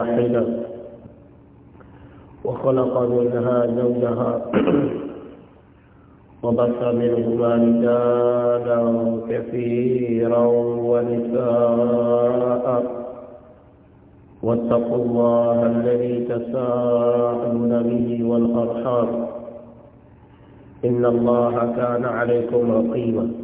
واحدة وخلق منها زوجها وبث منهما رجالا كثيرا ونساء واتقوا الله الذي تساءلون به والأرحام إن الله كان عليكم رقيبا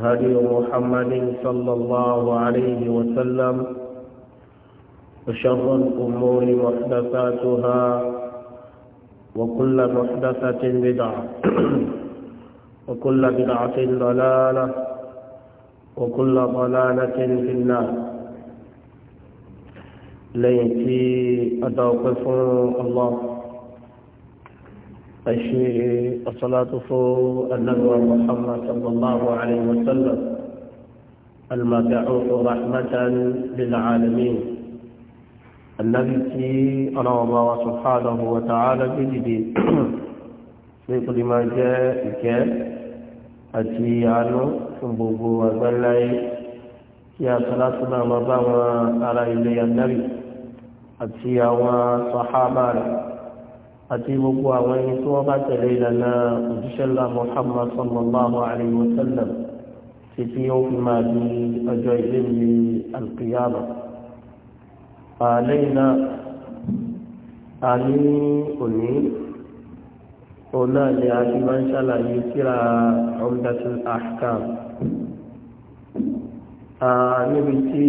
هدي محمد صلى الله عليه وسلم وشر الأمور محدثاتها وكل محدثة بدعة وكل بدعة ضلالة وكل ضلالة في النار ليتي أتوقف الله أشي الصلاة فو النبوة محمد صلى الله عليه وسلم المبعوث رحمة للعالمين النبي تي أنا الله سبحانه وتعالى بجدي لكل ما جاء كان أتي عنه سنبوبو وزلعي يا صلاتنا مبعوث على إلي النبي أتي عن صحابه àti gbogbo àwọn ẹni tí wọ́n bá tẹ̀lé ìlànà òjíṣẹ́lá Muhammad sallallahu alayhi wa sallam ti fi ó fi máa di ọjọ́ ilé ní alkiyama àlẹ́yìn náà a ní òní òun náà ni a ti máa ń ṣàlàyé síra Umdatul Ahkam níbi tí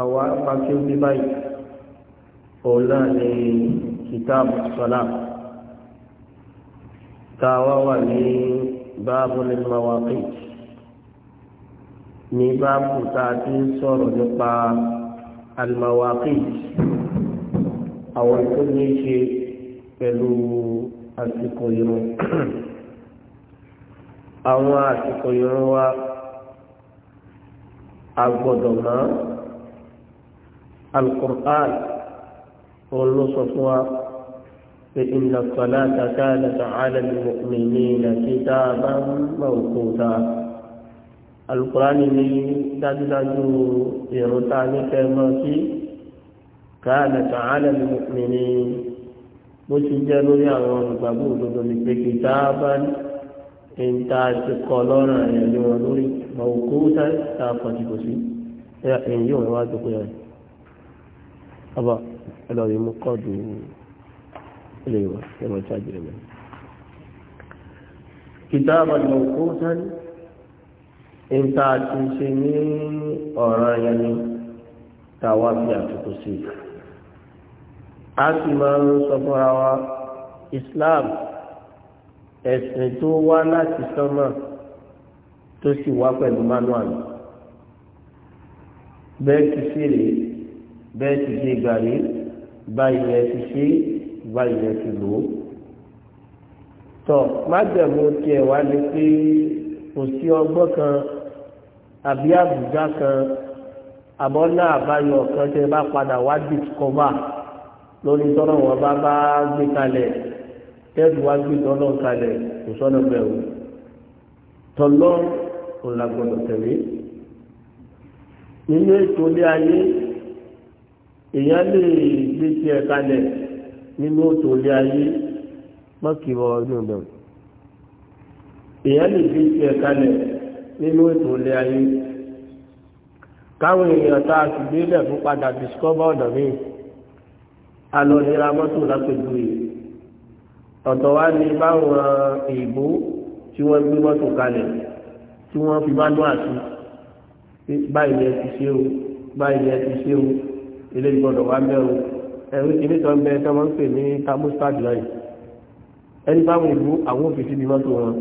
àwa pàṣẹ bí báyìí òun ni kìtàbù sọlá táwa wà ní báàbù lil mawaqit ní báàbù tá ti ń sọ̀rọ̀ al mawaqit àwọn tó ní í ṣe pẹ̀lú àsìkò irun àwọn àsìkò wa a gbọ́dọ̀ mọ̀ al-Qur'an òun ló sọ fún wa pé inna salata kanat ala al-mu'minina kitaban mawquta alukurani ní dájúdájú ìrun tá a ní kẹ́ mọ́ sí kanat ala al-mu'minina bó ti jẹ́ lórí àwọn olùgbàgbọ́ òdodo ní pé kitaban ń ta ti kọ lọ́rùn ẹ̀yà lé wọn lórí mawquta tá a fọ́ ti sí ẹ̀yìn yóò wá jókòó yẹn ẹlọ́rìí mú kọ́ọ̀dù ilé ìwà ẹ̀rọ ìtajà rẹ̀ kìtàbà lọ́kọ́ sáré ìta àti ṣe ní ọ̀rọ̀ yẹn ni tàwa fi àtúntò sí a sì máa ń sọ fúnra wa Islam ẹ̀sìn tó wá láti sánmà tó sì wá pẹ̀lú manual bẹ́ẹ̀ kìí sí rèé bẹ́ẹ̀ ti ṣe gàrí báyìí rẹ̀ ti ṣe báyìí rẹ̀ ti lò ó. tọ́ májẹ̀mú tiẹ̀ wá ni pé kò sí ọgbọ́n kan àbí àbùjá kan àbọ̀ náà àbáyọ kan tẹ́ bá padà wá dìkọ́bà lórí tọ́lọ̀ wọn bá bá gbé kalẹ̀ tẹ́ẹ̀dù wá gbé tọ́lọ̀ kalẹ̀ kò sọ́nà bẹ̀rù tọ́lọ́ kò làgbọ̀dọ̀ tẹ̀lé nínú ètò ilé ayé èèyàn lè gbé tí ẹ kalẹ̀ nínú òtò ilé ayé mọ́kìrọ̀ ọdún bẹ̀rù èèyàn lè gbé tí ẹ kalẹ̀ nínú ètò ilé ayé káwọn èèyàn tá a sì gbélẹ̀ fún padà discover ọ̀dọ̀ mi alọ nira mọ́tò lápẹ̀jù yìí ọ̀tọ̀ wa ni báwọn èèbó tí wọ́n gbé mọ́tò kalẹ̀ tí wọ́n fi bá dún àti báyìí ẹ ti ṣe o báyìí ẹ ti ṣe o ilé gbọ́dọ̀ wá mẹ́rù ẹ̀rù kìíní tó ń bẹ tó máa ń pè ní thermostat line ẹni bá wọn ìlú àwọn òfìsí ni mọ́tò wọn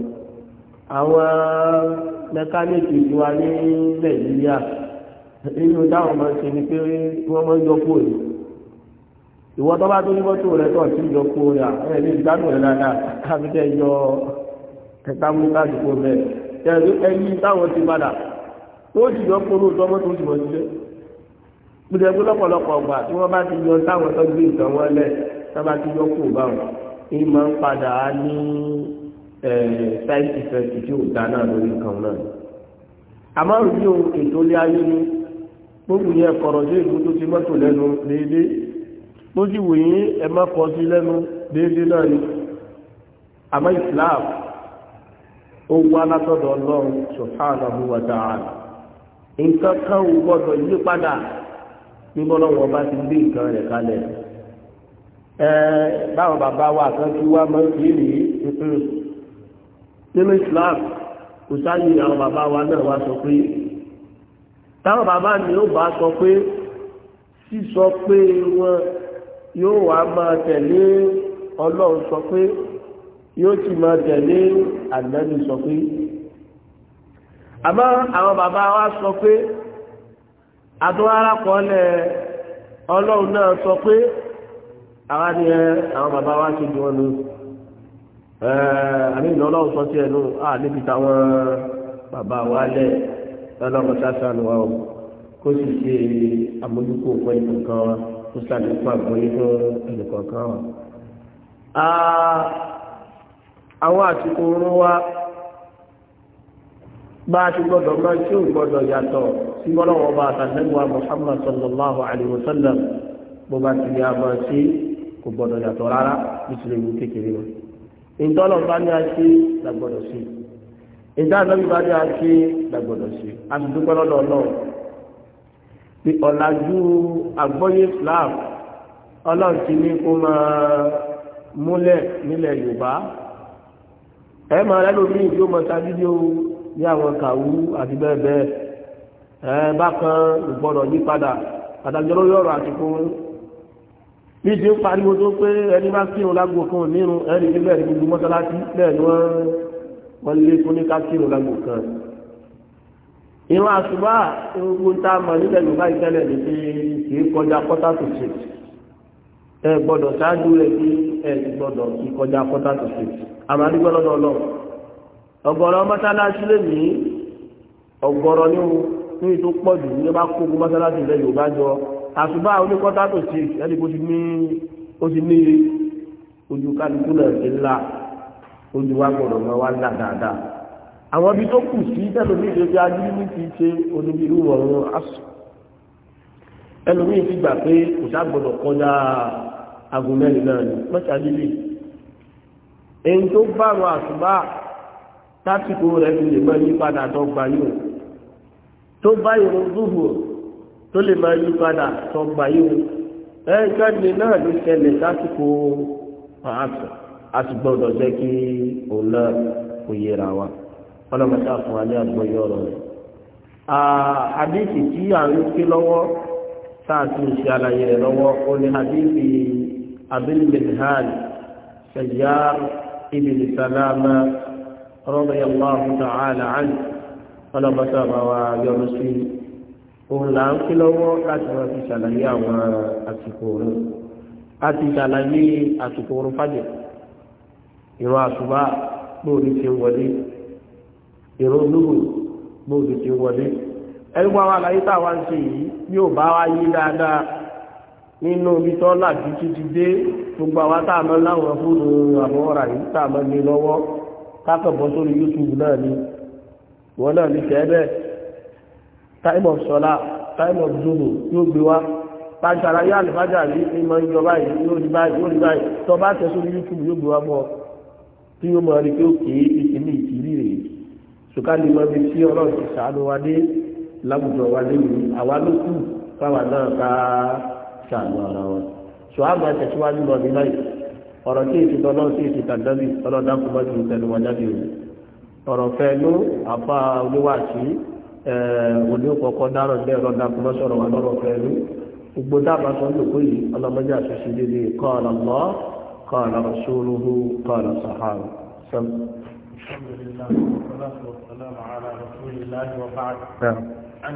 àwọn mẹkáníìkì tí wà ní nàìjíríà inú táwọn máa ń ṣe ni pé wọ́n máa ń yọ kúrò ní ìwọ tó bá tó ní mọ́tò rẹ tó ti yọ kúrò rẹ àwọn ẹni ìgbádùn rẹ dáadáa káfíńtẹ́ yọ thermostat kúrò bẹ́ẹ̀ ẹni táwọn ti padà tó ti yọ kúrò tó ti mọ̀ gbẹdẹgbẹ lọ́pọ̀lọpọ̀ ọgbà tí wọn bá ti yọ táwọn tó gbé ìtàn wọn lẹ tó bá ti yọ kó bá wọn ní máa ń padà ní side effect tí ò dá náà lórí nǹkan náà àmọ́ òbí o ètò ilé ayé ni gbogbo yẹn kọ̀rọ̀ sí ìlú tó ti mọ́tò lẹ́nu déédéé bó sì yín ẹ má kọ sí lẹ́nu déédéé náà ni àmọ́ Islam ó wá látọ̀dọ̀ Ọlọ́run subhanahu wa ta'ala nǹkan kan ò gbọdọ̀ yí padà nígbà ọlọ́wọ́ bá ti gbé nǹkan rẹ̀ kalẹ̀ ẹ báwọn bàbá wa kan kí wá máa ń kí nìyí nínú Islam kò sáyé àwọn bàbá wa náà wá sọ pé táwọn bàbá mi ó bá sọ pé sísọ pé wọn yóò wá máa tẹ̀lé Ọlọ́run sọ pé yóò ti máa tẹ̀lé ànábì sọ pé àmọ́ àwọn bàbá wa sọ pé àtúwárá kọ́lẹ̀ ọlọ́run náà sọ pé àwa ni ẹ àwọn bàbá wa ṣe jù wọn nù àmì ìlú ọlọ́run sọ sí ẹnu à níbi táwọn bàbá wa lẹ̀ lọ́lọ́run sásánù wa o kó sì ṣe àmójúkò fún ìkọ̀ọ̀kan wa kó sàdékù àgbóyé fún ẹnìkọ̀ọ̀kan wa. àwọn àsìkò oorun wa bá a ti gbọdọ̀ máa tí ò gbọdọ̀ yàtọ̀ sí bọ́lọ́wọ́ bá a tàbíwá Muhammad sallallahu alayhi wa sallam bó bá ti ní a máa ṣe kò gbọdọ̀ yàtọ̀ rárá mùsùlùmí kékeré wọn. ìtọ́lọ̀ bá ní a ṣe làgbọdọ̀ sí ìdáàbí bá ní a ṣe làgbọdọ̀ sí a ti dúpẹ́ lọ́dọ̀ ọlọ́run pé Islam ọlọ́run ti ní múlẹ̀ nílẹ̀ Yorùbá ẹ̀ máa rẹ́ lómi ìdí ó mọ̀ sábídí ohun bí àwọn kàwú àti bẹ́ẹ̀ bẹ́ẹ̀ ẹ bákan ìgbọ́dọ̀ yí padà àdájọ́ lórí ọ̀rọ̀ àtìkú bí ti ń pariwo tó pé ẹni bá kírun lágbo kan nírun ẹni tí bẹ́ẹ̀ ni gbogbo mọ́sálásí bẹ́ẹ̀ ni wọ́n wọ́n lé fún ní ká kírun lágbo kan ìrún àṣùbá gbogbo tá a mọ̀ nílẹ̀ yorùbá ìtẹ́lẹ̀ ní pé kì í kọjá quarter to six ẹ gbọ́dọ̀ ṣáájú rẹ̀ kí ẹ gbọ́dọ̀ kí kọjá quarter to six àmàlí gbọ́dọ̀ lọ́wọ́ ọ̀gọ̀rọ̀ mọ́sálásí lèmi ọ̀gọ̀rọ̀ ní o ní tó pọ̀ jù ní bá kó mọ́sálásí ilẹ̀ Yorùbá jọ àṣùbá oníkọ́tà tó ṣe ẹni kó ti ní ó ti ní ojú kálukú náà ti ńlá ojú wa gbọ́dọ̀ mọ́ wa ńlá dáadáa àwọn ibi tó kù sí tẹlomi ìdèbí adúlú ti ṣe oníbirú ọ̀run asùn ẹlòmíì ti gbà pé kò sá gbọ́dọ̀ kọjá aago mẹ́rin náà ni mọ́sálásí lè èyí tó bá àwọn àṣùbá tásìkò rẹ̀ fi lè máa yí padà dọ́gba yóò tó bá irun dúró tó lè máa yí padà dọ́gba yóò ẹ̀ẹ́dẹ́gbẹ̀rin náà ló ṣẹlẹ̀ tásìkò pàápàá a ti gbọ́dọ̀ jẹ́ kí òun náà kò yẹra wa ọlọ́mọta fún wa ní àgbọ̀yé ọ̀rọ̀ rẹ̀. àdéhìí tí à ń ké lọ́wọ́ tá a ti ń ṣe àlàyé rẹ̀ lọ́wọ́ ó ní àdéhìí abdul minhaj sayyar ibn salama رضي الله تعالى عنه ọlọ́pàá sábà wa yọrù sí i òun là ń kí lọ́wọ́ láti wọn fi ṣàlàyé إرو àsìkò بودي a إرو ṣàlàyé àsìkò òru fàjẹ ìrun àṣùbà bóòlù ti ń wọlé ìrun lóhùn bóòlù ti wa ń ṣe yìí bí bá wa yí dáadáa nínú ibi tó ń là títí dé gbogbo àwa tá a mọ láwọn fóònù àwọn ọ̀rà yìí tá a mọ gbé lọ́wọ́ kákàbọ̀ sórí youtube náà ni wọ́n náà ní kẹ́ẹ̀bẹ̀ time of sola time of zulu yóò gbé wá pàṣàrà yóò àlùfájà rí ìmọ̀ ìjọba yìí yóò rí báyìí tó bá tẹ̀ sórí youtube yóò gbé wá mọ́ tí yóò mọ̀ rí pé ó kéé ìkíní ìkírí rèé sùkálì mọ́ bí tí ọlọ́run ti sàánú wa dé láwùjọ wa léwu àwa ló kù fáwa náà ká sàánú ara wọn sọ àgbà tẹ̀síwájú lọ ọ̀rọ̀ tí èsì tọ́lọ́ sí èsì tàdábì ọlọ́dàkùnbọ́ ti tẹnu wọn jáde òní ọ̀rọ̀ fẹ́ ló àfa oníwàásí oníkọ̀ọ́kọ́ dárọ̀ bẹ́ẹ̀ ọlọ́dàkùnbọ́ sọ̀rọ̀ wà lọ́rọ̀ fẹ́ ló gbogbo dábàá sọ lóko yìí ọlọ́mọdé àṣìṣe dédé qala Allah qala rasuluhu qala sahaba. alhamdulillah wa salatu wa salam ala rasulillah wa ba'd an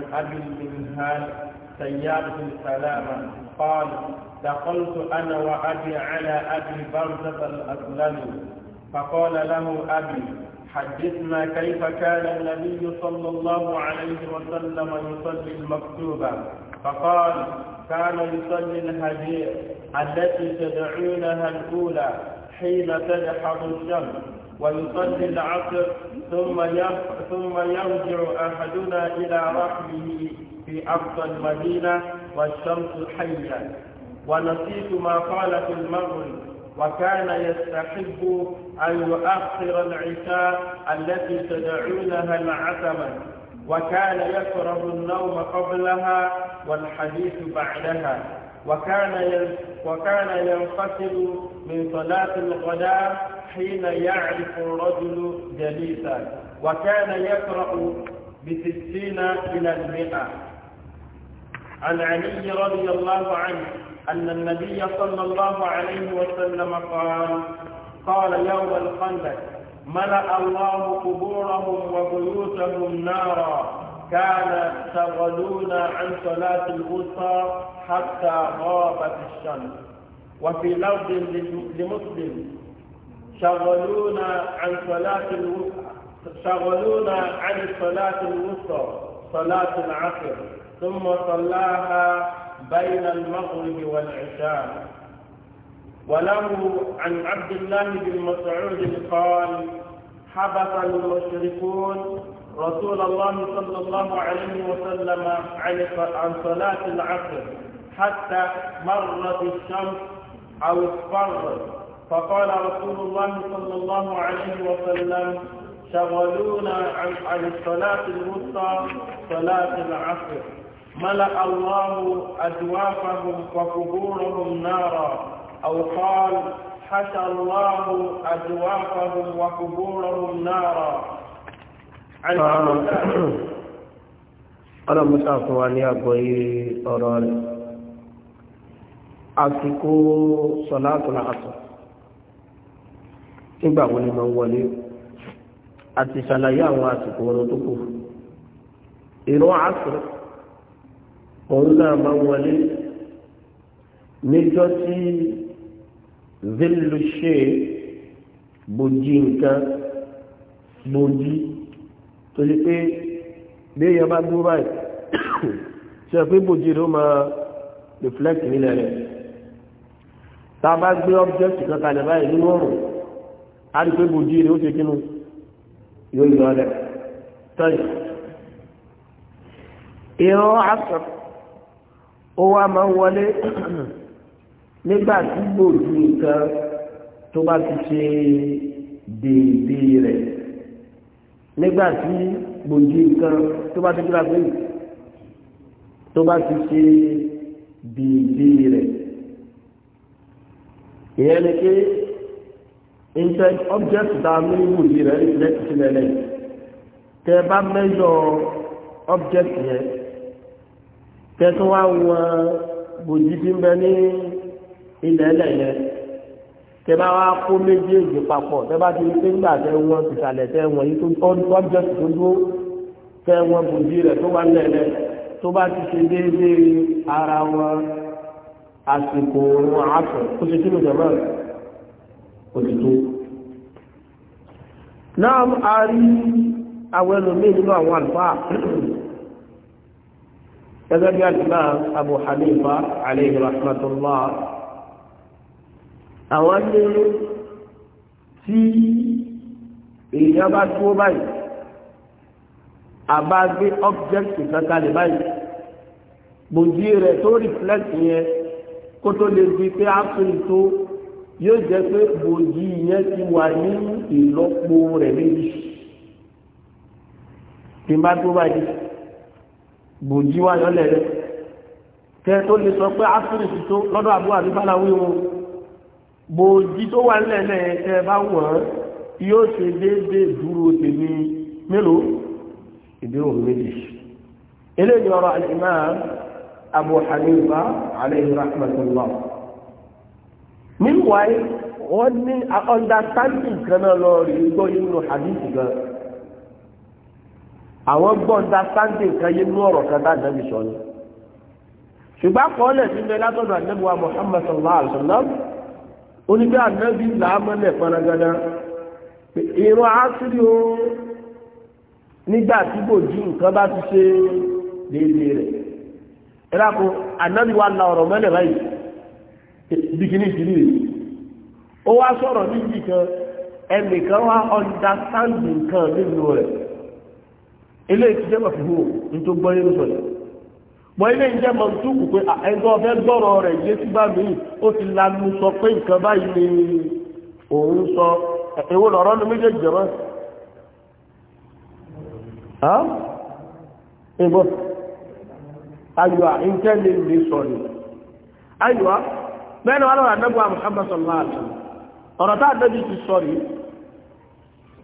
سيادة السلامة قال دخلت أنا وأبي على أبي برزة الأسلم فقال له أبي حدثنا كيف كان النبي صلى الله عليه وسلم يصلي المكتوبة فقال كان يصلي الهجير التي تدعونها الأولى حين تدحض الشمس ويصلي العصر ثم ثم يرجع أحدنا إلى رحمه في أقصى المدينة والشمس حية ونسيت ما قال في المغرب وكان يستحب أن يؤخر العشاء التي تدعونها العتمة وكان يكره النوم قبلها والحديث بعدها وكان وكان ينفصل من صلاة الغداء حين يعرف الرجل جليسا وكان يقرأ بستين إلى المئة عن علي رضي الله عنه أن النبي صلى الله عليه وسلم قال قال يوم الخندق ملأ الله قبورهم وبيوتهم نارا كان شغلونا عن صلاة الوسطى حتى غابت الشمس وفي لفظ لمسلم شغلونا عن صلاة الوسطى شغلونا عن صلاة الوسطى صلاة العصر ثم صلاها بين المغرب والعشاء وله عن عبد الله بن مسعود قال حبس المشركون رسول الله صلى الله عليه وسلم عن صلاة العصر حتى مرت الشمس أو اصفرت فقال رسول الله صلى الله عليه وسلم شغلونا عن الصلاة الوسطى صلاة العصر ملأ الله أجوافهم وقبورهم نارا أو قال حشى الله أجوافهم وقبورهم نارا عن ọlọ́run mọ́sá fún wa àsìkò sọ̀látùlá àtọ̀ nígbàwó ni mọ́ wọlé àti ṣàlàyé àwọn àsìkò ọ̀rọ̀ tó kù ìrọ̀ àsìkò òun náà máa ń wọlé níjọ́ tí ziluṣe bòjì nǹkan bòjì tó ṣe pé léèyàn bá dúró báyìí ṣe pé bòjì ló máa reflect nílẹ̀ rẹ̀ tá a bá gbé object kan kalẹ̀ báyìí nínú ọ̀rùn a rí pé bòjì rẹ̀ ó ṣe kínú yóò yọ ọ rẹ̀ tọ́yì. ìran asọ̀rọ̀ ó wá máa ń wọlé nígbà tí gbòòdù nǹkan tó bá ti ṣe déédéé rẹ̀ nígbà tí gbòòdù nǹkan tó bá ti gbéra pé tó bá ti ṣe déédéé rẹ̀ ìyẹn ni pé intent object tá a mú ìwòye rẹ̀ ìfẹ́ ti sílẹ̀ lẹ́yìn tẹ bá mẹ́jọ object yẹn tẹ́tún wá wọn bòjì tí ń bẹ ní ilẹ̀ ẹlẹ́yẹ tẹ bá wá kó méjèèjì papọ̀ tẹ bá ti pé nígbà tẹ wọn ìsàlẹ̀ tẹ wọn yìí tó ọ́bjẹ́sì tó dúró tẹ wọn bòjì rẹ̀ tó wà lẹ́lẹ̀ tó bá ti ṣe déédéé ara wọn àsìkò òun àtọ̀ ó ṣe kílò jọ̀mọ́ òtítọ́ náà a rí àwọn ẹlòmíì nínú àwọn àlùfáà gẹ́gẹ́ bí alimam abu hanifa aleyhi rahmatullah àwọn ní tí èèyàn bá tó báyìí àbá gbé ọ́bjẹ́kìtì kankan lè báyìí gbòdì rẹ̀ tó reflect yẹn kó tó lè di pé á tó yóò jẹ́ pé gbòdì yẹn ti wà ní ìlọ́po rẹ̀ méjì tí n bá tó báyìí bòjí wá yọlẹ̀ rẹ̀ tẹ́ tó lè sọ pé áfírí tó lọ́dọ̀ àbúrò àbí fáláwí wọn bòjí tó wà nílẹ̀ náà tẹ́ bá wọ̀n yóò ṣe déédéé dúró tèmi mélòó ìdíwò méjì eléyìí ọ̀rọ̀ al-Imam Abu Hanifa alayhi rahmatullah meanwhile wọ́n ní understanding kan náà lọ rí gbọ́ inú hadith gan àwọn gbọ́ǹda sáńdé kan yé nú ọ̀rọ̀ kan dáadáa bí sọ ni ṣùgbọ́n àkọọ́lẹ̀ sí bẹ látọ̀dọ̀ ànábì wa Muhammad sallallahu alaihi wasallam onígbé ànábì làámọ́lẹ̀ panagada ìrún àásìrì o nígbà tí kò jí nǹkan bá ti ṣe déédéé rẹ̀ ẹ dákun ànábì wa la ọ̀rọ̀ mọ́lẹ̀ báyìí bikini ìdílé rẹ̀ ó wá sọ̀rọ̀ níbi kan ẹnìkan wá understand nǹkan nínú rẹ̀ ilé ìtijọ́ mọ̀ fìhó ní tó gbọ́ yẹn sọ̀rọ̀ mọ ilé ìjẹ́ mọ̀ tó kù pé ẹgbẹ́ ọ̀fẹ́ gbọ́rọ̀ rẹ̀ yé ó ti lanu sọ pé nǹkan báyìí ni òun sọ lọ̀rọ̀ ní méjèèjì jẹ́ ayọ̀ ìjẹ́ lè lè sọ̀rọ̀ ayọ̀ wà Muhammad sallallahu ọ̀rọ̀ tá ti sọ̀rọ̀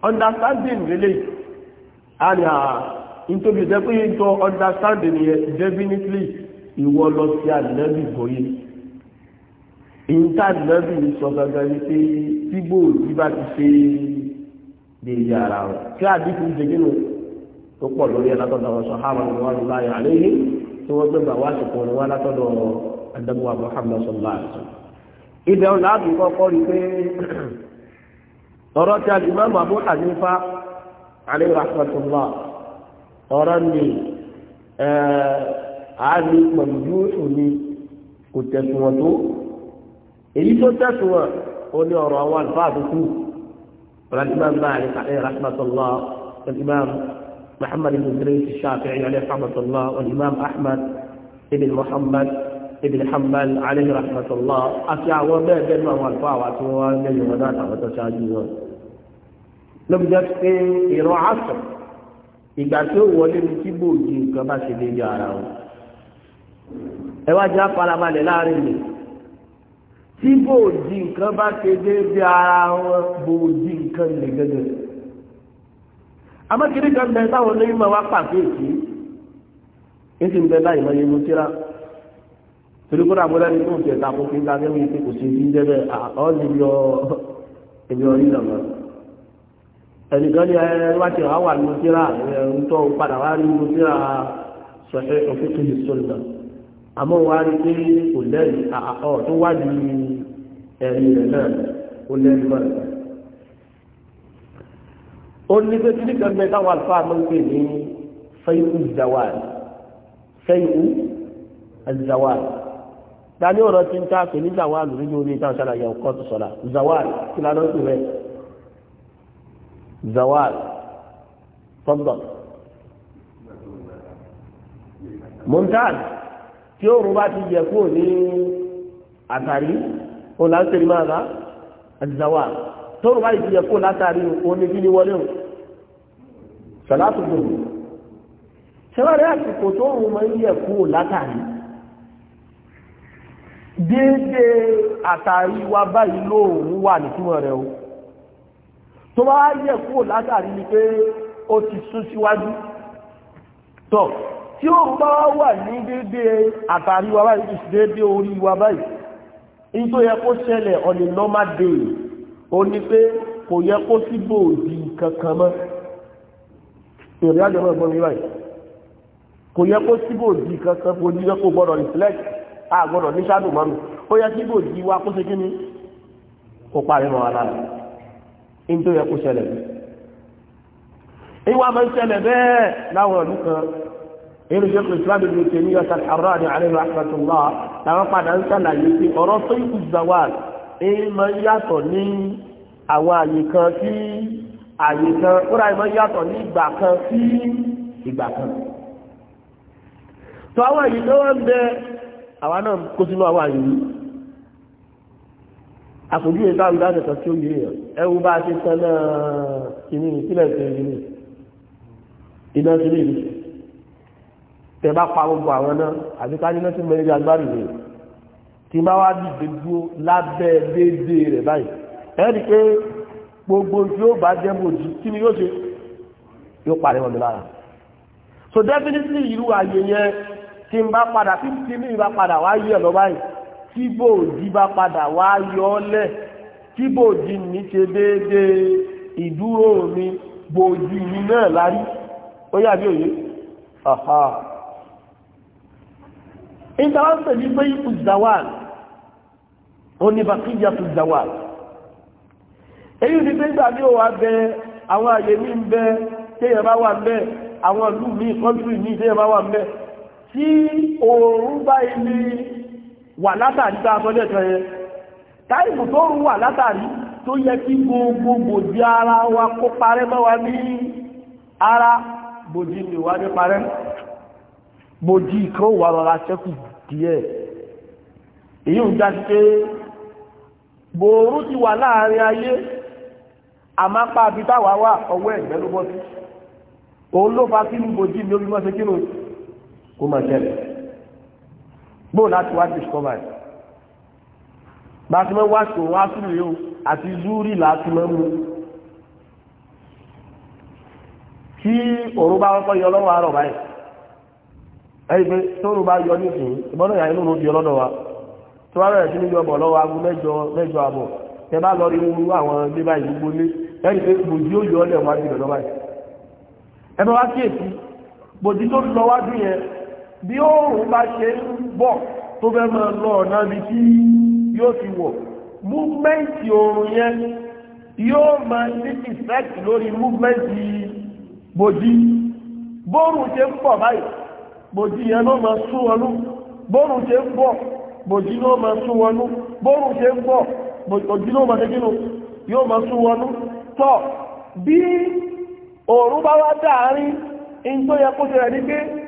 understanding relate àrí àà nítorí jẹ́ pé ìjọ understanding yẹn definitely ìwọ lọ sí àdínẹ́bì bóyé ìta àdínẹ́bì sọ gangan ni pé tígbò tí bá ti ṣe dèjì ara rẹ̀ kí àdínkù ṣe kí nù tó pọ̀ lórí ẹ̀látọ̀dọ̀ àwọn sọ̀hámà ní wọn lọ́la yà léyìn tí wọ́n gbẹ̀gbà wá sí kùnrin wọn látọ̀dọ̀ àdàbùwà Muhammad sallallahu alaihi wasallam ibẹ̀ ọ̀làbì kọ́kọ́ rí pé ọ̀rọ̀ tí a lè má mọ̀ alayhi رحمة الله ni àárí pẹ̀lú oṣù ni kò tẹ̀sùwọ̀n tó èyí tó tẹ̀sùwọ̀n ó الإمام مالك عليه رحمة الله الإمام محمد بن إدريس الشافعي عليه رحمة الله والإمام أحمد بن محمد بن حنبل عليه رحمة الله أشعر وما بين ما هو الفاوة والميونات وتشاجيون lọ́bi jẹ́ pé ìran àṣọ ìgbà tí ó wọlé ní tí gbòòjì nǹkan bá ṣe déédéé ara wọn ẹ wá já farabalẹ̀ láàrin mi tí gbòòjì nǹkan bá ṣe déédéé ara wọn gbòòjì nǹkan lè gẹ́gẹ́ amákiri kan bẹ táwọn olóyún máa wá pàṣẹ èkì ń sì ń bẹ láì lọ yẹnu síra tolukura bọ́lá ní ń tẹ̀ ta kó fi ń ta kẹ́wìn pé kò sí ní bẹ́ẹ̀ ọ́ ní yọ ẹ̀mí ọ̀rí lọ́wọ́ ẹnìkan ní ẹwàtí àwà ní tíra ẹ̀rùntọ́ padà wá rí ní tíra sọ̀ṣẹ́ òfíkì ìsọ̀lá àmọ́ wá rí pé kò lẹ́rìí àkọ́ tó wá di ẹ̀rí rẹ̀ náà ó lẹ́rìí mọ́ rẹ̀. ó ní pé kí nìkan bẹ táwọn àlùfáà máa ń pè ní fẹ́yìkú zawal fẹ́yìkú zawal ta ní ọ̀rọ̀ tí ń ta pè ní zawal lórí ní orí ìtàn sálàyà ọkọ̀ tó sọ̀rọ̀ zawal kí lánàá tó rẹ̀ زوال تفضل ممتاز tí òòrùn bá ti yẹ kúrò ní àtàrí òun láti tẹ̀lé máa bá àtìzáwà tóòrùn bá ti yẹ kúrò látàrí òun ní kí ni wọlé o sọ̀látù gbòòrò ṣẹ́wàrẹ́ àsìkò tóòrùn máa ń yẹ kúrò látàrí déédéé àtàrí wa báyìí lóòrùn wà nítumọ̀ rẹ̀ o tó bá yẹ kúrò látàrí ni pé ó ti sún síwájú tọ̀ tí ó bá wà ní dédé àtàrí wa báyìí ti dédé orí wa báyìí in tó yẹ kó ṣẹlẹ̀ on a normal day ó ní pé kò yẹ kó síbò òdì kankan mọ́ ìrìn àjọ náà gbọ́n mi báyìí kò yẹ kó síbò òdì kankan kò ní yẹ kó gbọ́dọ̀ reflect a ní shadow mọ́nu ó yẹ síbò òdì wa kó ṣe kí ni kó parí mọ́ wa lára ní tó yẹ kó ṣẹlẹ̀ ìwà máa ń ṣẹlẹ̀ bẹ́ẹ̀ láwọn ọdún kan inú ṣẹ́kù islam ibi tẹ̀ ní ọ̀sán àrọ́ àti àrẹ́ rahmatullah làwọn padà ń ṣàlàyé pé ọ̀rọ̀ tó ikú zawal èyí máa ń yàtọ̀ ní àwọn àyè kan sí àyè kan kúrò àyè máa yàtọ̀ ní ìgbà kan sí ìgbà kan tó àwọn àyè kan wọ́n ń bẹ àwọn náà kó sínú àwọn àyè yìí àkòjú yẹn táwọn ìdájọ́ kan tí ó yé yẹn ẹwú bá a ṣe tán náà kìíní ìpínlẹ̀ ìpínlẹ̀ ìlú iná sí lè rí tẹ bá pa gbogbo àwọn náà àti ká ní lọ́sí mẹ́rin agbárí rẹ̀ tí bá wá dìde dúró lábẹ́ déédéé rẹ̀ báyìí ẹ̀rí pé gbogbo tí ó bá jẹ́ mòjì kí ni yóò ṣe yóò parí wọn lára so definitely irú ayé yẹn tí n bá padà tí n bá padà wá yí lọ báyìí tí bòòjì bá padà wá yọ ọ́ lẹ̀ tí bòòjì mi ṣe déédéé ìdúró mi bòòjì mi náà lárí ó yà bí òye aha ìtawọ́sẹ̀ ní pé ipò zawal ó ní bàkíyà tó zawal èyí ni pé ìgbà ní òwà bẹ àwọn àyè mi ń bẹ téèyàn bá wà bẹ àwọn ìlú mi kọ́ńtírì mi téèyàn bá wà bẹ tí òòrùn bá ilé wà látàrí tá a sọ lẹ́ẹ̀kan yẹn táìpù tó ń wà látàrí tó yẹ kí gbogbo bòdì ara wa kó parẹ́ mọ́ wa ní ara bòdì lè wá ní parẹ́ bòdì ìkan wà rọra ṣẹ́kù díẹ̀ èyí ń jáde pé gbòòrú ti wà láàrin ayé àmápá abítáwà wà ọwọ́ ẹ̀gbẹ́ ló bọ́ sí òun ló fa kí ní bòdì ní orí mọ́ sí kí ní kó máa tẹ̀lé bó láti wá discover ẹ̀ bá ti mọ́ wá ṣòro wá sílùú yóò àti zúrì láti mọ́ mú kí òru bá kọ́kọ́ yọ lọ́wọ́ àárọ̀ báyìí ẹ̀yìn pé tóru bá yọ nísìnyí ìbọ́nà ìyá inú ló di ọlọ́dọ̀ wa tó wá bẹ̀rẹ̀ sí ní yọ bọ̀ lọ́wọ́ aago mẹ́jọ mẹ́jọ àbọ̀ tẹ bá lọ rí wúru àwọn ilé báyìí gbogbo lé ẹ̀yìn pé bòjú ó yọ ọ́ lẹ̀ wájú rẹ̀ lọ́wọ́ ẹ̀ bá wá kíyèsí bòjú tó lọ wájú yẹn bí oòrùn bá ṣe ń bọ̀ tó fẹ́ máa lọ ọ̀nà bí tí yóò ti wọ̀ múvmẹ́ǹtì oòrùn yẹn yóò máa ní effect lórí múvmẹ́ǹtì bòjí bóòrùn ṣe ń pọ̀ báyìí bòjí yẹn ló máa sún wọnú bóòrùn ṣe ń bọ̀ bòjí ló máa sún wọnú bóòrùn ṣe ń bọ̀ bòjí ló máa tẹ́gínú yóò máa sún wọnú tọ́ bí oòrùn bá wá in tó yẹ kó ṣe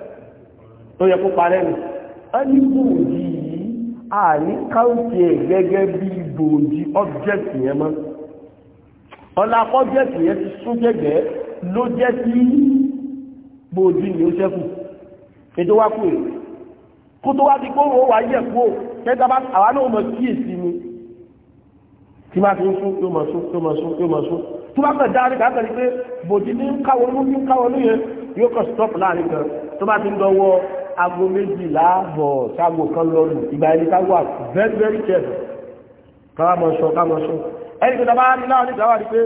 tó yẹ kó parẹ́ nù a ní bòòjì yìí a ní káùntì ẹ̀ gẹ́gẹ́ bí bòòjì ọ́bjẹ́tì yẹn mọ́ ọ̀la ọ́bjẹ́tì yẹn ti sún ló jẹ́ sí bòòjì ni ó ṣẹ́kù ètò wá kú èrè kó tó wá ti kó owó wá yẹ kú kẹta bá àwa náà mọ kíyèsí ni tí bá fi ń sún yóò mọ sún yóò mọ sún yóò mọ sún tó bá kàn dáa ká kàn ní pé bòòjì ní ń káwọ́ ló ń káwọ́ yóò kàn stop láàrin kan tó bá ti ń dọwọ́ aago méjìlá ààbọ̀ sáàgò kan lọ́nù ìgbà ẹni ká wà very very careful káwá mọ̀ ṣọ ká mọ̀ ṣọ ẹni tó dábàá ní láwọn nígbà wà ní pé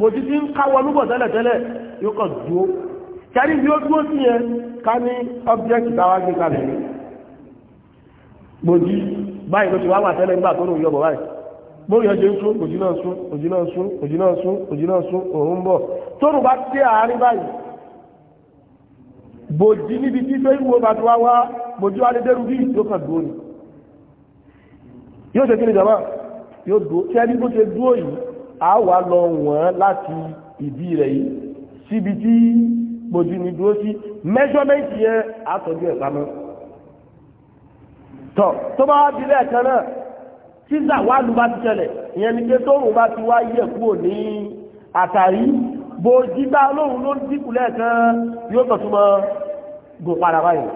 bòjì tí ń káwọ́ lúbọ̀ tẹ́lẹ̀ tẹ́lẹ̀ yóò kàn dúó kẹ́rí bí ó dúó sí yẹn ká ní ọ́bjẹ́kì táwa gbé kalẹ̀ ní bòjì báyìí ló ti wá wà tẹ́lẹ̀ nígbà tó lóun yọ̀bọ̀ báyìí bóyọ̀ jẹ́ sún òjì náà sún òjì náà sún òjì náà sún òjì náà sún òun bọ̀ tóun bá tẹ́ àárín báyìí bòjì níbi tí tó ìwò bàtí wá wá bòjú adédérú bí tó kàn dúó ni yóò ṣe kí ni jama yóò dúó tí ẹni tó ṣe dúó yìí a wà lọ wọ́n láti ìdí rẹ̀ yìí síbi tí bòjì ni dúó sí measurement yẹn àtọ́jú ẹ̀ pamọ́ tọ́ tó bá bí lẹ́ẹ̀kan náà tí zàwálù bá ti ṣẹlẹ̀ ìyẹn ni pé tóun bá ti wá yẹ̀ kúrò ní àtàrí bòójì bá olóhùn ló ń dínkù lẹ́ẹ̀kan yóò tọ̀ túmọ̀ gò padà báyìí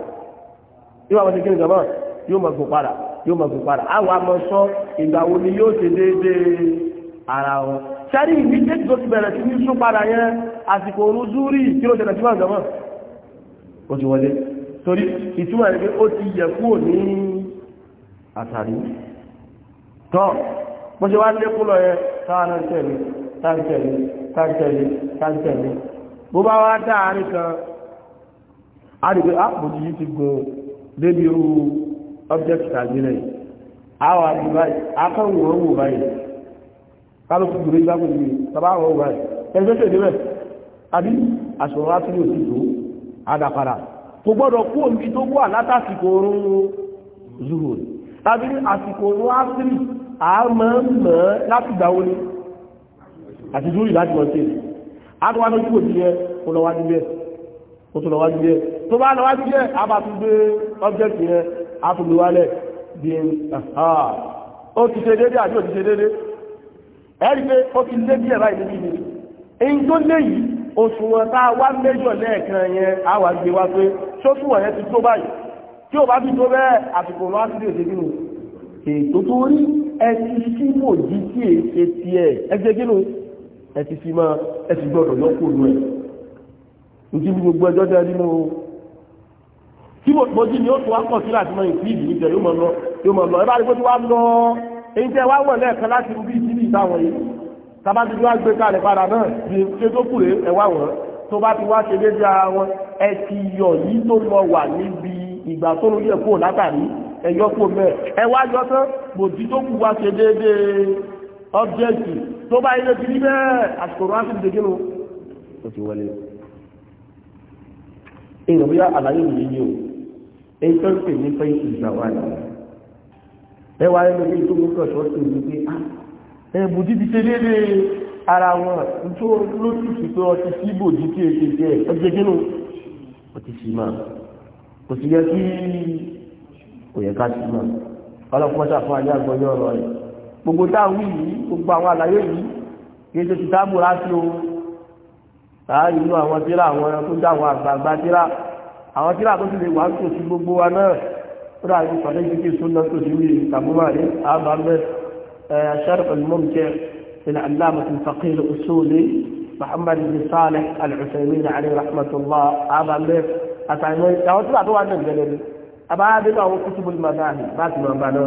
yóò àwọn ṣèkéyìn jọba yóò mọ̀ gò padà yóò mọ̀ gò padà àwọn àmọ́ sọ ìgbà wo ni yóò ṣe déédéé ara wọn. sẹ́rí ìbí tẹ́tí tó ti bẹ̀rẹ̀ sí ní sún padà yẹn àsìkò òun zúrì kí ló ṣẹlẹ̀ sí wọn jọba ó ti wọlé torí ìtumọ̀ rẹ̀ pé ó ti yẹ kúrò ní àtàrí tọ́ bó ṣe wá lé kúlọ̀ yẹn táwọn náà ń tẹ̀lé táńtẹ̀lé táńtẹ̀lé táńtẹ̀lé bó bá wá dá àárín kan àdìgbé àpòjì yìí ti gùn débi irú object tàbí rẹ̀ àwọn àdìbáyì akọ̀wò wò báyìí kálukú gbèrè ìgbàgbọ́ yìí tàbá wò báyìí ẹgbẹ́ tèdè bẹ́ẹ̀ àbí àṣọwọ́ wá sílé òsì tó àdàpadà kò gbọ́dọ̀ kú omi tó wà látàsìkò oorun zuhur tàbí àsìkò oorun áfírí àmọ́ mọ́ láti gbà wọlé àti lórí láti wọ́n tèèrè àtúwà lójú kò jíẹ́ ó lọ wájú jẹ́ ó tún lọ wájú jẹ́ tó bá lọ wájú jẹ́ a bá tún gbé object yẹn a tún lè wálẹ̀ bí i ó ti ṣe déédé àti ó ti ṣe déédé ẹ̀rí pé ó ti lé díẹ̀ láì níbi ni tó lé yìí òṣùwọ̀n tá wá méjọ̀ lẹ́ẹ̀kan yẹn a wà gbé wá pé ṣóṣùwọ̀n yẹn ti tó báyìí tí ò bá fi tó bẹ́ẹ̀ àsìkò lọ́wọ́ sí èdè nínú ètò tó rí ẹni tí mò jí sí èsè tiẹ̀ ẹgbẹ́ nínú ẹ ti fi máa ẹ ti gbọ́dọ̀ lọ́pọ̀ lọ ẹ̀ nítí gbogbo ẹjọ́ dá nínú o tí mo mọ jí ni ó tún wá kọ̀ sí láti máa ìpín ìdí níjẹ yóò máa lọ yóò máa lọ ẹ bá rí pé tí wàá lọ èyí tẹ wá wọ̀ lẹ́ẹ̀kan láti rú bí ìdílé ìtàwọn yìí tábà ti wá gbé kalẹ̀ padà náà bí ṣe tó kù ẹ wá wọ̀ tó bá ti wá ṣe déédéé ara wọn ẹ ti yọ yìí tó lọ wà níbi ìgbà tó lóyè kúrò látàrí ẹ̀yọ́ kúrò mẹ́ẹ̀ ẹ wá yọ tán bòtí tó kù wá ṣe déédéé ọbjẹ́ǹtì tó bá ilé ti rí bẹ́ẹ̀ àsìkò ránṣẹ́ ti dégínú ó ti wọlé ìrìn bóyá àlàyé mi yìí o èyí tó ń pè ní pé ìgbàwá ni ẹ wá ẹni pé tó ń kọ̀ ṣọ́ sí ìlú pé ẹ̀bù dídí ṣe léde ara wọn tó lóṣìṣì pé ọtí sí ibòjì tí èké jẹ ọjẹ kínú ọtí sí máa kò sí yẹ kí kò yẹ ká sí máa ọlọ́pàá ṣàfihàn ayé àgbọ̀yọ́ ọ̀rọ̀ yìí gbogbo dáwí yìí gbogbo àwọn àlàyé yìí kìí ṣe ti dáàbò láti o láà inú àwọn tíra àwọn tó dá àwọn àgbààgbà tíra àwọn tíra tó ti lè wà tó sí gbogbo wa náà ó dà ní sọdẹ́ ìdíkì súnà tó sí wí ìtàbúrà ní àbámẹ́ شرح الممتع للعلامة الفقيه الأصولي محمد بن صالح العثيمين عليه رحمة الله àbámẹ́ àtàwọn tíra tó wà ní ìgbẹ́lẹ́ni àbáyé nínú àwọn kútùbù المذاهب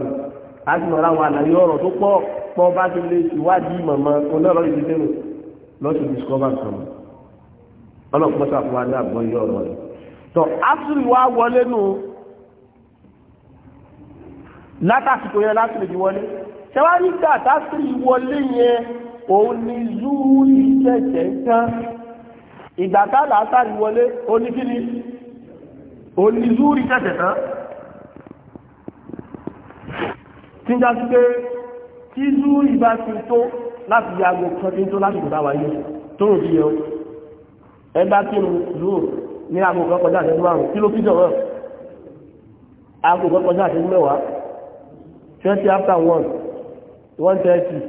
a ti lọ́ra àwọn àlàyé ọ̀rọ̀ tó pọ̀ pọ̀ bá ti lè ìwádìí mọ̀mọ́ onírọ̀ ìdí lẹ́nu lọ́sì discover kan ọlọ́pọ̀ sàfún wa ní àgbọ̀ yọ ọ̀rọ̀ rẹ̀ tọ́ asiri wa wọlé nù látàsìkò yẹn lásìrì ti wọlé ṣẹwàá nígbà tásìrì wọlé yẹn òun ni zúúrí ṣẹ̀ṣẹ̀ ń tán ìgbà tá làásàrì wọlé oníkíni òun ni zúúrí ṣẹ̀ṣẹ̀ tán tí ń já sí pé tí zú ìbá ti tó láti yàgò kan tí ń tó láti gbọ́dá wáyé tó rò bí yẹn ẹgbá kí ni zú ní aago kan kọjá àti márùn kí ló fi jọ̀wọ́ aago kan kọjá àti mẹ́wàá twenty after one one thirty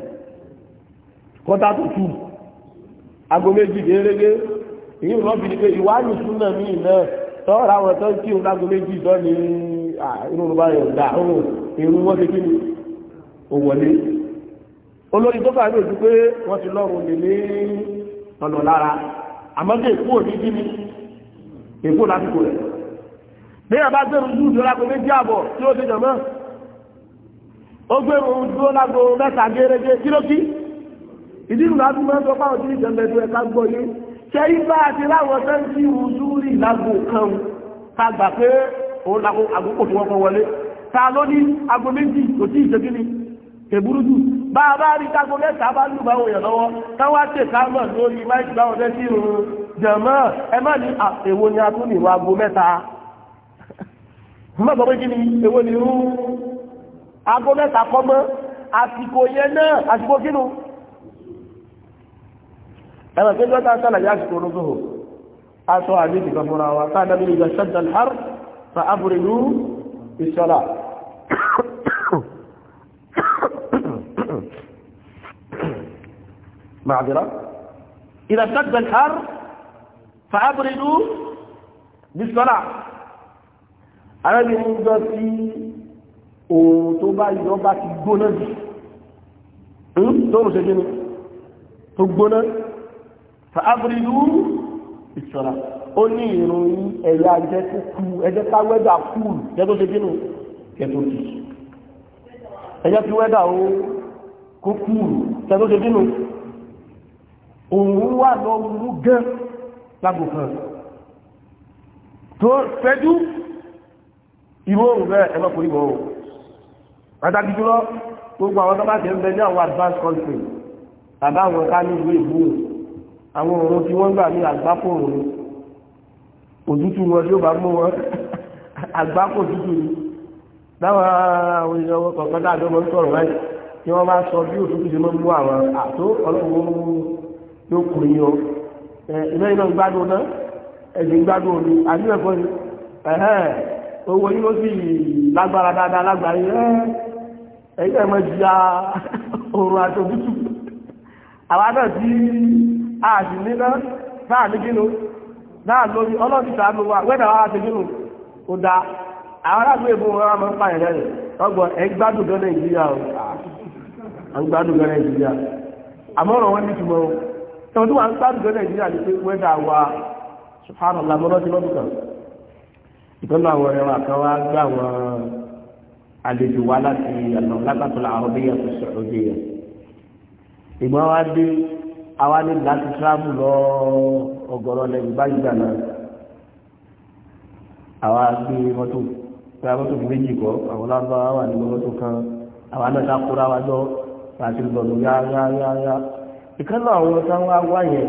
quarter to two aago méjì gẹ́gẹ́ èyí ń rọ́bì ni pé ìwádìí súnà míì náà tọ́ra àwọn tó ń kí òun lágo méjì tọ́ ni inú ló bá yọ̀ dá èrú wọ́n ti kí ni ò wọlé olórí tó fàájú ojú pé wọ́n ti lọ́rùn lè ní ọ̀nà lára àmọ́ sí èkó òní kí ni èkó lásìkò rẹ̀ bí a bá gbẹ̀rù ojú ìjọra pé méjì àbọ̀ tí ó ti jọ mọ́ ó gbẹ̀rù ojú ó lágbo mẹ́ta gẹ́gẹ́ kí ló kí ìdí ìlú láti máa ń sọ fáwọn tí ìjọba ẹ̀dùn ẹ̀ka gbọ́ yé ṣe ibà àti láwọn sẹ́ńtì ìrù ojú rí lágbo kan ká gbà pé ta ló ní ago méjì kò tí ìṣẹ́gí ni kèbúrú jù bá a bá rí kágo mẹ́ta bá lù bá wòyàn lọ́wọ́ káwá tè kámọ̀ lórí máìkì bá wọ́n sí ìrùn jẹ̀mọ́ ẹ ní àtẹ̀wò ni a tún ní ìwà ago mẹ́ta mọ́ gbọ́gbé kí ni èwo ni irú ago mẹ́ta kọ́ mọ́ àsìkò yẹn náà àsìkò kínú ẹ̀rọ pé lọ́ta sálàyé àsìkò olóṣòwò aṣọ àdébìkan fúnra wa káàdàbí ìgbà ṣẹ́dàl معذرة إذا اشتد الحر فأبردوا بالصلاة arábìnrin jọ sí oòrùn tó bá yọ bá ti gbóná jù tóòrùn ṣe gíní tó gbóná fàábìrìlú ìṣọ́ra ó ní ìròyìn ẹ̀yà ẹ̀jẹ́ tó kú ẹ̀jẹ́ táwẹ́dà kúrù jẹ́ tó ṣe gínú kẹtó kì ẹjẹ́ kí wẹ́dà ó kó kúrù kẹtó ṣe dínú òun wà lọ mú gẹ́ lágbòkan tó fẹ́jú ìwò òun rẹ̀ ẹ̀mọ́ kò ríwọ̀ òun pàtàkì jùlọ gbogbo àwọn tọ́bá tẹ́ ń bẹ ní àwọn advanced country tàbá àwọn ká ní ìlú ìbú àwọn òun tí wọ́n gbà ní àgbákò òtútù wọn tí ó bá mú wọn àgbákò òtútù dáwọn àwọn èèyàn wọn kọ̀ọ̀kan dáadọ́ mọ́ sọ̀rọ̀ wáyé tí wọ́n bá sọ bí òtútù ṣe mọ́ mú àwọn àtó ọlọ́run yóò kù yín o ìlú iná gbádùn náà ẹ̀sìn gbádùn òní àbí ẹ̀kọ́ ni owó yín ló sì lágbára di oorun àti òtútù àwọn náà ti àṣì níná náà ní kínú náà lórí ọlọ́run ti sàánú wa wẹ́dà wa ṣe kínú ó dáa àwọn aráàlú èbó wọn máa ń pààyàn lẹ́rìn ọgbọ̀n ẹ̀ ń gbádùn gan nàìjíríà o à ń gbádùn gan nàìjíríà àmọ́ ọ̀rọ̀ wọn ní ìtumọ̀ o tọ́wọ́ tó wà ń gbádùn gan nàìjíríà ni pé wẹ́dà wa subhanallah mọ́nà ti lọ́dún kan ìtọ́nù àwọn ọ̀rẹ́ wa kan wá gbé àwọn àlejò wa láti alágbàtọ́ làárọ̀ bí yàtọ̀ sọ̀rọ̀ bí yà ìgbọ́n wa dé àwa ní láti tíráàbù lọ ọgọ́rọ̀ lẹ́yìn báyìí gbà náà àwa gbé mọ́tò gba mọ́tò fún méjì kọ́ àwọn lábáwá wà nínú mọ́tò kan àwọn anáta kóra wa jọ láti lọ́nà yáyáyá ìkan náà àwọn ọ̀tá wa wá yẹn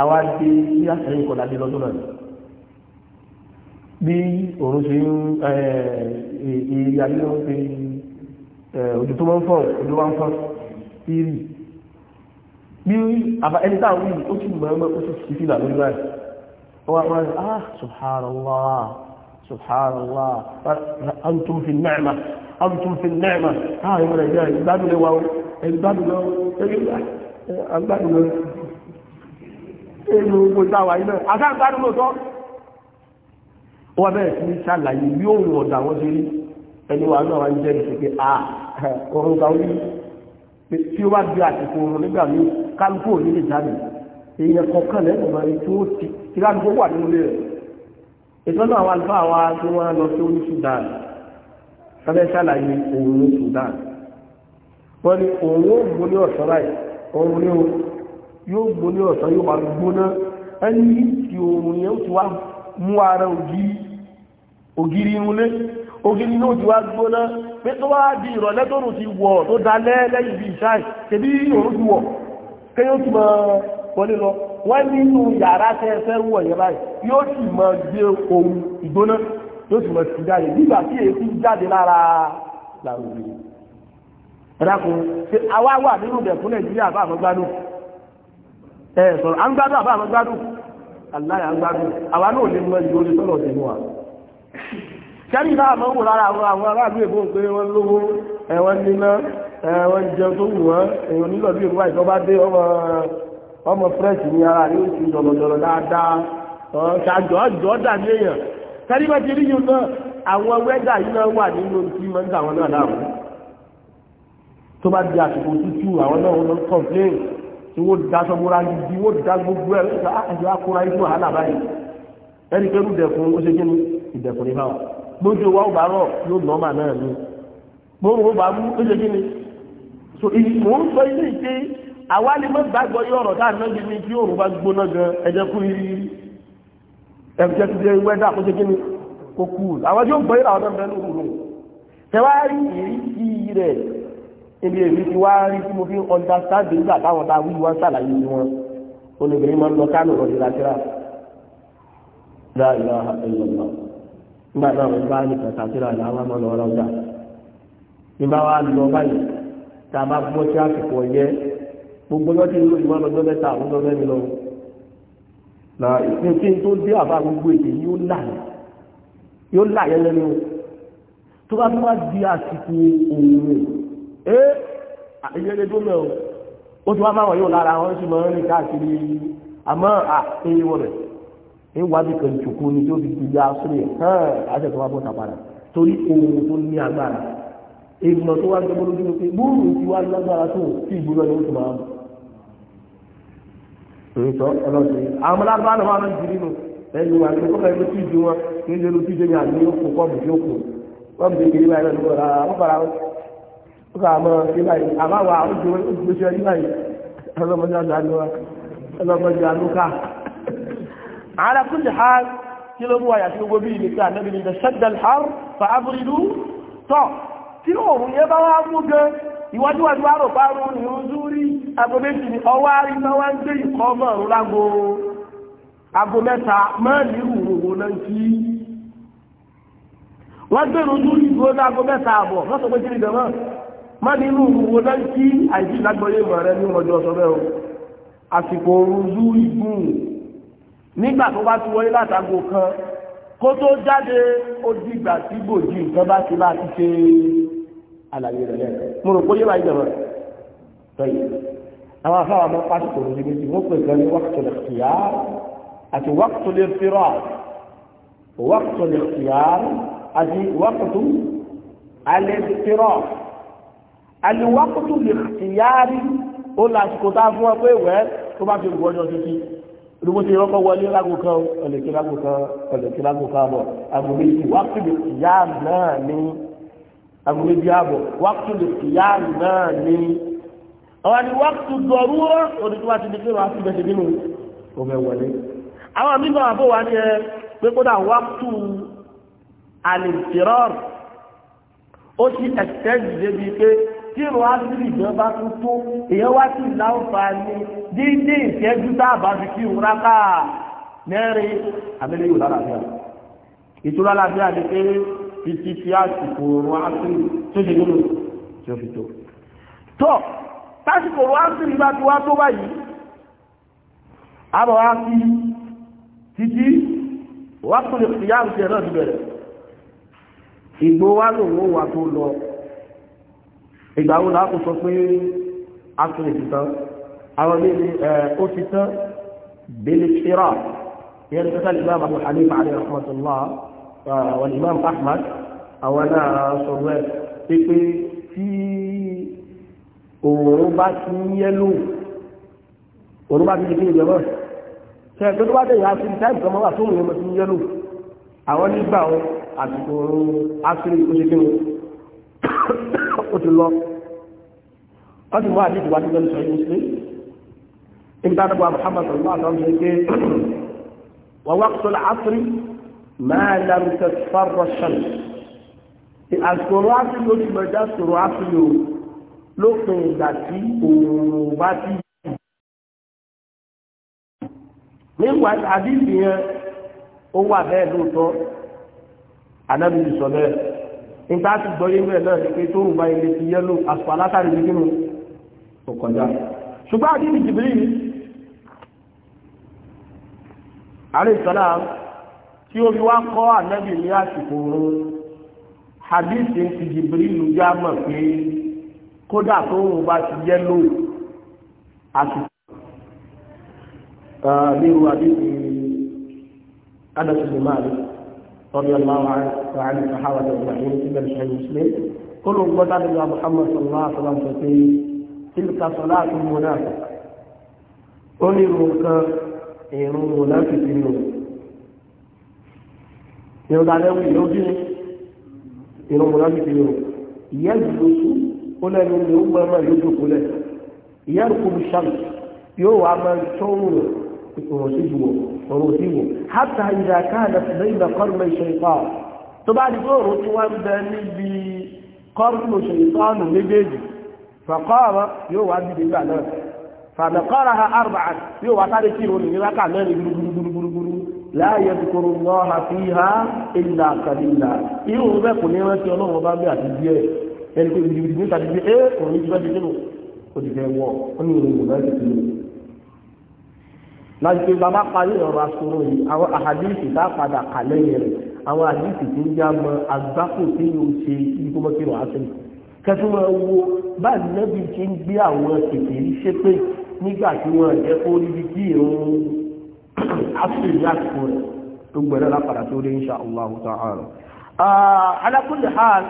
àwa dé sí àṣẹyìn kọ́ láti lọ́dún náà bí òun ṣe ń ìyá yìí ó fi ojú tó máa ń fọ́ ojú wa ń fọ́ سبحان الله أنتم في النعمة أنتم في النعمة هاي ولا جاي الباب لواو الباب لواو الباب لواو inú gbogbo ìdáwà iná àtàgbàdùn lóòtọ́ wọ́n bẹ̀rẹ̀ sí ní ṣàlàyé bí ó rùn ọ̀dà wọ́n ṣe rí ẹni wà náà wá ń jẹ́ ìṣẹ́ pé à orí tí ó bá di àsìkò oorun nígbà míì kálukú ò ní lè jáde èèyàn kọ̀ọ̀kan lẹ́nu ìtọ́nà àwọn àlùfáà wa tí wọ́n lọ sí orí Sudan sábẹ́ ṣàlàyé òun Sudan wọ́n ní òun ó gbóní ọ̀sán báyìí òun ní o yóò gbóní ọ̀sán yóò máa gbóná ẹni tí òun yẹn ti wá mú ara ògiri irunlé ògiri inú ti wá gbóná pé tó wá di ìrọ̀lẹ́ tó rùn ti wọ̀ tó dalẹ́ lẹ́yìn bí ìṣáì tẹ̀bí òun ti wọ̀ kéyó tún máa wọlé lọ wọ́n nínú yàrá tẹ́ẹ̀fẹ́ wọ̀ yẹn báyìí yóò sì máa gbé ohun ìgbóná yóò sì máa sì jáde nígbà tí èéfín jáde lára làwọn òbí ẹ̀dàkùn ṣe àwa wà nínú ìdẹ̀kùn nàìjíríà bá àmọ́ gbádùn ẹ̀ sọ̀rọ̀ à ń gbádùn àbá àmọ́ gbádùn aláyà ń gbádùn àwa náà lè mọ ìlú orí tọ́lọ̀ tẹ̀mú wa kẹ́rì náà mọ́ wò lára àwọn aráàlú èbó pé wọ́n lówó ẹ̀wọ́n níná ẹ̀wọ́n jẹun tó wù wọ́n èèyàn nílò bí òun báyìí tó bá dé ọmọ ọmọ fúrẹ́ǹsì ní ara yóò ti jọ̀lọ̀jọ̀lọ̀ dáadáa ṣàjọ́ àjọ́ dàbí èèyàn kẹ́rí bá ti rí yìí náà àwọn wẹ́dà yìí náà wà nínú tí máa ń dà wọn náà láàmú tó bá di àsìkò tútù àwọn náà wọn kọ̀ǹpléǹ tí wọ́n da sọ́múra gidi wọ́n da gbogbo ẹ̀ ah, ẹ̀jọ̀ akóra yìí fún wàhálà báyìí ẹni pé rúdẹ̀kùn ó ṣe kí ni ìdẹ̀kùn ní báwọn gbójú wa ó bá rọ̀ yóò nọ́ọ̀mà náà ni gbogbo bá mú ó ṣe so mò ń sọ ilé ìṣe àwa lè má gbàgbọ́ yí ọ̀rọ̀ tá à náà ní kí òòrùn bá gbóná gan ẹ̀jẹ̀ kú yí ẹ̀jẹ̀ ti jẹ́ wẹ́dà ó ṣe kí ni kó kú àwọn tí ó gbọ́ yí làwọn náà bẹ́ẹ̀ ní òòrùn tẹwárí ìrísí rẹ̀ ibi èmi ti wá rí tí mo fi understand nígbà táwọn tá a wí wá ṣàlàyé sí wọn olùbìnrin máa ń lọ kánò lọ sí làtírà láìláha ẹ̀yọ̀ náà nígbà náà mo bá nìkan ṣàtírà làwọn máa lọ ọlọ́jà ní bá wa lọ báyìí tá a bá gbọ́ sí àsìkò ọ̀yẹ́ gbogbo lọ́dún ìlú ìmọ̀ lọ́jọ́ mẹ́ta àwọn ọmọ mẹ́rin lọ. na ìpín kí n tó dé àbá gbogbo èdè yóò là yóò là yẹn lẹ́nu tó bá tún wá di àsìkò òun ẹ ìyẹn tó mẹ́ o ó tún wá máwọn yóò lára wọn sì máa ń rìn káàkiri àmọ́ à ń rẹ̀ ń wá bí kan ìṣòkò ni tó fi di ya sílẹ̀ hàn àṣẹ tó wá bọ́ tàbára torí ohun tó ní agbára èèmọ̀ tó wá ń dọ́gbọ́n lójú pé bóòrù ti wá lágbára tó tí ìgbóná ni ó ti máa mọ̀. ètò ọlọ́sẹ̀ àwọn ọmọlábá náà wà lójú nínú ẹnu àti kókò ẹni tí ìdí wọn ní ilé olùtí ìdí àti ní òkú kọ́ọ̀mù tí ó kù wọ́n bèèrè kiri báyìí lọ́dún kọ́ra wọ́n fara ó kà mọ́ sí báyìí àmọ́ àwọn àwùjọ oṣù ẹni báyìí ọlọ́mọdé àdúrà ọlọ́mọdé tí òun yẹ bá wá mú gan ìwájúwájú àròpárò ìrúnjú rí aago méjì ní ọwọ́ àrí náà wá ń gbé ìkọ́ ọmọ ọ̀run lágbo aago mẹ́ta mẹ́rin ìrùwòwò náà ń kí wọ́n gbé ìrúnjú rí ìgbó láago mẹ́ta àbọ̀ wọ́n sọ pé kí ni dẹ̀mọ́ mẹ́rin ìrùwòwò náà kí àìsí lágbọ́yé ìmọ̀ rẹ ní ọjọ́ ọ̀sọ́ bẹ́ẹ̀ o àsìkò ìrúnjú ìgùn nígbà tó bá ti wọlé látago kan kó tó jáde ó dìgbà tí gbòdì nǹkan bá ti láti ṣe é àlàyé rẹ̀ lẹ́nu mo rò pé yóò bá yíjọba tọ́yì àwọn afáwọn ọmọ pásítọ̀ òní méjì wọ́n pè gan ní wákàtí lè fìyà àti wákàtí lè fìrà wákàtí lè fìyà àti wákàtí alẹ́ fìrà àti wákàtí lè fìyà rí ó lásìkò tá a fún ọ pé ìwẹ́ tó bá fi wù ọjọ́ títí ló ti wọlé lágbo kan ọ̀lẹ̀kí lágbo kan ọ̀lẹ̀kí lágbo kan bọ̀ àgbo méjì lè fìyà náà ní ago méjì ààbọ̀ wákùtù lè fi yá àmì náà ní àwọn àni wákùtù dọ̀rú rọ́ òní tó bá ti di pé wàá fi bẹ̀sẹ̀ nínú òmè wọlé àwọn àmì náà àbọ̀ wà ní ẹ pé kódà wákùtù àlìntìrọ́ọ̀rù ó sì ẹ̀tẹ́jì débi pé tí ìrọ̀ áfírí ìjọba tó tó èyàn wá sí ìláǹfààní dídí ìṣẹ́jú táàbà fi kí òun rákà mẹ́rin àbẹ́lẹ́ yóò lálàáfíà ìtura lálàáfíà ni pé títí tí àsìkò oòrùn áṣírí tó ṣe nínú tí ó fi tó tọ́ tásìkò oòrùn áṣírí bá ti wá tó báyìí àbọ̀ wá títí wá tó lè fi yáàrù tẹ̀ náà bẹ̀rẹ̀ ìgbó wá lòun wà tó lọ ìgbà wo làá sọ pé áṣírí ti tán àwọn ilé ẹ̀ ó ti tán bẹ́lẹ̀ ṣíra ìyẹn tó sálẹ̀ bá àbúrò àlè àwọn imam ahmad àwọn náà sọ rẹ̀ pé pé tí òòrùn bá ti ń yẹ́lò òòrùn bá ti di kí ni jọmọ́ ṣe ẹ̀kọ́ tó bá dẹ̀ yà á sí táìpù kan máa wà tó òòrùn ti ń yẹ́lò àwọn nígbà wọn àsìkò òòrùn áṣírí ó ṣe kí ni ó ti lọ wọ́n ti mú àdéhùn wá nígbà lóṣù ẹ̀yìn sí ìgbà tó bá muhammad sallallahu alaihi wa máa lam tasfarra shams àsòrò àfihàn olùmọ̀já sòrò àfihàn lópin ìgbà tí òòrùn bá ti nígbà àdìsí yẹn ó wà bẹ́ẹ̀ lóòótọ́ anábìrì sọ bẹ́ẹ̀ nígbà tí gbọ́ yín bẹ́ẹ̀ náà ni pé tóun bá ilé ti yẹ́lò àsùpà látàrí ní kínú kò kọjá ṣùgbọ́n àdìsí jìbìrì àrè sọ́lá tí ó fi wá kọ́ ànábì ní àsìkò oorun hadith ń fi jìbìrìlù já mọ̀ pé kódà tó ń bá ti yẹ́ lò àsìkò nírú àdìsí adásílẹ̀ máa lè rọ́bí aláwọ̀ àárín sàhábà tó gbà ní ìpínlẹ̀ ìṣẹ́ muslim kó ló gbọ́ dáadé lọ muhammad sallallahu alaihi wa sọ pé tilka salatu munafiq ó ní ìrùn kan ìrùn munafiq nínú irun ta lẹ́wọ̀n ìlú ojú ni irun mọ̀lá ti fi rò ìyá ìlú oṣù ó lẹ́nu ní ó gbọ́n náà yóò jókòó lẹ̀ ìyá ìlú kòmù sàmì yóò wá máa tọ́wọ́ rẹ̀ ìkòrò sí ìwọ̀ ọ̀rọ̀ sí ìwọ̀ hátà ìdá káàdà sílẹ̀ ìgbà kọ́rùmọ̀ ìṣẹ̀ ìpa tó bá di pé òrò tí wọ́n bẹ níbi kọ́rùmọ̀ ìṣẹ̀ ìpa ọ̀nà méjèèjì fàkọ́ọ̀rọ̀ yóò wá dìde ìgbà náà fàmẹ́kọ́ra ha arba'a yóò wá sáré kí ìròyìn ní wákà mẹ́rin gbúrúgbúrúgbúrúgbúrú láàyè kúrò lọ́ha fi ha ìlà kàdìlà irú bẹ́ẹ̀ kò ní rántí ọlọ́run ọba bí àti díẹ̀ ẹni pé ìdìbìdì níta ti fi é kò ní jíjọ́ dídínú kò sì fẹ́ wọ̀ ó ní ìròyìn ìgbà ìdìbì ní. láti pé bàbá parí ọ̀rọ̀ asòro yìí àwọn àhàdìsì tá a padà kà lẹ́yìn rẹ̀ àwọn àdìsì tí ń já mọ agbáko tí yóò ṣe ikú mọ́kìrọ̀ àṣẹ kẹtùmọ̀ wo báyìí lẹ́bi ti ń gbé àwọn kèké ní ṣépè nígbà tí wọ́n jẹ́ asiri lásìkò rẹ̀ tó gbẹ̀rẹ̀ lápàdà tó rí insha Allah ta'ala ala kulli hal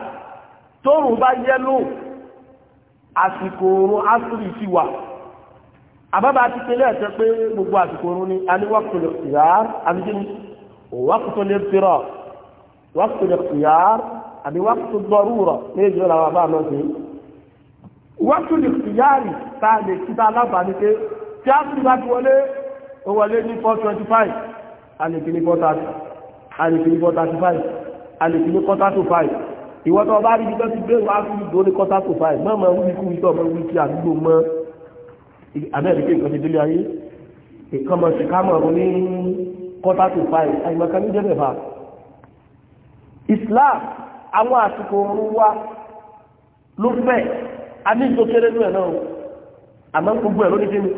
tóòrùn bá yẹ́lò àsìkò oorun asiri ti wà àbábá ti tẹ́lẹ̀ ẹ̀tẹ́ pé gbogbo àsìkò oorun ni a ní waqtul ikhtiyar àbíjẹ́ ni waqtul ibtira waqtul ikhtiyar àbí waqtul darura ní èdè ọ̀làwà bá náà sí waqtul ikhtiyar ta lè kíta alábàá ní pé tí ó wọlé ní 425 alèkì ní 430 alèkì ní 435 alèkì ní 425 ìwọ́tọ̀ bá rí ibi tó ti gbé wá sí ìdó ní 425 mọ́mọ́ wíkú ìtọ́ mọ́ wíkí àdúgbò mọ́ amẹ́ríkà ìkànnì délé ayé ìkànnì ṣìkámọ̀ ní 425 àyìnbọ̀kan ní jẹ́ bẹ̀fà Islam àwọn àsìkò òru wa ló fẹ́ a ní ìjókèrè nú ẹ̀ náà àmọ́ gbogbo ẹ̀ lónìí kí ni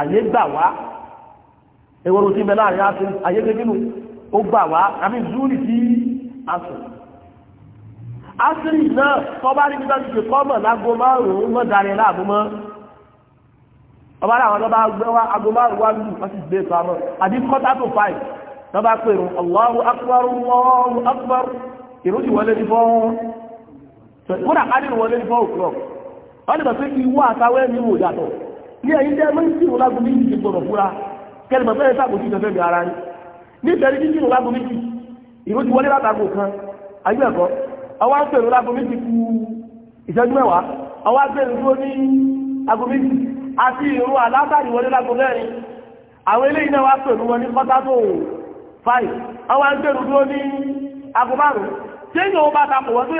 àyè gbà wá ewúro tí bẹ́ẹ̀ láàrin aṣọ ó gbà wá zúrì asiri náà tọ́ba rí bí dájú pé kọ́mọ̀ lágbo márùn-ún mọ́ darí láàbò ọba láwọn lọ́ba gbé wá agbo márùn-ún wá lù wọ́n sì gbé ìtọ́ e àmọ́ àbí kọ́tà tó fáì lọ́ba pé irun Allahu ti wọlé kẹlẹ̀mọ̀ fẹ́rẹ̀ sàbòsí ìjọsẹ́ ìjọ ara yìí nítorí títí ìrù méjì ìró wọlé látàgbò kan ayé ẹ̀kọ́ ọwọ́ ń pèrò lágbo méjì ku ìṣẹ́jú mẹ́wàá pèrò tó ní méjì àti alátàrí wọlé mẹ́rin àwọn eléyìí náà wá pèrò wọn ní fáì ń pèrò tó ní márùn ṣé ìyẹn wọn bá wọn tó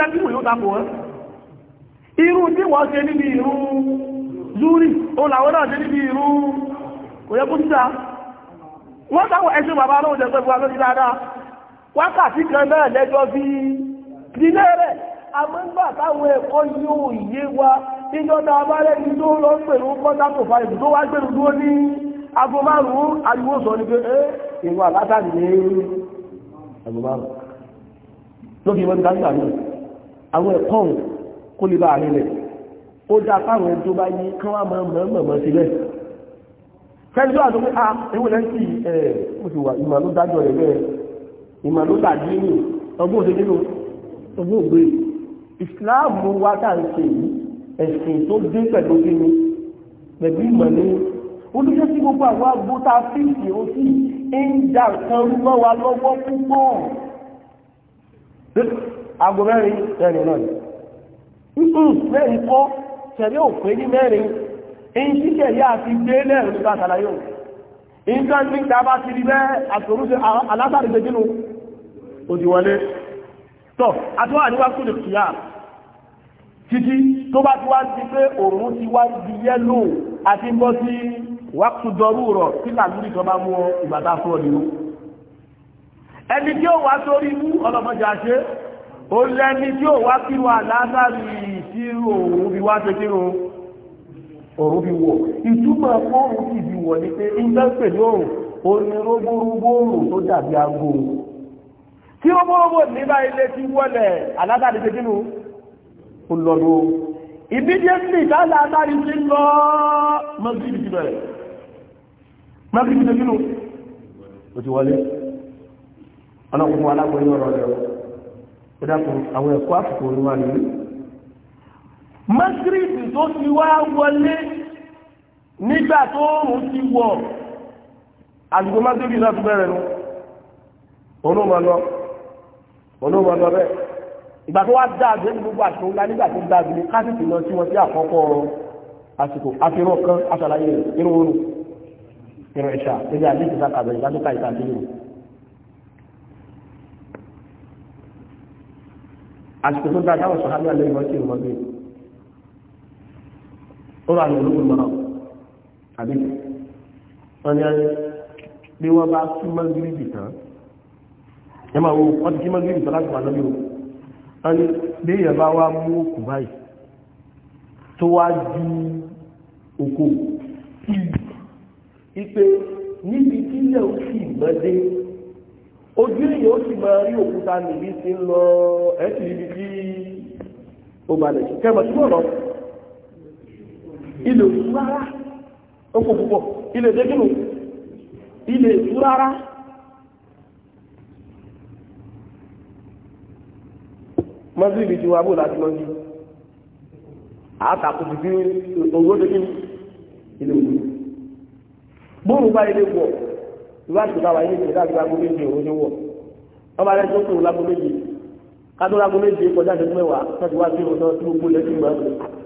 yẹ kí wọ́n táwọn ẹṣin bàbá lóhun jẹ́ pẹ́fù alóyìn dáadáa wákàtí kan náà lẹ́jọ́ bí ilé rẹ̀ àmọ́gbà táwọn ẹ̀kọ́ yóò yé wa níjọ́ta abárẹ́ni tó lọ pẹ̀lú kọ́tàkù fàìbù tó wá gbẹ̀rù dúró ní aago márùn-ún ariwo sọ ní pé eh, ìwọ àlátàrí ní aago márùn-ún lókè ìwọ́n dáńgbà náà àwọn ẹ̀kọ́ kó lè bá àrílẹ̀ ó dá fáwọn ẹni tó bá yí kán wá mọ́ mọ́ mọ́ sílẹ̀ kẹ́ńtọ́ àti pé ah ewu lẹ́yìn tí ẹ̀ ó ti wà ìmọ̀ ló dájọ́ rẹ̀ bẹ́ẹ̀ ìmọ̀ ló dàbí ní ọgbọ́n òṣèlú nínú ọgbọ́n ògbé ìsìláàmù wa tá à ń ṣe yìí ẹ̀sìn tó dé pẹ̀lú kíni pẹ̀lú ìmọ̀ ní olùṣẹ́ sí gbogbo àwọn agbóta fíìsì ó sì ń jà kan mọ́ wa lọ́wọ́ púpọ̀ aago mẹ́rin mẹ́rin náà ní mẹ́rin kọ́ tẹ̀lé òpin ní mẹ́rin in ṣíṣẹ̀ yá àti gbélẹ̀ òṣìṣẹ́ àtàlàyò nǹkan ní ìdábá ti rí bẹ́ àtòrúṣe alásàrí gbẹ́jínú òdìwọlé tọ́ àtúwà àdíwá kúrò kìíyà títí tó bá ti wá sí pé òun ti wá di yẹ́lò àti bọ́ sí wákùtù dọrú rọ̀ tí làmúrí kan bá mú ọ ìgbàta fún ọ nínú ẹni tí òrùn fi wọ̀ ìtumọ̀ fọ́ọ̀rùn sì fi wọ̀ ní pé ìgbẹ́pẹ̀ lóòrùn ó ní rógbórógbóòrùn tó dàbí aago tí rógbórógbò nígbà ilé ti wọlẹ̀ alátàrí ṣe kínú ó lọ lọ immediately dáadáa alátàrí ṣe lọ mọ́gídì ti bẹ̀rẹ̀ mọ́gídì ṣe kínú ó ti wọlé ọlọ́kùnrin alágbóyún ọ̀rọ̀ rẹ̀ ó dákun àwọn ẹ̀kọ́ àfikún olúwa nìyí mọ́sírìtì tó ti wá wọlé nígbà tó òun ti wọ̀ àdúgbò mọ́sírìtì náà tó bẹ̀rẹ̀ nù onúmọ̀lọ́ onúmọ̀lọ́ bẹ́ẹ̀ ìgbà tó wá dáadé ní gbogbo àṣọ ńlá nígbà tó dáadé ní kásìtì lọ sí wọn sí àkọ́kọ́ àsìkò àfihàn kan aṣàlàyé irun oorun irun ìṣà níbi àdéhùn ìsàkàbẹ̀ ìdádúkà ìtàdéhùn àsìkò tó dáadáa wọn sọ ó rà ní olóògùn mọ́ra àbí wọ́n ní ayé bí wọ́n bá kí mọ́gírìbì tán ẹ máa wo wọ́n ti kí mọ́gírìbì tán láti wà lórí o wọ́n ní bí èèyàn bá wá mú òkú báyìí tó wá ju òkú ipe níbi tí ilẹ̀ ò sì mọ́ dé ojú èèyàn ó sì máa rí òkúta nìbí sí ń lọ ẹ̀ sì níbi tí ó balẹ̀ kẹ́mọ̀ tí wọ́n lọ ilé òkú rárá oko púpọ̀ ilé dégínú ilé ìtú rárá mọ́sílì ti wà bó láti lọ́jú àtàkùn ti fi owó dégínú ilé òkú bóòrùn bá ilé wọ̀ ìwádìí bá wà ní ìṣẹ̀dá àti lágbo méjì òun ní wọ̀ ọba rẹ̀ tó kù lágbo méjì kádó lágbo méjì kọjá ìṣẹ́jú mẹ́wàá láti wá sí ìrọ̀lọ́ tí gbogbo lẹ́sìn máa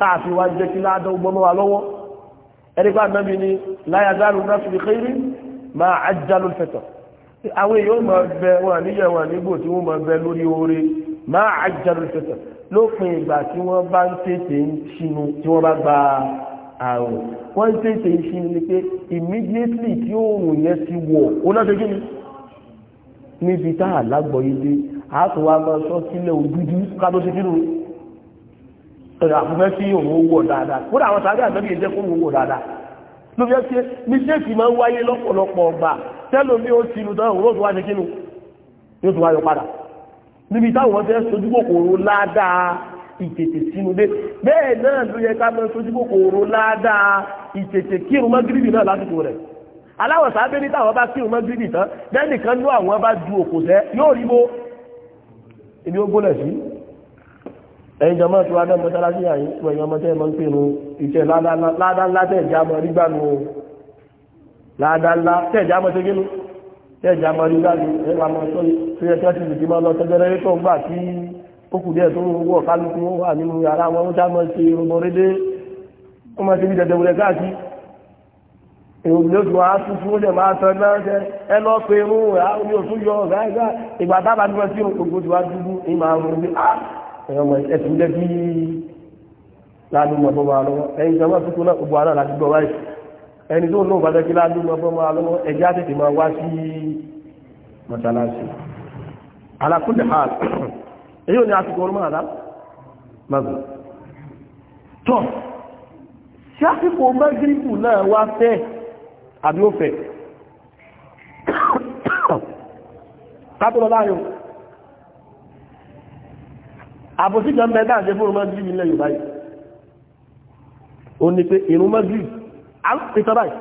táàfi wá jẹ́ kí ládọ́ gbọ́mọ́ wa lọ́wọ́ ẹ̀ríkà nàbí ni láyàzárù náà fi kéèrè máa ajálù fẹ̀tọ̀ àwọn èèyàn máa bẹ wọn àníyàn wọn àníbò tí wọ́n máa bẹ lórí oore máa ajálù fẹ̀tọ̀ lópin ìgbà tí wọ́n bá ń tètè ń sinú tí wọ́n bá gba àrùn wọ́n ń tètè ń sinú ni pé immediately tí oòrùn yẹn ti wọ̀ ó náà ṣe kí ni níbi tá àlágbọ̀ yìí dé àátùwá máa sọ sílẹ̀ òdúdú ká tó ṣe kí ni àfúnfẹ́ sí òun wò dáadáa kódà àwọn sáré àgbẹ̀bí yẹn jẹ́ kó òun wò dáadáa ló fi ṣe mistake máa ń wáyé lọ́pọ̀lọpọ̀ ọgbà tẹ́lò ní ó ti lu tán òun ló tún wá ṣe kínú yóò tún wá yọ padà níbi táwọn wọn fẹ́ sojú kòkòrò ládàá ìtètè sínú dé bẹ́ẹ̀ náà ló yẹ ká mọ sojú kòkòrò ládàá ìtètè kírun mọ́gírìbì náà lásìkò rẹ̀ aláwọ̀ sábẹ́ ní táwọn bá kírun mọ́gírìbì tán bẹ́ẹ̀ nìkan ní àwọn bá ju òkòtẹ́ yóò rí bó èmi ó gbólẹ̀ sí ẹ̀yin jọmọ́ tí wàá dán mọ́sálásí àyè pọ̀ ẹ̀yin ọmọ tẹ́ ẹ mọ́ ń pè nu ìtẹ̀ ládàlá tẹ̀ ẹ̀já mọ́ rí gbànú o ládàlá tẹ̀ ẹ̀já mọ́ segin nu tẹ̀ ẹ̀já mọ́ rí gbànú ẹ̀ wà mọ́ sórí tí ẹ tẹ́tí lùdí mọ́ lọ tẹ́jọ́rẹ́ tó ń gbà tí ó kù díẹ̀ tó ń wọ̀ kálukú wà nínú yàrá wọn ó sáà mọ́ ṣe rédé ó mọ́ síbi dẹ̀dẹ̀ wúlẹ̀ káàkiri èrò ló dùn aṣọ tí lè máa sọ náà ṣe ẹ lọ pé irun ẹ̀ ah, á ní òtún yọ ọ̀gá ẹ̀gá ìgbà tábà sí irun gbogbo dúdú ìmọ̀ àrùn ní ẹ̀yọ́ mọ̀ ẹ̀tún lẹ́bí lálùmọ̀ bọ́ máa lọ́wọ́ ẹ̀yìn ìjọba tuntun náà gbogbo ara láti gbọ́ wáyé ẹni tó lóun bá dẹ́kí lálùmọ̀ bọ́ máa lọ́wọ́ ẹ̀já tètè máa wá sí mọ̀sálásí alákùnlé ha èyí ò ní àsìkò mẹ́gírípù náà wá fẹ́ àbí ó fẹ́ kápẹ́lọ́ àbòsí kan bẹ dáǹdé fún ọmọ gírí ilẹ̀ yorùbá yìí ó ní pé ìrún mọ́ gírí àpìtọ́ báyìí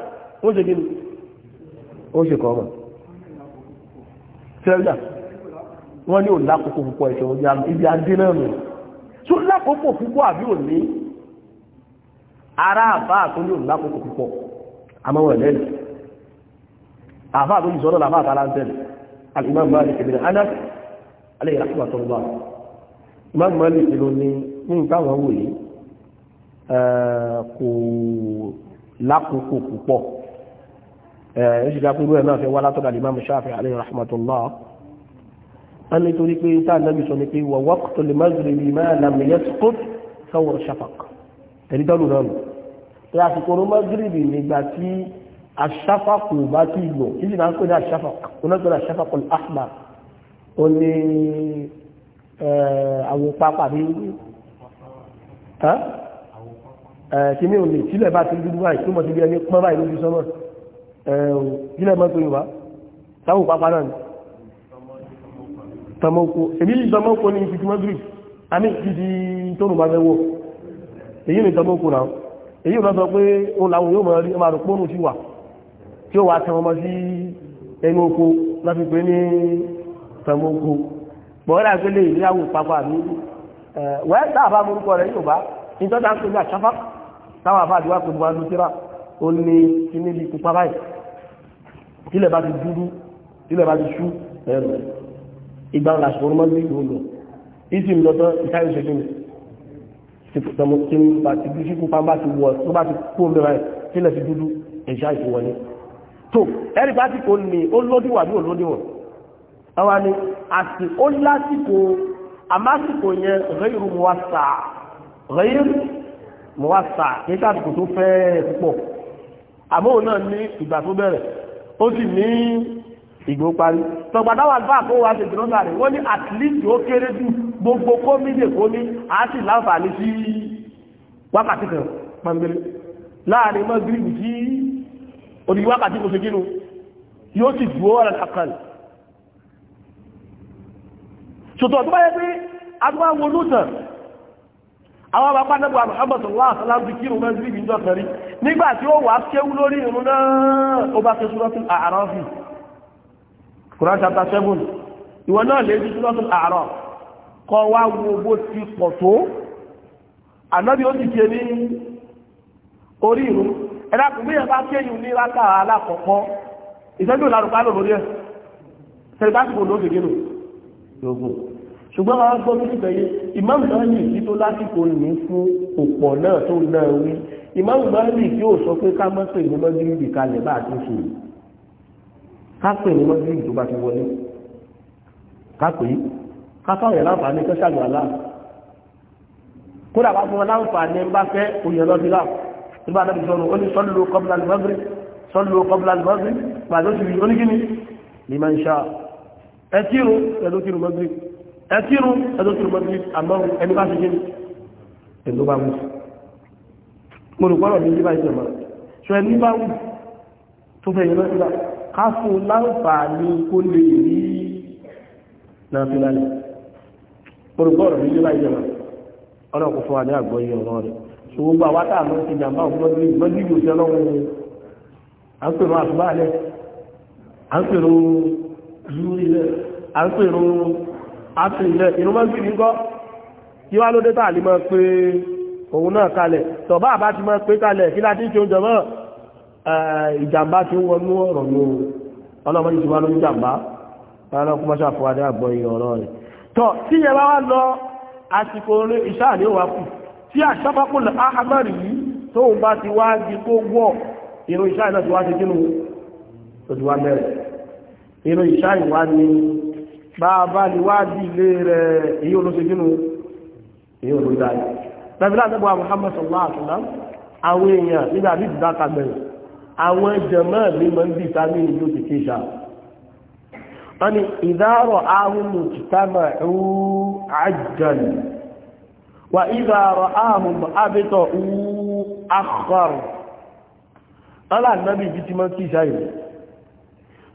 ó ṣe gírí ó ṣe kọ́ ọmọ tẹ́lá wọ́n ní ò lákòókò púpọ̀ ẹ̀ṣọ́ ibi adé náà nù tó lákòókò púpọ̀ àbí ò ní ara àbá àtún ní ò púpọ̀ àmọ́ wọn lẹ́nu àbá àtún ìṣọ́nà làbá àtàlà ń tẹ̀lé al-Imam Malik Imam Malik ló ní ní táwọn wò yìí kò lákòókò púpọ̀ ẹ̀ ṣìgá pẹ̀lú ẹ̀ náà fẹ́ wá látọ̀dà Imam Shafi'i alayhi rahmatullah a nítorí pé táà náà bí sọ ní pé wà waqtu al-maghribi ma lam yasqut thawr shafaq ẹ̀rí dọ́lù náà nù pé àsìkò mọ́gírìbì nígbà tí aṣáfàkù bá ti lò kí sì máa ń pè ní aṣáfàkù onágbèrè aṣáfàkù al-ahmar ó Eh, àwòpapà bí eh, kí ní òní tílẹ̀ bá ti dúdú báyìí tó mọ̀ sí bí ẹni pọ́n báyìí lójú sọ́mọ̀ tílẹ̀ eh, mọ́ pé yorùbá táwọn pápá náà ni tọmọ́kó èmi ní tọmọ́kó ní fìtí mọ́gírì àmì ìfìdí tó rùn bá fẹ́ wọ̀ èyí ni tọmọ́kó náà èyí ò lọ́sọ pé ó làwọn yóò mọ̀ rí ọmọ àrùpónù sí wà tí ó wà tẹ̀wọ́n sí ẹnu oko láti pé ní tọmọ́kó bọ́ọ̀rẹ́ àgbélé ìgbéyàwó papọ̀ àmì wẹ́ẹ́ dáàbá morúkọ rẹ̀ yóò bá ìjọba ń pè ní àṣàfà táwọn àbá àdúrà pẹ̀lú wa lóṣèrà ó ní kíní bí pupa báyìí tílẹ̀ bá ti dúdú tílẹ̀ bá ti ṣú ẹ̀rọ ìgbà wọn làṣọ ọmọ ní ìlú lọ ìsì ń lọtọ ìsáyọ ṣe kíni tọmọ tí ń bá ti dúdú pupa bá ti wọ tó bá ti kó ń bẹ̀rẹ̀ tílẹ̀ ti dúdú ẹ̀ṣá ìfowọlé tó ẹ̀rí pásítọ̀ ni ó lódìwà bí ò lódìwọ̀n ọwá ni àti ó lásìkò àmásìkò yẹn rẹ́yìrù mọ́wàsà rẹ́yìrù mọ́wàsà kí sàtìkò tó fẹ́ púpọ̀ àmóhùn náà ní ìgbà tó bẹ̀rẹ̀ ó sì ní ìgbó parí tọgbàdáwà báà kó wá tètè lọ́gbà rẹ̀ wọ́n ní at least ó kéré jù gbogbo kómìnì kómì á sì láǹfààní sí wákàtí kan pàǹgbélé láàrin mọ́ gírígì sí orí kò sí kínú yóò sì dúó ọ̀rẹ́ kàkàlì ṣùgbọ́n tó bá yẹ pé agbáwo lóòtàn àwọn bàbá nẹ́gbà àbọ̀sọ̀lá àṣàlám ti kírun mẹ́sì bí ìjọ kẹrí nígbà tí ó wà kéwú lórí ìrun náà ó bá ké súrọ́tún Quran chapter seven ìwọ náà lè di súrọ́tún àárọ̀ kọ wá wo bó ti pọ̀ tó ànábì ó ti ké ní orí ìrun ẹ̀dá kò bí ẹ̀bá kéyìn ìṣẹ́jú ìlànà pálọ̀ lórí ẹ̀ sẹ́yìn bá ti kò ṣùgbọ́n àwọn gbọ́ bí bẹ̀yẹ ìmáàmù Málíkì tí tó lásìkò ní fún òpọ̀ náà tó náà wí ìmáàmù Málíkì yóò sọ pé ká mọ́ pè ní mọ́gírìbì kalẹ̀ bá a ti ṣe ká pè ní mọ́gírìbì tó bá ti wọlé ká pè é ká fáwọn láǹfààní tó ṣàgbà lá kódà bá fún wọn láǹfààní bá fẹ́ oyè lọ́dúnlá nígbà náà sọ̀rọ̀ ó ní sọ́lù kọ́bùlà lùmọ́gírì sọ́lù kọ́bùlà lùmọ́gírì pàdé ó ti rí oníkíní ní máa ń ṣá ẹ tírun pẹ̀lú tírun ẹkírun ẹjọ́ tí mo ti àmọ́ ẹni bá ti jẹ́ ẹ̀lú bá wù mo rò gbọ́dọ̀ ní yíba ìjọba ṣọ ẹni bá wù tó fẹ́ yẹn lọ́sílá ká fún láǹfààní kó lè rí náà fi lálẹ́ mo rò gbọ́dọ̀ ní yíba ìjọba ọlọ́run kò fún wa ní àgbọ́yé ọ̀rọ̀ rẹ̀ so gbogbo àwa tá a lọ sí jàmbá ògbọ́dọ̀ ìgbọ́dọ̀ ìgbò sí ọlọ́run à ń pèrò àtúbà alẹ́ à ń pèrò àtúnilẹ̀ inú mọ́ sí nígọ́ kí wá ló dé tà lè mọ́ pé òun náà kalẹ̀ tọ̀bá àbá ti mọ́ pé kalẹ̀ kí láti ń ṣe oúnjẹ mọ́ ìjàmbá ti ń wọnú ọ̀rọ̀ ní ọlọ́mọdé ti wá ló ń jàmbá lára kó mọ́ṣà fún adé ahamari yìí tóun bá ti wá di kó wọ̀ irun ìṣáà náà ti wá ti bàbá lè wá bí ilé rẹ̀ èyí olóṣèlú èyí olóṣèlú tàbílá àtẹ́bọ̀ Muhammad sallallahu alaihi wasallam àwọn èèyàn nígbà bí ìdáka gbẹ̀rẹ̀ àwọn jẹ̀mọ́ ní mọ́ ń bí ìtàmì ìjọ ti kéṣà wọ́n ni ìdárọ̀ ahun mùtítàmà ẹ̀rú àjàn wà ìdárọ̀ ahun abẹ́tọ̀ ẹ̀rú àkọ́rọ̀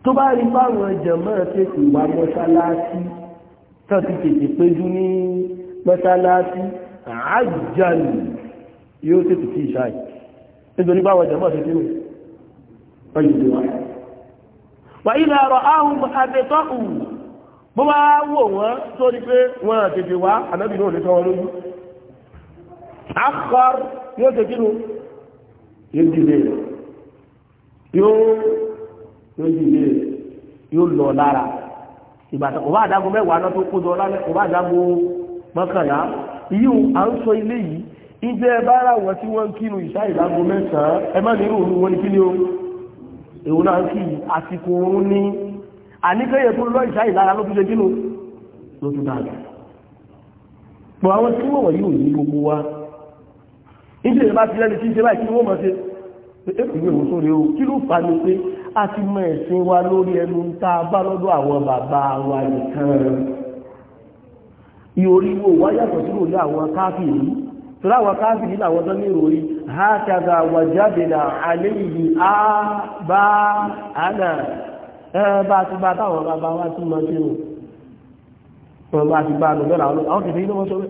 tó bá rí báwọn jẹ̀mọ́ tètè wá mọ́sálásí tó ti tètè péjú ní mọ́sálásí àjálù yóò tètè sí ìṣáì nítorí báwọn jẹ̀mọ́ tètè mú ọjọ́ ìwà wà ilẹ̀ ọ̀rọ̀ ahùn àtẹ̀tọ́ bó bá wò wọ́n tó rí pé wọ́n tètè wá ànábì náà lè tọ́ yóò di ilé yóò lọ lára ìbàdàn kò bá àdágún mẹ́wàá lọ́tọ́ kó jọ lálẹ́ kò bá àdágún mọ́kànlá yíò à ń sọ ilé yìí ìjẹ́ bára wọn tí wọ́n ń kírun ìṣá ìdágún mẹ́sàn-án ẹ má nínú òru wọn ni kí ni o èwo náà ń kí àsìkò òun ní àníkẹ́yẹ tó lọ ìṣá ìlara ló tún ṣe kí ni ló tún dáa pọ̀ àwọn tí wọ́n wọ̀nyí ní gbogbo wa ìjẹ́ ìbá ti lẹ́ni tí ń ṣe báyìí kí ni wọ́n mọ̀ ṣe é kò ní òun sóre o kí ló fà ní pé a ti mọ ẹ̀sìn wa lórí ẹnu tá a bá lọ́dọ̀ àwọn bàbá wa nìkan ìoríwò wá yàtọ̀ sí òní àwọn káfìrí tura àwọn káfìrí ha kàdà wà jáde na alẹ́ a á bá ti bá táwọn bàbá wa ti mọ sí wọn bá ti bá àwọn wọ́n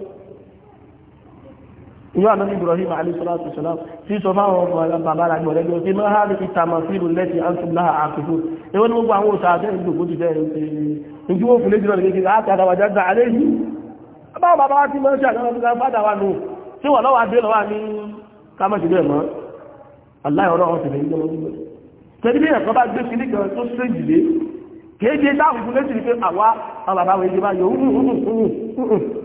ìlú àná ní Ibrahim alayhisalatu wasalam tí sọ fáwọn ọmọ bàbá rà gbọ̀rẹ́ gbọ́ sí mọ́ ha ní ìtàmà sí ìlú lẹ́sìn antum laha àkùkù ewé ní gbogbo àwọn òṣà àti ìlú ògbó ti fẹ́ ìjú òfin lè jùlọ nìkejì láti àdáwàjá gbà alẹ́ yìí báwọn bàbá wa ti mọ́ sí àdáwà nígbà bàdà wa nù tí wọ́n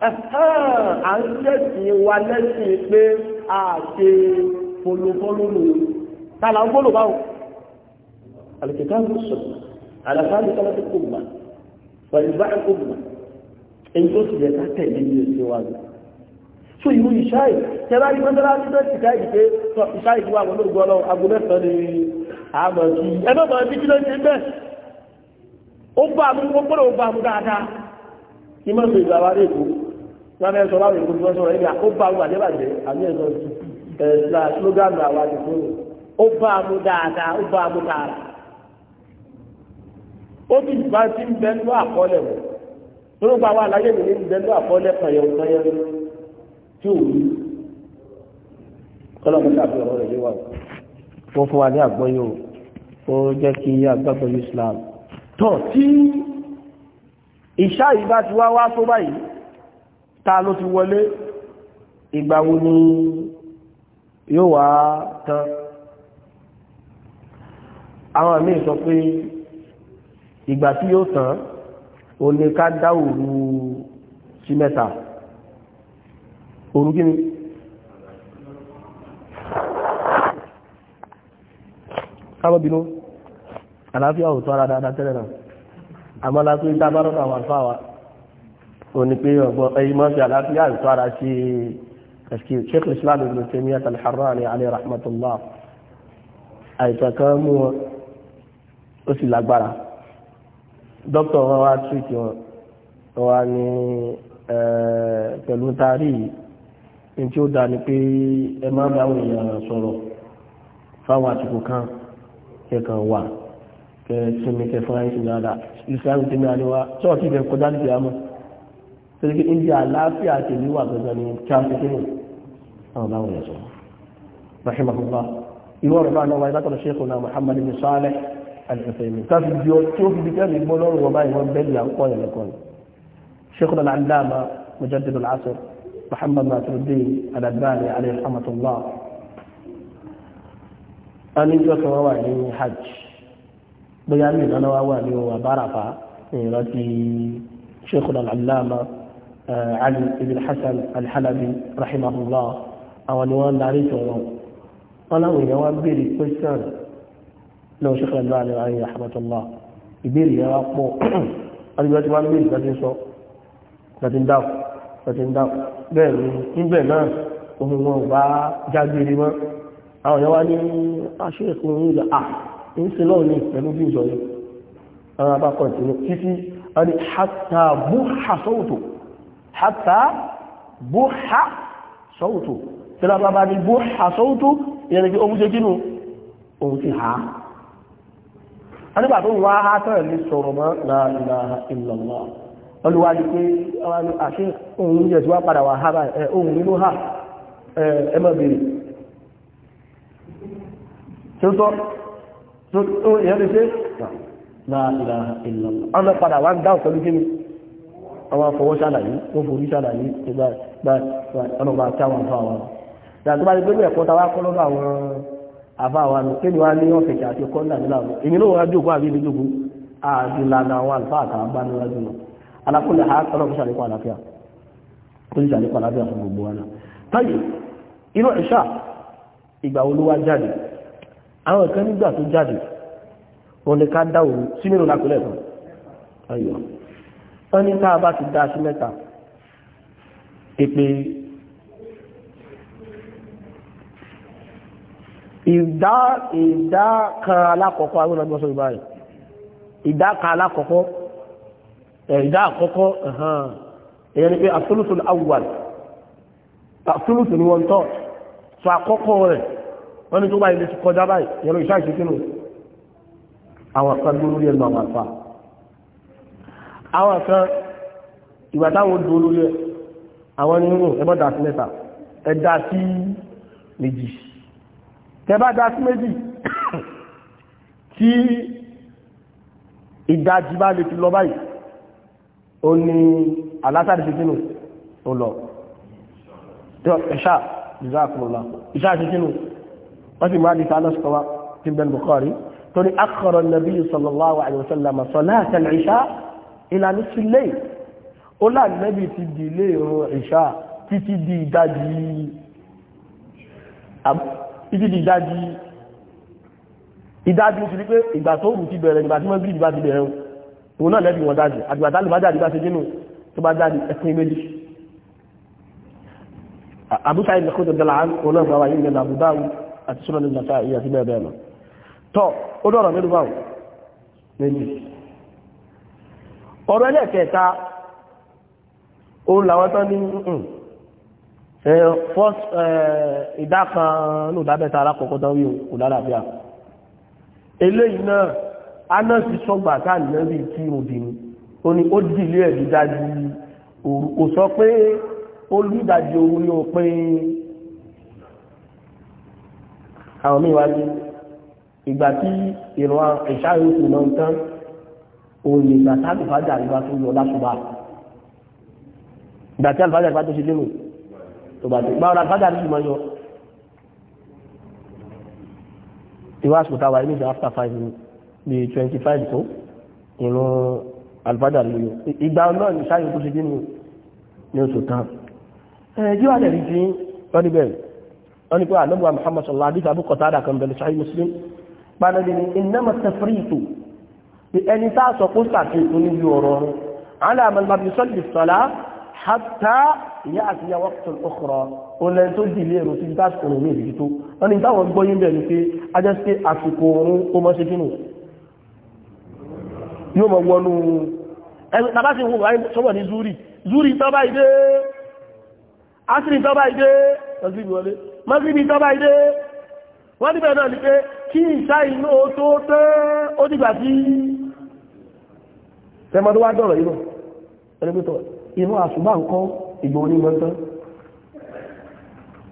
à ń tẹ̀sìn wa lẹ́sìn pé a ṣe folofólólo tààlà ń bọ́lò báwo àlùkìtà ń sọ àlàfáàlù kọ́lá tó kò mà pẹ̀lú bá kò mà èyí tó sì yẹ ká tẹ̀lé ní oṣù wa lọ tó ìlú ìṣáì tẹ́lá ní mọ́tẹ́lá ní tó ìṣáì ti pé tọ́ ìṣáì ti wà wọn lóògùn ọlọ́run aago mẹ́sàn-án ni àmọ̀ sí ẹgbẹ́ mọ̀ sí kí ló ṣe bẹ́ẹ̀ ó bá mú gbọ́dọ̀ ó bá mú dáadáa kí mọ́tò ìgbà wa lè kú wọn bẹ sọ láwọn èkó tí wọn sọ̀rọ̀ ẹgbẹ́ ó bá wọn àdébàjẹ àbí ẹsọ ẹsọ slogan àwọn àdìpọ ó bá mu dáadáa ó bá mu tààrà ó ti bá ti ń bẹ nínú àkọọlẹ wọn nínú gba àwọn àlàyé mi ní bẹ nínú àkọọlẹ kànyẹwò kànyẹwò tí ò wí kọlọmọ tàbí ọ̀rọ̀ rẹ̀ yé wa o. wọn fún wa ní àgbọ́yé ó jẹ́ kí agbábọyé Islam tọ tí ìṣá yìí bá ti wá wá tó báyìí ta ló ti wọlé ìgbà wo ni yóò wá tán àwọn míì sọ pé ìgbà tí yóò tán òun ni ká dá òru sí mẹ́ta òru kí ni kábọ̀ bínú ara dáadáa tẹ́lẹ̀ náà àmọ́ la pé dábàá àwọn àlùfáà wa òní pé ọgbọ́n ẹyí máa ń fi àlàáfíà ìtọ́ ara sí ẹ̀sìkì sheikh islam ibn Taymiyyah al-Harrani alayhi rahmatullah àìsàn kan mú wọn ó sì lágbára dókítà wọn wá tírìtì wọn wá ní pẹ̀lú taari ní tí ó dáa ni pé ẹ má bá àwọn èèyàn sọ̀rọ̀ fáwọn àsìkò kan kẹkàn wà kẹ sinmi kẹ fún ayé sí dáadáa islam ti ní àríwá ṣọ́ọ̀tì ìfẹ́ kọjá níbi àmọ́. torí pé oúnjẹ àlàáfíà àti ìlú wà gbẹgbẹ ni kí a ń tẹ́kẹ́ yìí àwọn bá wọ̀nyẹ̀ sọ rahimahullah ìwọ ọ̀rọ̀ bá náwó ìbátan ṣeéfù náà Muhammad bin Saleh al-Uthaymin káfí bí ó tí ó fi bí kẹ́mi gbọ́ lọ́rùn wọn báyìí wọ́n bẹ́ẹ̀lì à ń kọ́ yẹn lẹ́kọ́ ni ṣeéfù náà al-Allama Mujaddid al-Asr Muhammad Nasiruddin al-Albani alayhi rahmatullah a ní ìjọ wa wà ní àbáràfà ìrántí ṣeéfù náà al ali ibn hasan alhalabi rahimahullah àwọn ni wọ́n darí tọ̀rọ̀ wọn láwọn èèyàn wá béèrè question lọ́wọ́ ṣe kọ́lá lọ́wọ́ àlẹ́ àyè rahmatullah ìbéèrè yẹn wá pọ̀ adúgbò tí wọ́n béèrè láti sọ láti ń dáwọ̀ láti ń dáwọ̀ bẹ́ẹ̀ ni níbẹ̀ náà ohun wọn bá jágbére mọ́ àwọn èèyàn wá ní aṣọ ẹ̀kọ́ ń lọ à ń ṣe lọ́wọ́ ní pẹ̀lú bí ìjọ yìí àwọn abákan tì ní títí àti hàtàbù hàsọ́wòtò hatta buha sautu. tí lábá bá ní buha sautu ìyẹn kí ohun jẹ́ kínú ohun ti ha a nígbà tó wá ha tẹ́rẹ̀ ní sọ̀rọ̀ mọ́ la ilaha illallah olúwa ní pé ah, àṣẹ ohun jẹ́ tí wá padà wà ha ohun nínú ha ẹmọ bèèrè tí ó tọ́ ìyẹn lè ṣe la ilaha illallah ọ̀nà padà wá ń dáhùn pẹ̀lú kínú àwọn afọwọ́ ṣàlàyé wọ́n forí ṣàlàyé ọlọ́gbà táwọn afọ àwọn dàtí bá ti gbé ẹ̀kọ́ táwọn akọ́ lọ́dọ̀ àwọn afọ àwọn àmì kéde wá ní ọ̀fẹ́ kí àti kọ́ńdà nílà wọn èmi náà wọ́n á jókòó àbí ibi jókòó àdìlànà àwọn àlùfáà àtàwọn bá níwájú náà alákùnlé ha ọlọ́gbà ṣàlékún àlàáfíà ó ń ṣàlékún àlàáfíà fún gbogbo wa náà táyì inú ẹ̀ṣà ìgbà wo ló wá jáde àwọn ìkan nígbà tó jáde wọn ni ká dá òru sí mélòó lákùnlé kan ayọ̀ wọ́n ní káà bá ti dá sí mẹ́ta ìpè ìdá ìdá kan alákọ̀ọ́kọ́ àwọn ọlọ́gbọ́sọ ìbá rẹ̀ ìdá kan alákọ̀ọ́kọ́ ìdá àkọ́kọ́ ẹ̀hàn èyàn ni pé àtúlùtù awwal àtúlùtù ni wọ́n tọ́ sọ àkọ́kọ́ rẹ̀ wọ́n ní tó báyìí lè ti kọjá báyìí yẹnu ìṣáìṣẹ́ kínú àwọn kan lórí ẹnu àwọn àfáà àwọn kan ìgbà táwọn odò olórí ẹ̀ àwọn ní rùn hmm, ẹ mọ́dà sí mẹ́ta ẹ dá sí méjì tẹ bá dá sí méjì tí ìdájí bá lè ti lọ báyìí ó ní alásàdì sí kínú ó lọ ẹ̀ṣà ìzáàkùnlá ìṣà sí kínú wọ́n sì máa di sáà lọ́sùkọ́ wa tí bẹ́ẹ̀ Bukhari tó ní sallallahu alaihi wasallam salata al-isha ìlànà ti lè ó láàrínẹ́bì ti di ilé ìrun ìṣà títí di ìdájí ìdájí oṣù ní pé ìgbà tó rù ti bẹ̀rẹ̀ ìgbà tí wọ́n bí ìgbà ti bẹ̀rẹ̀ òun náà lẹ́bì wọn dájì àgbàtà lè bá jáde bá ṣe dínú tó bá jáde ẹkùn méjì àbúta ilẹ̀ kó jẹjẹrẹ àánú òun náà gbáwà yìí nílẹ̀ àbúdáwù àti súnmọ́ nílẹ̀ àti bẹ́ẹ̀ bẹ́ẹ̀ lọ tọ́ ó dọ̀rọ̀ mélòó méjì ọ̀rọ̀ ẹlẹ́ẹ̀kẹta òun làwọn tán ní hmm, ìdá kan ní ìdábẹ́ta alákọ̀ọ́kọ́ tán wí kò lálàáfíà eléyìí náà anọ́sì sọ́gbà káàlì náà bí kí mo dì ní ó ní ó dìlé ẹ̀dí dájú òru sọ pé ó lú ìdájí òru ní òpin àwọn míì ìgbà tí ìrọ̀ ìṣáyòsù náà tán òní ìgbà tí àlùfáàjà àríwá tó yọ lásùbà ìgbà tí àlùfáàjà àríwá tó ṣe lérò tó bá tó gbáwọn àlùfáàjà àríwá máa yọ ìwà àsùkùtà wà ní ìjọ after five bí twenty five tó ìrún àlùfáàjà àríwá yọ ìgbà náà ní sáyẹn tó ṣe dínú ní oṣù kan ẹ̀ẹ́dí wà lẹ́rìí tí wọ́n ní bẹ́ẹ̀ wọ́n ní pé àlọ́bùwà Muhammad sallallahu alaihi wa sallam Abu Qatada kan bẹ̀rẹ̀ Sahih Muslim pàdánù ní ìnáma tafríìtù ẹni tá a sọ kó sàfihàn níbi ọ̀rọ̀ rẹ̀ aláàmà bàbí sọ́lì sọ́lá hátà ìyá àti ìyá wọ́pùtù ọkọ̀rọ̀ olè tó dìlé èrò sí bá sọ̀rọ̀ ní èdè tó wọ́n ni táwọn gbọ́ yín bẹ̀rẹ̀ pé ajá sí àsìkò oorun ó mọ́ ṣe kínú yóò mọ̀ wọnú ẹgbẹ́ tàbá sí wọ́n sọ́wọ́ ní zúrì zúrì tọ́bá ìdé asìrì tọ́bá ìdé mọ́sílì wọlé mọ́sílì tọ́bá ìdé wọ́n níbẹ̀ náà ni pé kí ìṣá ìlú tó tẹ́ ó dìgbà tí tẹ́mọ́ tó wá dọ̀rọ̀ yìí lọ ẹlẹ́gbẹ́tọ̀ inú àṣùgbà ń kọ́ ìgbò onímọ̀ ń tán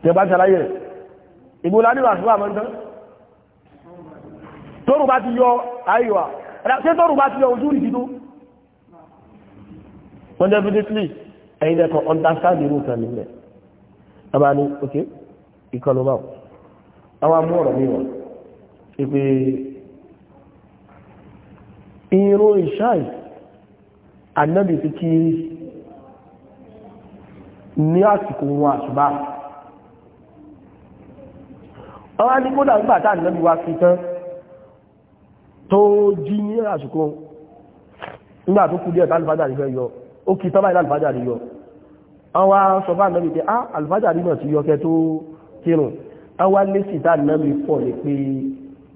tẹ́ bá ṣàlàyé rẹ̀ ìgbò ládìrò àṣùgbà mọ́ ń tán tóru bá ti yọ àyíwá ṣé tóru ti yọ ojú rí wọ́n jẹ́ ẹ̀yìn ẹ̀kọ́ understand irú kan nílẹ̀ ọba ní ok ìkọlù báwọ̀ àwọn amú ọ̀rọ̀ mi ìpè irun ìṣáì anábì fi kí ní àsìkò wọn àṣùbá ọwá ní kódà nígbà tá anábì wá fi tán tó jí ní àsìkò nígbà tó kú díẹ̀ tá alùfájà rí fẹ́ yọ ó kí tán báyìí alùfájà rí yọ ọwá sọ bá anábì pé ah alùfájà rí náà ti yọ tó kírun ọwá lé sí tá anábì pọ̀ ní pé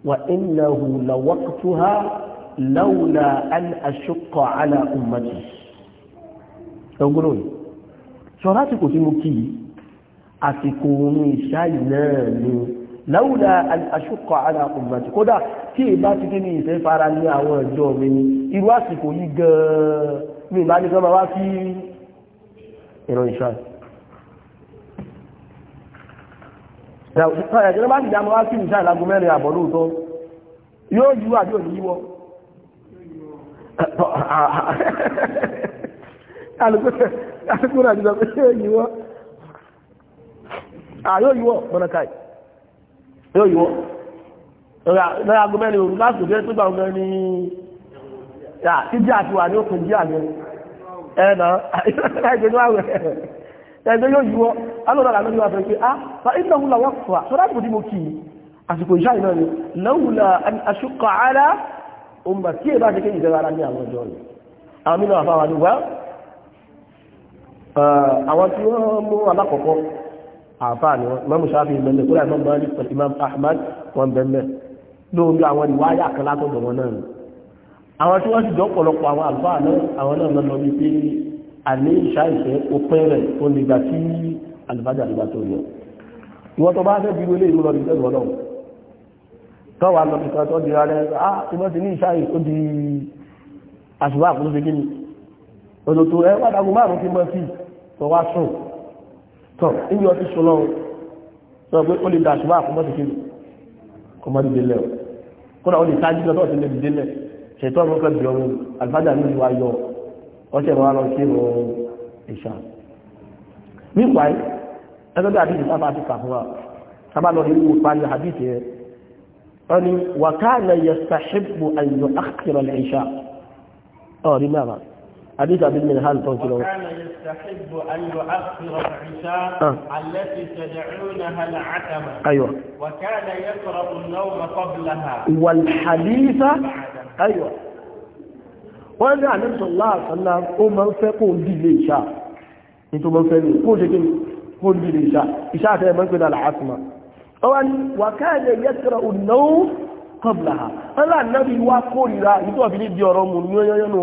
wà innahu lawaqtuha láwùlà aṣọ́kọ̀ àlà ummati ẹgbọ́n yìí sọ lásìkò tí mo kì í àsìkò orin ìṣáyì náà ni láwùlà aṣọ́kọ̀ àlà ummati kódà tí ìbá ti kí ní ìfẹ́ fara ní àwọn ẹjọ́ mi ni irú àsìkò yìí gan-an mi ìbá ní sọ́mọ wá sí ìran ìṣáyì ẹ̀jẹ̀ ti dá wá sí ìṣáyì mẹ́rin àbọ̀ yóò yíwọ́ àbí yíwọ́ ha àti sọ pé yóò yíwọ́ à ha yíwọ́ mọ́nàkáì yóò yíwọ́ lọ́yà gómìnà òru láti òbí tó gbà ọgbẹ́ ní yà tí jí àti wà ní òkun jí àmì ẹ̀nà ẹgbẹ́ ní àwẹ̀ ẹgbẹ́ yóò ha alọ́dọ̀ àmì wà ha pé ah fa iná wúlà wọ́n fà ha ìbòdì mo kì í àsìkò ìṣáì náà ó ń bà tí èbá ṣe kéyìn ìjọba ara ní àwọn ọjọ́ rẹ̀ àwọn mínú àfáwà ní wá àwọn tí wọ́n mú alákọ̀ọ́kọ́ àfáà ni wọ́n mọ́mú sáfì ìbẹ̀lẹ̀ kúrò àmọ́ mọ́rí pẹ̀lú Imam Ahmad wọn bẹ̀mẹ̀ lóòrùn àwọn ìwáyà kan látọ̀dọ̀ wọn náà àwọn tí wọ́n sì jọ pọ̀lọpọ̀ àwọn àlùfáà náà àwọn náà lọ bí pé àní ìṣá ìṣẹ́ òpin rẹ̀ ó lè gbà tí àlùfáà jà lè gbà tó yọ ìwọ́n tó bá fẹ́ bí wọlé ìlú lọ tọ́wà lọ nìkan tó dìra rẹ̀ ah tí wọ́n ti ní ìṣáyì tó di àṣùwà àkúrú fi gíní olótó ẹ wá dagun márùn ti mọ́ sí tọ́ wá sùn tọ́ níbi ọtí sùn lọ sọ pé ó lè da àṣùwà àkúrú mọ́ sí gíní kọ́ mọ́ dìde lẹ̀ kódà ó lè sáájú lọ tó ti lè dìde lẹ̀ ṣètò ọmọ kan bì ọrùn àlùfáàjà ní ìwà yọ ọṣẹ wọn lọ sí ìrọ̀ ìṣà nípa ẹgbẹ́ bí àdìsí sábà ti kà fún wa sábà lọ ní ìwò parí àdìsí wọ́n وكان يستحب أن يؤخر العشاء al آه، لماذا حديث عبد من هل وكان يستحب أن يؤخر العشاء آه. التي تدعونها العتمة أيوة وكان يقرأ النوم قبلها والحديث أيوة وأنا علمت صلى الله عليه وسلم أمم فيقول دي العشاء أنتم من فيقول كل شيء دي العشاء إشاء تيمان العتمة wọ́n wàkáàlẹ̀ yẹ́kẹ̀rẹ̀ òdìnáwó kọbìláha aláàdábì wá kórìíra ìtọ́ àbílẹ̀ di ọ̀rọ̀ mú ní ọyọ́yọ́nù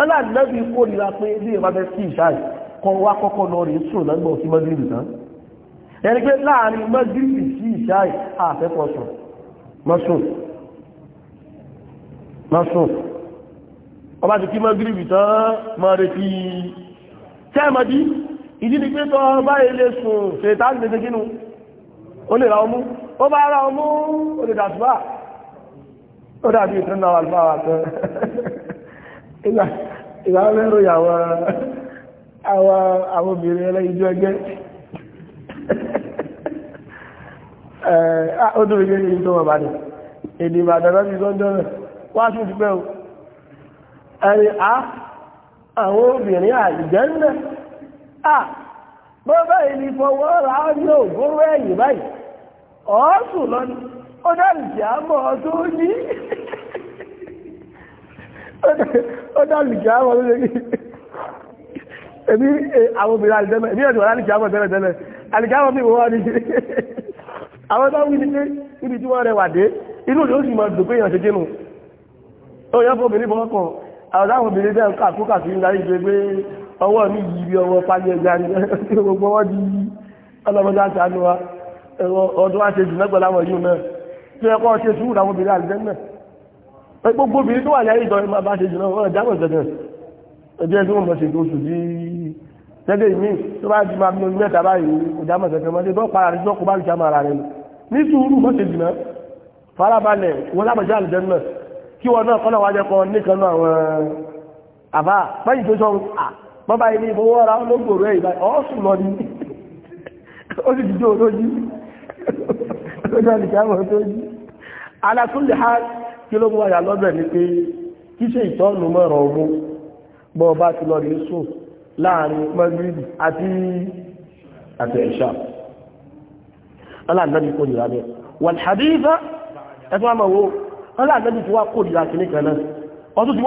aláàdábì kórìíra pé bí ìbá fẹ́ sí ìṣáì kọ wá kọ́kọ́ lọ rí sùn lọ́gbọ̀n sí mọ́gírìbì tán ẹni pé láàrin mọ́gírìbì sí ìṣáì àfẹ́kọ̀ sùn mọ́sùn mọ́sùn ọba ti kí mọ́gírìbì tán mọ́ retí tẹ́ẹ̀mọ́dí ìdí ni ó lè ra ọmú ó bá ra ọmú ó lè dàtúbà ó dàbí ìtàn náà àlùfáà kan ìgbà ìgbà mẹ́rù àwọn àwọn obìnrin ẹlẹ́yinjú ẹgbẹ́ ó dúró gẹ́gẹ́ ní tó wọ́n bá ní èdè ìbàdàn lọ́bí sọ́jọ́ rẹ̀ wá sí ti o ẹni a àwọn obìnrin àìjẹ́ ń bẹ́ à bọ́ fọwọ́ rà á ní ẹ̀yìn báyìí ọ̀ọ́sùn lọ́nà ó dárì eh, kí á mọ̀ ní ó dárì kí á ní èmi àwọn obìnrin alìjẹ́mẹ̀ èmi ẹ̀dùn alìkí tẹ́lẹ̀ tẹ́lẹ̀ ọwọ́ mi yìí bí ọwọ́ pálí ẹja ni gbogbo wọn di ọlọ́mọdé àti àánú ọdún àṣejù mẹ́gbẹ̀lá wọn yìí náà tí ẹkọ́ ṣe sùúrù àwọn obìnrin àlùjẹ́ náà gbogbo obìnrin tó wà ní àyíjọ ìmọ̀ bá ṣe jù náà wọ́n jábọ̀ ìjọdẹ̀ ẹjẹ́ tí wọ́n mọ̀ ṣe tó sùn bí tẹ́lẹ̀ mi tó bá ti máa bí omi mẹ́ta báyìí kò jábọ̀ ìjọdẹ̀ mọ́ ṣe tó para rẹ̀ tó bá ti jámọ̀ ara rẹ̀ ní sùúrù mọ́ ṣe jù náà farabalẹ̀ wọn lábàjá àlùjẹ́ náà kí wọn náà kọ́nà wájẹ́ kan nìkan náà àwọn àbá báyìí tó sọ bọ́bá ilé ìfowó ara ló gbòòrò ẹ̀ lọ́jọ́ ìjábọ̀ tó jí alákùnlé ha kí ló mú wáyà lọ́bẹ̀ ní pé kí ṣe ìtọ́nù mọ́rọ̀ ọmú bọ́ ọba ti lọ rí sùn láàrin mọ́gbìrì àti àti ẹ̀ṣà aláàgbẹ́bí kò nìyà bẹ́ẹ̀ wà hadiza ẹ̀fún àmọ̀ wo aláàgbẹ́bí ti wá kò nìyà kìíní kan náà ọdún ti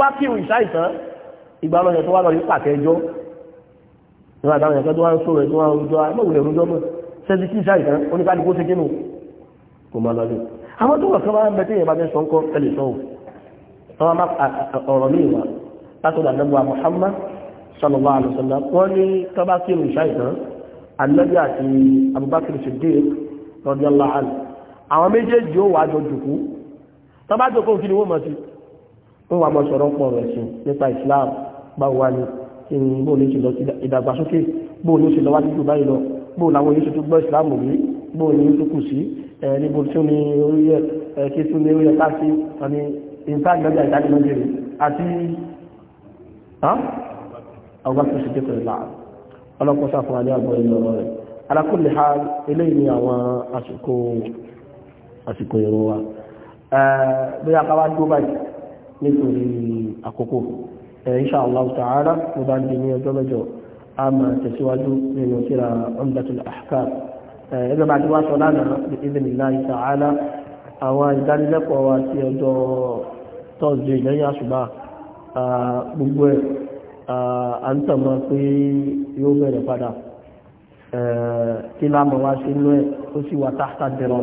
tó wá lọ rí pàtẹ́jọ́ ìwà tó wá ń sọ̀rọ̀ ẹ̀ tó wá ń rújọ́ sẹ́ni tí ìṣá ìtàn oníkálukú ṣe kínú kò máa lọ lé àwọn tó wà kí wọ́n bẹ tí èèyàn bá fẹ́ sọ ń kọ́ ẹlẹ́ sọ ò wọ́n máa ọ̀rọ̀ ní ìwà látọ̀dọ̀ Muhammad sallallahu alaihi wasallam wọ́n ní tọ́ba kínú ìṣá ìtàn Ànábì àti Siddiq radiyallahu anhu àwọn méjèèjì ó wà jọ jùkú tọ́ba jọ kó kí ni wọ́n mọ̀ sí ń wà mọ́ sọ̀rọ̀ pọ̀ rẹ̀ sí nípa Islam báwo wá ní kí ni bóun ní ṣe lọ sí ìdàgbàsókè bóun ní ṣe báyìí lọ bó làwọn yóò tuntun gbọ́ ìsìláàmù yìí bó ní tó kù sí níbo tí ó ní orí yẹ kí tún ní orí yẹ ká sí ọ̀ní ìntàgbẹ́gbẹ́ ìdánilọ́jẹ̀rẹ̀ àti ọgbà tó sì jẹ́ pẹ̀lú láàrín ọlọ́pọ̀ sáfún alẹ́ àgbọ̀ ìlọ́rọ̀ rẹ̀ alákùnlé ha eléyìí ni àwọn àsìkò àsìkò di ní ọjọ́ mẹ́jọ a máa tẹ̀síwájú nínú síra Umdatul Ahkam ẹgbẹ́ bá ti wá sọ lánàá bí idhnillahi ta'ala àwọn ìdánilẹ́kọ̀ọ́ wa sí ọjọ́ tọ́sídẹ̀ẹ́ lẹ́yìn àṣùbà gbogbo ẹ̀ à ń tàn máa pé yóò bẹ̀rẹ̀ padà kí láàmù wá sí inú ẹ̀ ó sì wà táàtà dẹ̀rọ̀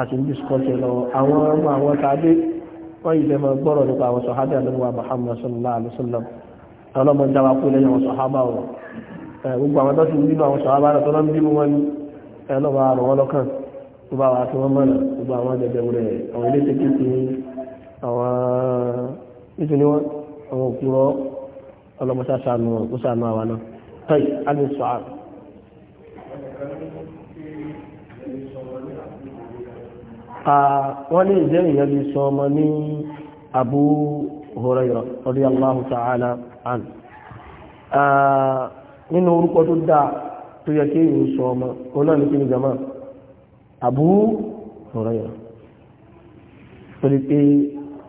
àti ìdíṣkọ́sẹ̀ lọ àwọn ọmọ àwọn tàbí wọ́n ìfẹ́ mọ́ gbọ́rọ̀ nípa àwọn sọ̀hádà lọ́wọ́ Muhammad sallallahu alaihi wasallam ọlọ́mọ jáwá kú lẹ́yìn àwọn sọ̀hábà wọn gbogbo àwọn tọ́sí nínú àwọn sọ̀hábà rẹ̀ tọ́lọ́ ń bínú wọn ní ẹlọ́ba àrùn wọn lọ́kàn tó bá wà tí wọ́n mọ̀nà gbogbo àwọn jẹjẹ rẹ̀ àwọn ilé tẹ́kì ti àwọn nítorí wọn àwọn ní ìjẹ́rìí yẹn lè sọ ọmọ ní Abu Hurairah radiyallahu ta'ala an ah, nínú orúkọ tó dáa tó yẹ kí èyí sọ ọmọ òun náà ní kí ni jama Abu Hurairah torí pé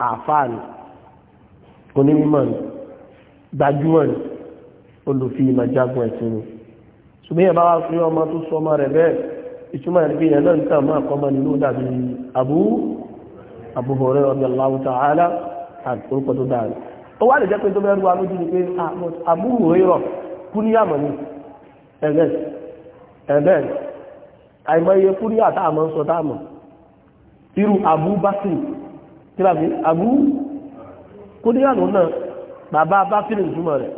àáfàá ni onímọ̀ ni gbajúmọ̀ ni olùfi ìmọ̀jágun ẹ̀sìn ni ṣùgbọ́n yẹn bá wá fi ọmọ tó sọ ọmọ rẹ̀ bẹ́ẹ̀ ìtumọ̀ yẹn pé yẹn náà nǹkan máa kọ́ ọmọ nínú dàbí Abu Abu Hurairah radiyallahu ta'ala àti orúkọ tó dáa ó wá lè jẹ́ pé tó bẹ́ẹ̀ rúwa ni pé ah, àbúrò rírọ̀ kú níyàmọ̀ ni ẹ̀bẹ̀ ẹ̀bẹ̀ àìmọye kú ní àtàmọ́ sọ táàmọ̀ irú àbú bákìrì kíláàbí àbú kú níyàmọ̀ náà bàbá bákìrì ìtumọ̀ rẹ̀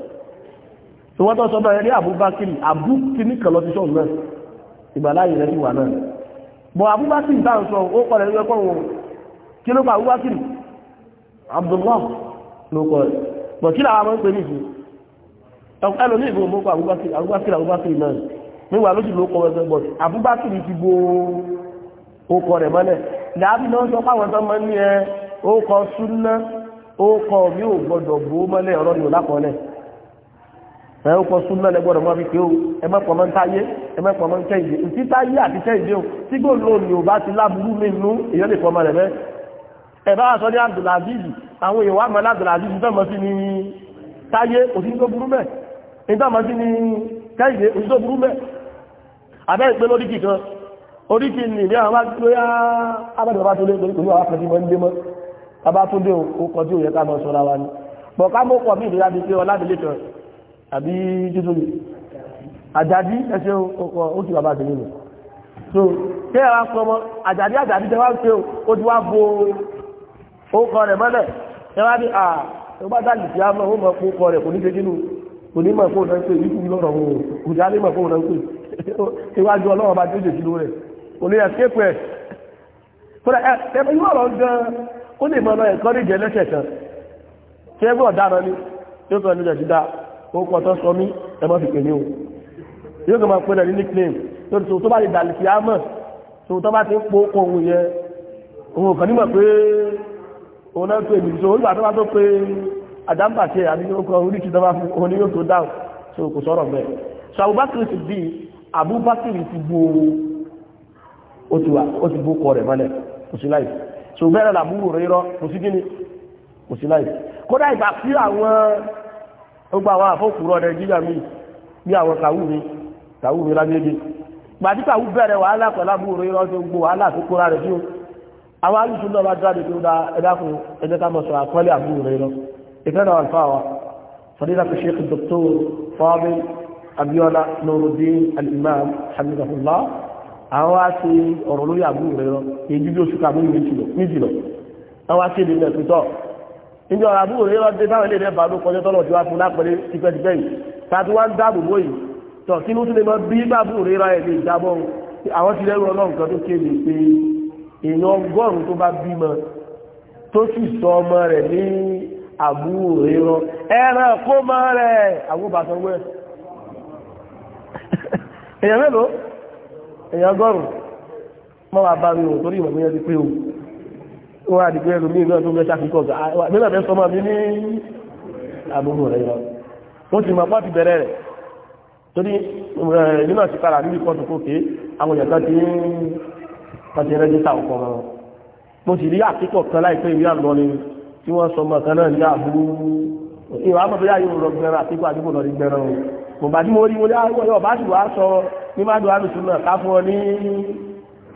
tí wọ́n tó sọ bẹ́ẹ̀ rí àbú bákìrì àbú kìíní kan lọ sí ṣọ́ọ̀ náà ìgbàláyè rẹ̀ sì wà náà bọ̀ àbú bákìrì táà ń sọ ó kọ́ Abdullah ló kọ́ rẹ̀ bọ̀ kí làwọn máa ń pè ní ìsìn ẹlòmí ìbò mú kọ abúbákiri abúbákiri náà nígbà lóṣù ló kọ ẹgbẹ́ bọ̀ abúbákiri ti bo okọ rẹ̀ mọ́lẹ̀ dàbí náà sọ páwọn tó máa ń ní ẹ ó kọ súnná ó kọ mi ò gbọdọ̀ bó mọ́lẹ̀ ọ̀rọ̀ ni ò lákọọ́lẹ̀ ẹ ó kọ súnná lẹ gbọdọ̀ mọ́ fi pé ó ẹ mẹ́pọ̀ mọ́ ń táyé ẹ mẹ́pọ̀ mọ́ ń kẹ́yìndé ntí táyé àti kẹ́yìndé o tí gbòòlò ò bá ti láburú mi nú èèyàn lè fọmọ rẹ̀ bẹ́ẹ̀ ẹ àwọn èèyàn wà mọ́ ládùúrà àti ìṣẹ́ mọ́ sí ní táyé òṣìṣẹ́ tó burú mẹ́ ìṣẹ́ mọ́ sí ní kẹ́yìnlé òṣìṣẹ́ tó burú mẹ́ abẹ́ ìpé lóríkì kan oríkì ní ìdí àwọn agbóyá abẹ́dẹ̀ bá tó lé torí pẹ̀lú àwọn afẹ́sí wa ni bọ̀ ká mọ́ pọ̀ bí ìdí adé pé so kẹ́ ẹ̀ wá sọmọ àjàdí àjàdí tẹ wá ń ṣe ó ti wá bo okọ̀ rẹ̀ mọ́lẹ̀ ẹwà bí à tó bá dàgbì sí àmọ́ òun mọ̀ fún kọ rẹ̀ kò ní ṣekínú kò ní mọ̀ fún òun náà pé ìlú lọ́rọ̀ òun kò já lé mọ̀ fún òun náà pé iwájú ọlọ́run bá tó jèjì ló rẹ̀ kò ní ẹ̀skéèpù ẹ̀ kódà ẹ irú ọ̀rọ̀ gan ó lè mọ̀ náà ẹ̀kọ́ níjẹ lẹ́sẹ̀ kan yóò kàn o yóò kàn máa pè ní nickname tó tó bá lè dàlì sí àmọ́ tó tó bá ti ń po okòwò yẹn òun kàn nímọ̀ pé òun náà tó èmi so nígbà tó bá tó pé àdámbàṣe àdínkọ oríṣi tó bá fún òun ni yóò tó dáhùn so kò sọ̀rọ̀ bẹ́ẹ̀ so Abubakar ti di Abubakar ti bo ó ti wà ó ti bó kọ rẹ̀ mọ́lẹ̀ kò sí láì so bẹ́ẹ̀ la búrò rẹ̀ rọ kò sí kíni kò sí láì kódà ìgbà sí àwọn gbogbo àwọn àfọkùrọ̀ Nàìjíríà mi bí àwọn kàwú mi kàwú mi lágbègbè gbàdí kàwú bẹ̀rẹ̀ wàhálà pẹ̀lú àbúrò rẹ̀ rọ tó gbó wàhálà tó rẹ̀ sí àwọn alùsùn náà bá jáde tó dá ẹ̀dákùn ẹ̀dẹ́ká mọ̀ sọ̀rọ̀ àpọ́lẹ̀ àbúrò rẹ̀ lọ ìfẹ́nà alfáwa fadila fi sheikh dr fadil abiola nuruddin al-imam hamidahullah àwọn á ti ọ̀rọ̀ lórí àbúrò rẹ̀ lọ èyí bí oṣù kàmúrù méjì lọ àwọn á ti èdè ilẹ̀ pítọ̀ níbi ọ̀rọ̀ àbúrò rẹ̀ lọ dé báwọn ilé rẹ̀ bá ló kọjọ́ tọ́lọ̀ tí wá fún lápẹ̀lẹ́ tipẹ́tipẹ́ àwọn ti lẹ́rù ọlọ́run kan tó kéde pé èèyàn ọgọ́rùn tó bá bímọ tó sì sọ ọmọ rẹ̀ ní àbúrò rírọ ẹran kó mọ́ rẹ̀ àwòbàtọ̀wẹ́ èèyàn mélòó èèyàn ọgọ́rùn mọ́ wà bá mi ò torí ìmọ̀ mẹ́yẹ́ ti pé o wọ́n á dìgbẹ́ ẹlòmíì náà tó mẹ́ta kíkọ́ mẹ́ta fẹ́ sọmọ mi ní àbúrò rẹ̀ yọ wọ́n ti mọ̀ pọ́ ti bẹ̀rẹ̀ rẹ̀ torí nínú àṣìkára níbi kọ́tù kókè àwọn èèyàn kan ti ń wọ́n ti rẹ́jísà ọkọ̀ wọn mo sì rí àkíkọ̀ kan láìpẹ́ ìwé àlọ́ ni tí wọ́n sọ mọ̀ kan náà ní àbúrú ìwà àmọ́ bóyá yóò lọ gbẹran àkíkọ̀ àdúgbò lọ rí gbẹran o mo bá tí mo rí mo ní àwọn ah, yóò bá sì wá sọ ní má dùn àlùsùn náà ká fún ọ ní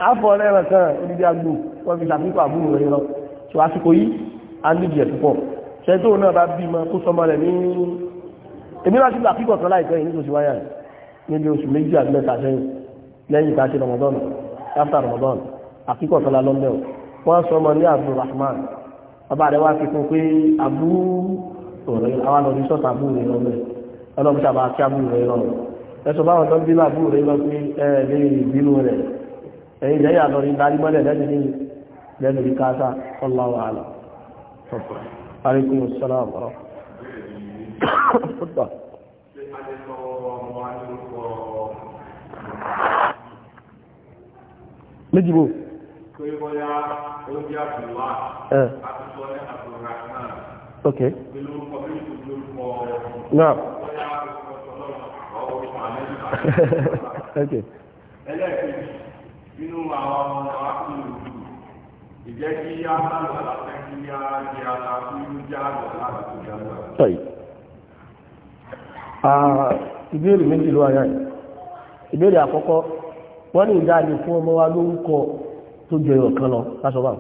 àfọ lẹ́ran kan níbi àgbò wọ́n fi ṣàkíkọ̀ àbúrò rẹ lọ tó àsìkò yìí á ní ìjẹ̀ púpọ̀ ṣe tó náà bá bímọ kó sọmọ rẹ̀ ní èmi after Ramadan àkíkọ̀ kan la lọ́mbẹ́ o wọ́n sọ ọmọ ní Abdulrahman bàbá rẹ̀ wá fi kún pé abú òrẹ́ àwọn ọdún sọ́ọ̀tà abú rẹ̀ lọ́mbẹ́ ọlọ́mọdé àbá kí abú rẹ̀ lọ́rùn ẹ̀sọ̀ báwọn tó ń bínú abú rẹ̀ lọ pé ẹ lè bínú rẹ̀ ẹ̀yìn lẹ́yìn àlọ́ ní darí lẹ́nu ní káásá Allahu a'lam. Alaikum assalam méjì bò. kébọ́lá oúnjẹ àbúwá àtúntò ní àbúrà náà. ok. pẹ̀lú kọ́bí ìlú kọ́. náà. bóyá ọ̀rọ̀ ìmọ̀ àmẹ́ríkà. ok. ẹlẹ́ẹ̀kejì nínú àwọn ọmọ ìjẹ́ kí á sálọ̀ àlàfẹ́ kí á jẹ́ aláàbúrú jẹ́ àgbà láti tó dáná. Ah, ìbéèrè méjì ló wáyà yìí ìbéèrè àkọ́kọ́ wọ́n ní ìdá lè fún ọmọ wa lórúkọ tó jẹyọ kan lọ lásọ̀bà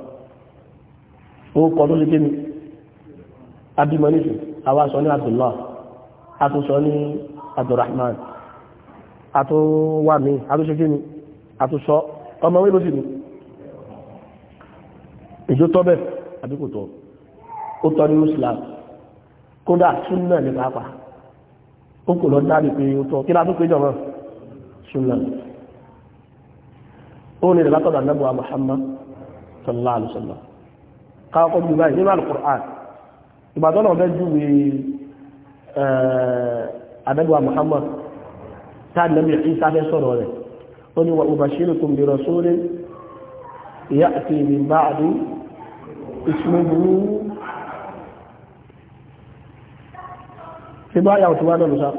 orúkọ tó lè gbé mi abimọ nísìn àwa sọ ní Abdullah àtúnṣọ ní Abdulrahman àtúnwà mi àtúnṣe gbé mi àtúnṣọ ọmọ wí ló sì ní ìjó tọ́ bẹ́ẹ̀ àbí kò tọ́ ó tọ́ ní Islam kódà súnà ní pàápàá ó kò lọ dábì pé ó tọ́ kí lásán péjọ náà súnà òun ni ìdàlátọ̀dọ̀ anábùwà Muhammad sallallahu alaihi wasallam káàkọ́ bí báyìí nínú al-Qur'an ìbàdàn náà bẹ́ẹ̀ júwe anábùwà eh, Muhammad tá nàbì Ìsá fẹ́ sọ̀rọ̀ rẹ̀ ó ní wa ubashirukum bi rasulin ya'ti min ba'di ismuhu ṣe bá yàwó tí wá náà lọ sáà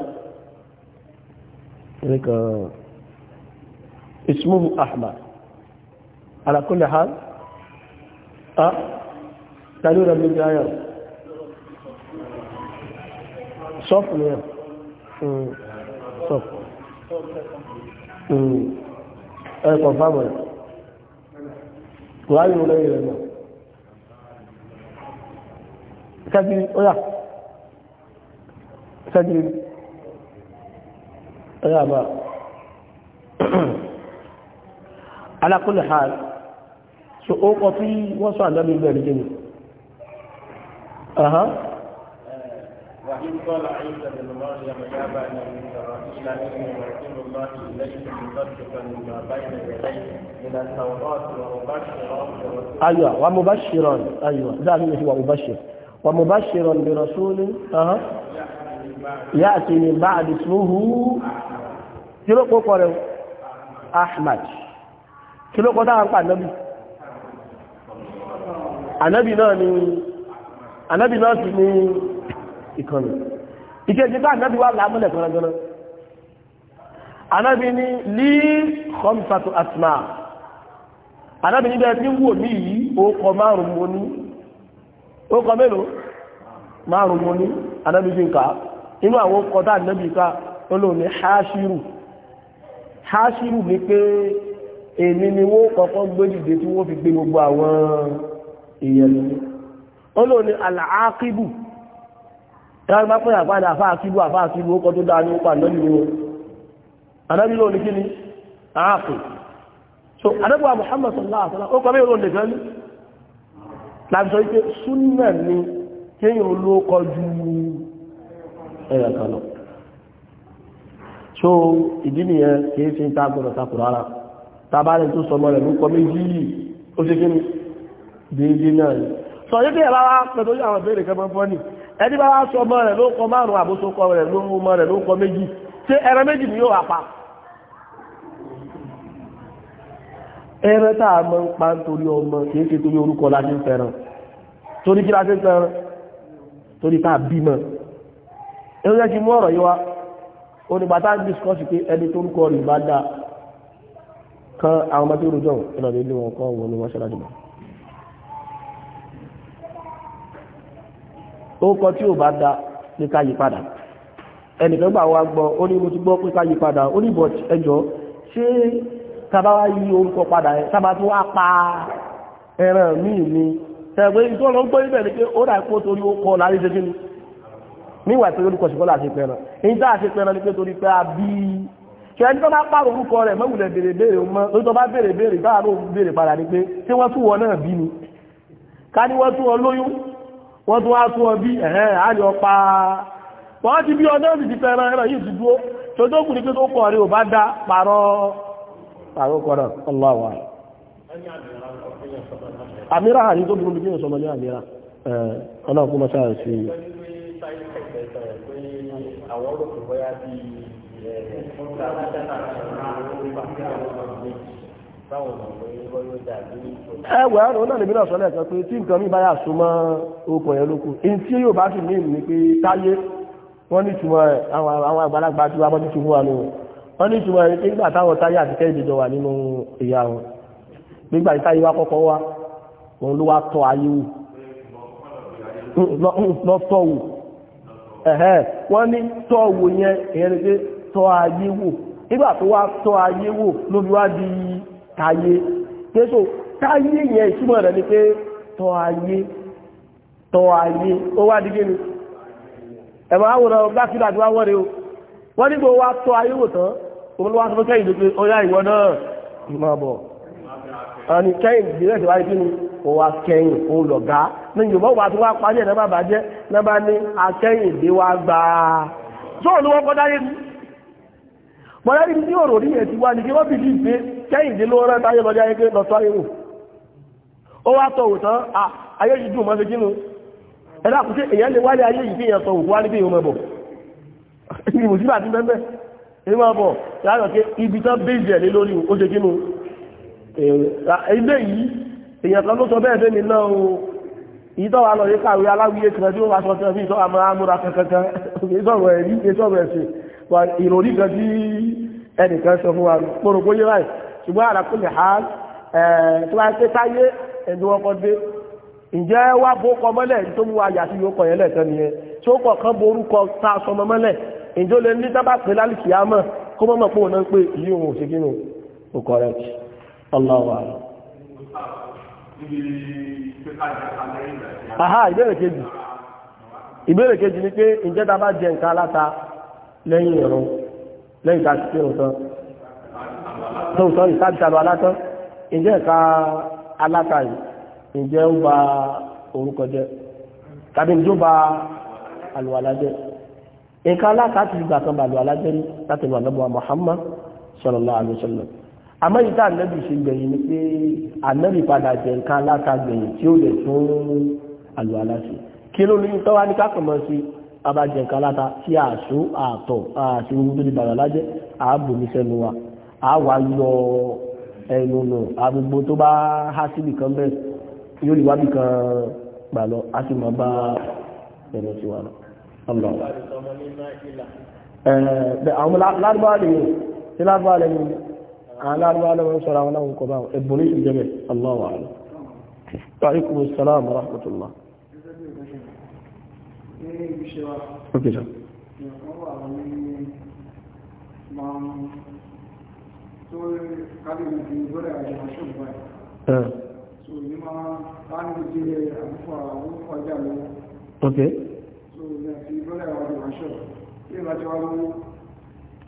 Ahmad على كل حال أه ضرورة من جاية صف صف أي قفامة وعي مليل لنا سجل ويا سجل يا با على كل حال so o kọ fi wọ́n sọ àdábí ìgbẹ̀rẹ̀ jẹ́ mi ayọ̀ wà mú bá ṣe rán ayọ̀ dáàrin ìṣẹ́ wà mú bá ṣe wà mú bá ṣe rán bèèrè sólè yáà tí ni bá àdìsúhú kílòkó ànábì náà ni ànábì náà sì ní ìkànnì ìkejì ká ànábì wà lámúlẹ̀ gbọ́nàgbọ́nà ànábì ní lí khamsatu asma ànábì níbẹ̀ tí ń wò ní yìí ó kọ márùn-ún mo ní ó kọ mélòó márùn-ún mo ní ànábì fi ń kà á inú àwọn ọkọ̀ tá ká olóò ní haṣírù haṣírù ni pé èmi ni wọ́n kọ́kọ́ gbé dìde tí wọ́n fi gbé gbogbo àwọn èèyàn ni olóòní àlàákìbù ẹ̀rọ bá pẹ́ àpáàdà àfáàkìbù àfáàkìbù ó kọ́ tó dáa ní ó pàdé lórí wọn adábí lóòní kí ni àákì so adábíwá Muhammad sallallahu alaihi wasallam ó kọ́ bí olóòní kan ní láti sọ pé súnà ni kéèyàn ló kọjú ẹ̀yà kan lọ so ìdí nìyẹn kìí ṣe ń tá takùrọ̀ ara tábàárẹ̀ tó sọmọ rẹ̀ ló kọ méjì yìí ó ṣe kí ni déédé náà ni sọ yí pé ẹ bá wá pẹ̀lú àwọn ìbéèrè kẹfẹ́ fọ́ ni ẹni bá wá sọ ọmọ rẹ̀ ló kọ márùn-ún àbóso kọ rẹ̀ ló mú ọmọ rẹ̀ ló kọ méjì ṣé ẹran méjì ni yóò wá pa ẹran tá a mọ ń pa nítorí ọmọ kì í ṣe torí orúkọ la ṣe ń fẹ́ràn torí kí la ṣe ń fẹ́ràn a bímọ ẹ̀rọ jẹ́ kí mú ọ̀rọ̀ yíwá onígbàtà discourse pé ẹni kan àwọn ọmọ tó rojọ́ ilé wọn kọ́ wọn ní wọ́n ṣe lájúmọ́ ókọ tí ò bá da ní ká yí padà ẹnìkan gbà wá gbọ́ ó ní mo ti gbọ́ pé ká yí padà ó ní bọ̀ ẹjọ́ ṣé tàbá yí orúkọ padà ẹ tàbá tó wá pa ẹran míì ni ẹgbẹ́ ìtọ́ lọ ń gbọ́ ibẹ̀ ni pé ó dà kó torí ó kọ́ láyé ṣe kíni níwà ìpínlẹ̀ olùkọ́ ṣùgbọ́n láti pẹ̀ràn èyí tá a ṣe pẹ̀ràn ni pé torí pé a bí i ṣe ẹni tó bá pààrọ̀ orúkọ rẹ̀ mọ́wùlẹ̀ béèrè béèrè mọ́ orí tó bá béèrè béèrè bá àrùn béèrè padà ni pé tí wọ́n tún wọn náà bí ni ká ní wọ́n tún wọn lóyún wọ́n tún wá tún ọbí ẹ̀hẹ́ àárín ọpa wọ́n ti bí ọdọ́ ìdí pẹ̀rọ ẹ̀rọ yìí ti dúó tó tó kùnrin pé tó kọ̀ rí ò bá dá ẹ wẹ ẹ náà lèmi náà sọ lẹ́ẹ̀kan pé tí nǹkan mi bá yà so mọ́ okùn yẹn lóko èyí tí yóò bá sì ní ìlú ni pé táyé wọ́n ní ìtumọ̀ àwọn àgbàlagbà tí wọ́n bá ti tu fún wa nù wọ́n ní ìtumọ̀ ẹ̀ nígbà táwọn táyé àti kẹ́hìndé jọ wà nínú ìyá wọn nígbà tí táyé wa kọ́kọ́ wá òun ló wá tọ́ ayé wò lọ tọ́ wò wọ́n ní tọ́ wò yẹn ìyẹn ni pé tọ́ ayé wò nígbà tó wá tọ́ ayé wò ló fi wá di táyé jésù táyé yẹn ìtumọ̀ rẹ̀ ní pé tọ́ ayé tọ́ ayé ó wá dígé ni ẹ̀mọ̀ àwòrán bá wá o wọ́n nígbò wá tọ́ ayé wò tán o wá sọ kẹ́yìn ló pé ọyá ìwọ náà ìmọ̀ bọ̀ kẹ́yìn ìbílẹ̀ wá kíni ó wá kẹ́yìn ó ní yorùbá wà tó wá parí ẹ̀ náà bàbá jẹ́ náà bá ní akẹ́yìn gbà á mọ̀lá ní tí ọ̀rọ̀ oríyẹ̀ ti wá ní kí wọ́n fi dìí pé kẹ́yìndé ló rẹ́ táyé lọ́jọ́ ayé pé lọ́tọ́ ayé wò ó wá tọ̀ wò tán ayé yìí dùn mọ́ sí kínú ẹ̀dá kù sí èyàn lè wálé ayé yìí fìyàn sọ òkú wá níbi ìhun ẹ̀bọ̀ ní ìwòsí bàtí bẹ́ẹ̀ ní wọ́n bọ̀ láyọ̀ pé ibi tán bèjẹ̀ lé lórí ó ṣe kínú ilé yìí èyàn kan ló sọ bẹ́ẹ̀ bẹ́ẹ̀ mi náà o èyí tọ́wà lọ yẹ káwé aláwíyé kan tí ó wá sọ sí ọ̀fíìsọ́ àmọ́ amúra kankan ìsọ̀rọ̀ ẹ̀rí ìsọ̀rọ̀ ẹ̀sìn ìròrí kan tí ẹnìkan sọ fún wa pòrògbó yé báyìí ṣùgbọ́n àràkùnlé ha tó bá ṣe táyé ẹni wọn kọ dé ǹjẹ́ wá bó kọ mọ́lẹ̀ tó mú wa yà sí yòókọ̀ yẹn lẹ́ẹ̀kan nìyẹn tí ó kọ̀ kan bo orúkọ tá a sọmọ mọ́lẹ̀ ǹjẹ́ ó lè ní sábà pé lálùkì á mọ̀ kó mọ̀ pé òun náà pé ìyí òun ò ṣe kí nù ó kọ̀ rẹ̀ kì ọlọ́wà. aha ìbéèrè kejì ìbéèrè kejì ni pé ǹjẹ́ lẹ́yìn ìrún lẹ́yìn tá a ti kírun tán tó sọ ìsáàbìtàlù alátán ǹjẹ́ ẹ̀ka aláta yìí ǹjẹ́ ó ba orúkọ jẹ́ tàbí ǹjẹ́ ba àlùwàlá jẹ́ nǹkan aláta ti gbà kan ba àlùwàlá jẹ́ rí láti lọ àlọ́bọ̀ Muhammad sallallahu alaihi wasallam àmọ́ yìí tá ànábì ṣe gbẹ̀yìn ni pé ànábì padà jẹ nǹkan aláta gbẹ̀yìn tí ó lè tún àlùwàlá ṣe kí ló ní tọ́wá abájẹ nǹkan láta tí àṣó àtọ̀ àti ohun tó di bàrà lájẹ́ àábòmí sẹ́nu wa àwa yọ ẹnu nù agbogbo tó bá há síbì kan bẹ́ẹ̀ yóò lè wábì kan gbà lọ á sì máa bá ẹnu sí wa lọ. àwọn lárúbáwá lè yẹ sí lárúbáwá lẹ́nu àwọn lárúbáwá lẹ́nu sọ̀rọ̀ àwọn náà ń kọ́ báwọn ẹ̀bùn ní ìjẹ́bẹ̀ aláwọ̀ àlọ́. wa alaikum salaam wa rahmatullah ok sir. ok.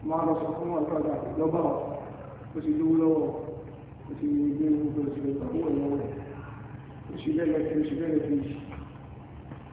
máa lọ sọ fún ọjọ́ ọjà lọ́gbà ó ti dúró lọ́wọ́ ó ti gbé gbogbo ìṣẹ̀lẹ̀ ìgbàgbọ́ ìlọ́wọ́ ó ti lẹ́lẹ́kẹ́ ó ti lẹ́lẹ́kẹ́ yìí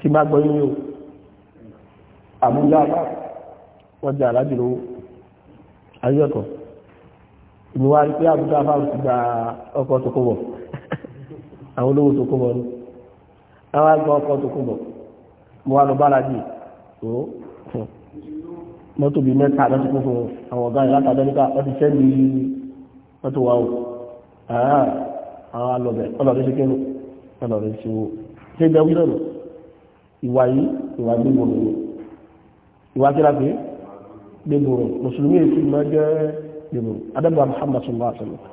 tí bá gbọ́ yín o àmúgbà bá wọ́n jẹ́ aláàjì lówó ayé ẹ̀kọ́ ìlú wa rí pé àbúgbà bá ti gba ọkọ̀ tó kó bọ̀ àwọn olówó tó kó bọ̀ ni àwọn àgbà ọkọ̀ tó kó bọ̀ mo wá lọ bá aláàjì tó mọ́tò bíi mẹ́ta lọ́sí fún fún àwọn ọ̀gá ìlàkà amẹ́ríkà wọ́n ti sẹ́ni mọ́tò wa o àwọn alọ̀bẹ̀ ọlọ́dún ṣe wo ṣé ìgbà wílọ̀ ìwà yìí ìwà gbégbòrò ni ìwà kíra pé gbégbòrò mùsùlùmí èsì máa jẹ́ gbégbòrò adábọ̀ Muhammad sallallahu alaihi wasallam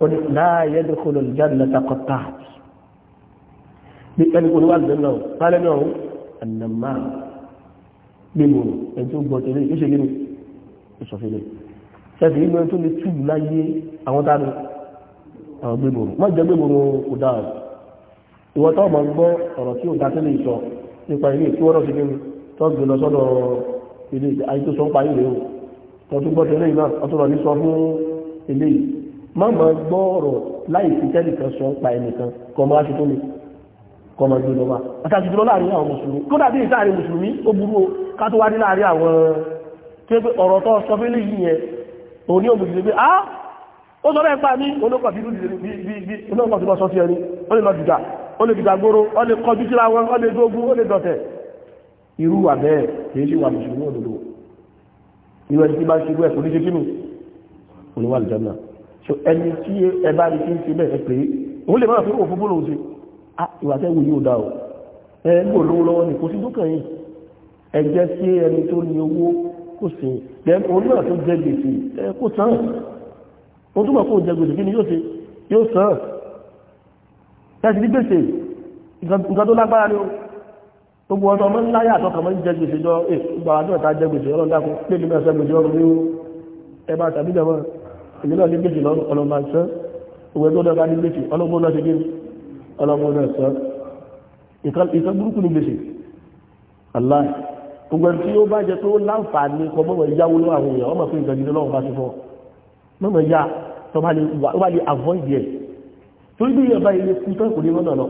ó ní láàyè dókòlò jáde lọ́ta kọ́tà bí ẹni kò ní wà lẹ́nu náà pálẹ́ náà ó ànàmá gbégbòrò ẹni tó gbọ́ tẹ́lẹ̀ ó ṣe gbé ní ìsọ̀fẹ́lẹ̀ ṣẹ́fì inú ẹni tó lè túbù láyé àwọn tá àwọn gbégbòrò má jẹ́ gbégbòrò kò dáa ìwọ́n nípa ilé tí wọ́n rọ̀sí nínú tọ́gbù lọ sọ́dọ̀ ilé ayé tó sọ ń pa ilé o tọ́tún gbọ́ tẹ́lẹ̀ náà ọtún lọ ní sọ fún ilé yìí má má gbọ́ ọ̀rọ̀ láì fi tẹ́nìkan sọ ń pa ẹnìkan kọ́ máa ṣe tó mi kọ́ máa gbé lọ́wọ́ àtàkì jùlọ láàrin àwọn mùsùlùmí kó dàbí ìsáàrin mùsùlùmí ó burú o ká tó wá dé láàrin àwọn tí ọ̀rọ̀ tó sọ fún eléyìí yẹn òun ní òmùsùlùmí pé ah! ó sọ bẹ́ẹ̀ pa mí ó lè dìgbàgbóró ó lè kọjú síra wọn ó lè dógún ó lè dọ̀tẹ̀ irú wà bẹ́ẹ̀ kìí ṣe wà mùsùlùmí òdodo irú ẹni tí bá ṣe wẹ́ kò ní ṣe kínú oníwà àlùjánnà so ẹni tí ẹ bá rí kí ń ṣe bẹ́ẹ̀ pé òun lè máa fi òfin bó lòun ṣe ah ìwà tẹ́ wù yóò dá o ẹ ń gbò lówó lọ́wọ́ ní kò sí dúkàn yìí ẹ jẹ́ sí ẹni tó ní owó kò sí ẹ òun náà tó jẹ gbèsè ẹ kò sàn án òun túbọ̀ kó jẹ gbèsè kí ni yóò ṣe yóò sàn án tẹ́sí ní gbèsè nǹkan tó lágbára ni ó gbogbo ọdọ ọmọ ńlá yàtọ̀ kàmọ́ ń jẹ gbèsè jọ ìgbà àjọ ìta jẹ gbèsè ọlọ́dà kó pé mi náà sẹ́ gbèsè ọrùn ní ẹ bá tàbí jẹmọ́ èmi náà ní gbèsè ọlọ́mọ àṣẹ òwe tó dọ́ka ní gbèsè ọlọ́mọ náà ṣe gbé ọlọ́mọ náà sọ ìkan burúkú ní gbèsè aláì gbogbo ẹni tí ó bá jẹ tó láǹfààní kọ mọ́mọ́ ìyáwó lọ́wọ́ àwọn èèyàn ọmọ fún ìgbàgbé lọ́wọ́ bá ti fọ́ mọ́mọ́ ìyá tó bá lè avoid yẹn torí bí ìyọba ilé kú tó ìkòrí wọ́n lọ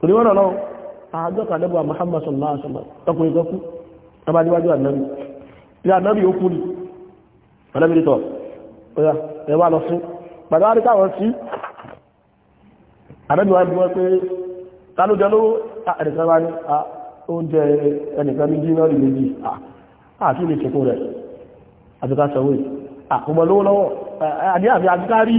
torí wọ́n lọ àádọ́ta lẹ́bọ̀ Muhammad sallallahu alaihi wasallam tọkùnrin kan kú abájúwájú ànábì ilé ànábì ó kú ni ànábì tọ̀ ọ̀yà ẹ̀wà lọ ní oúnjẹ ẹnìkan ní jínárì méjì àti ilé ìṣẹ̀kú rẹ̀ àbíká sọ̀wé àkùnmọ̀ lówó lọ́wọ́ àdíyàfi àbíká rí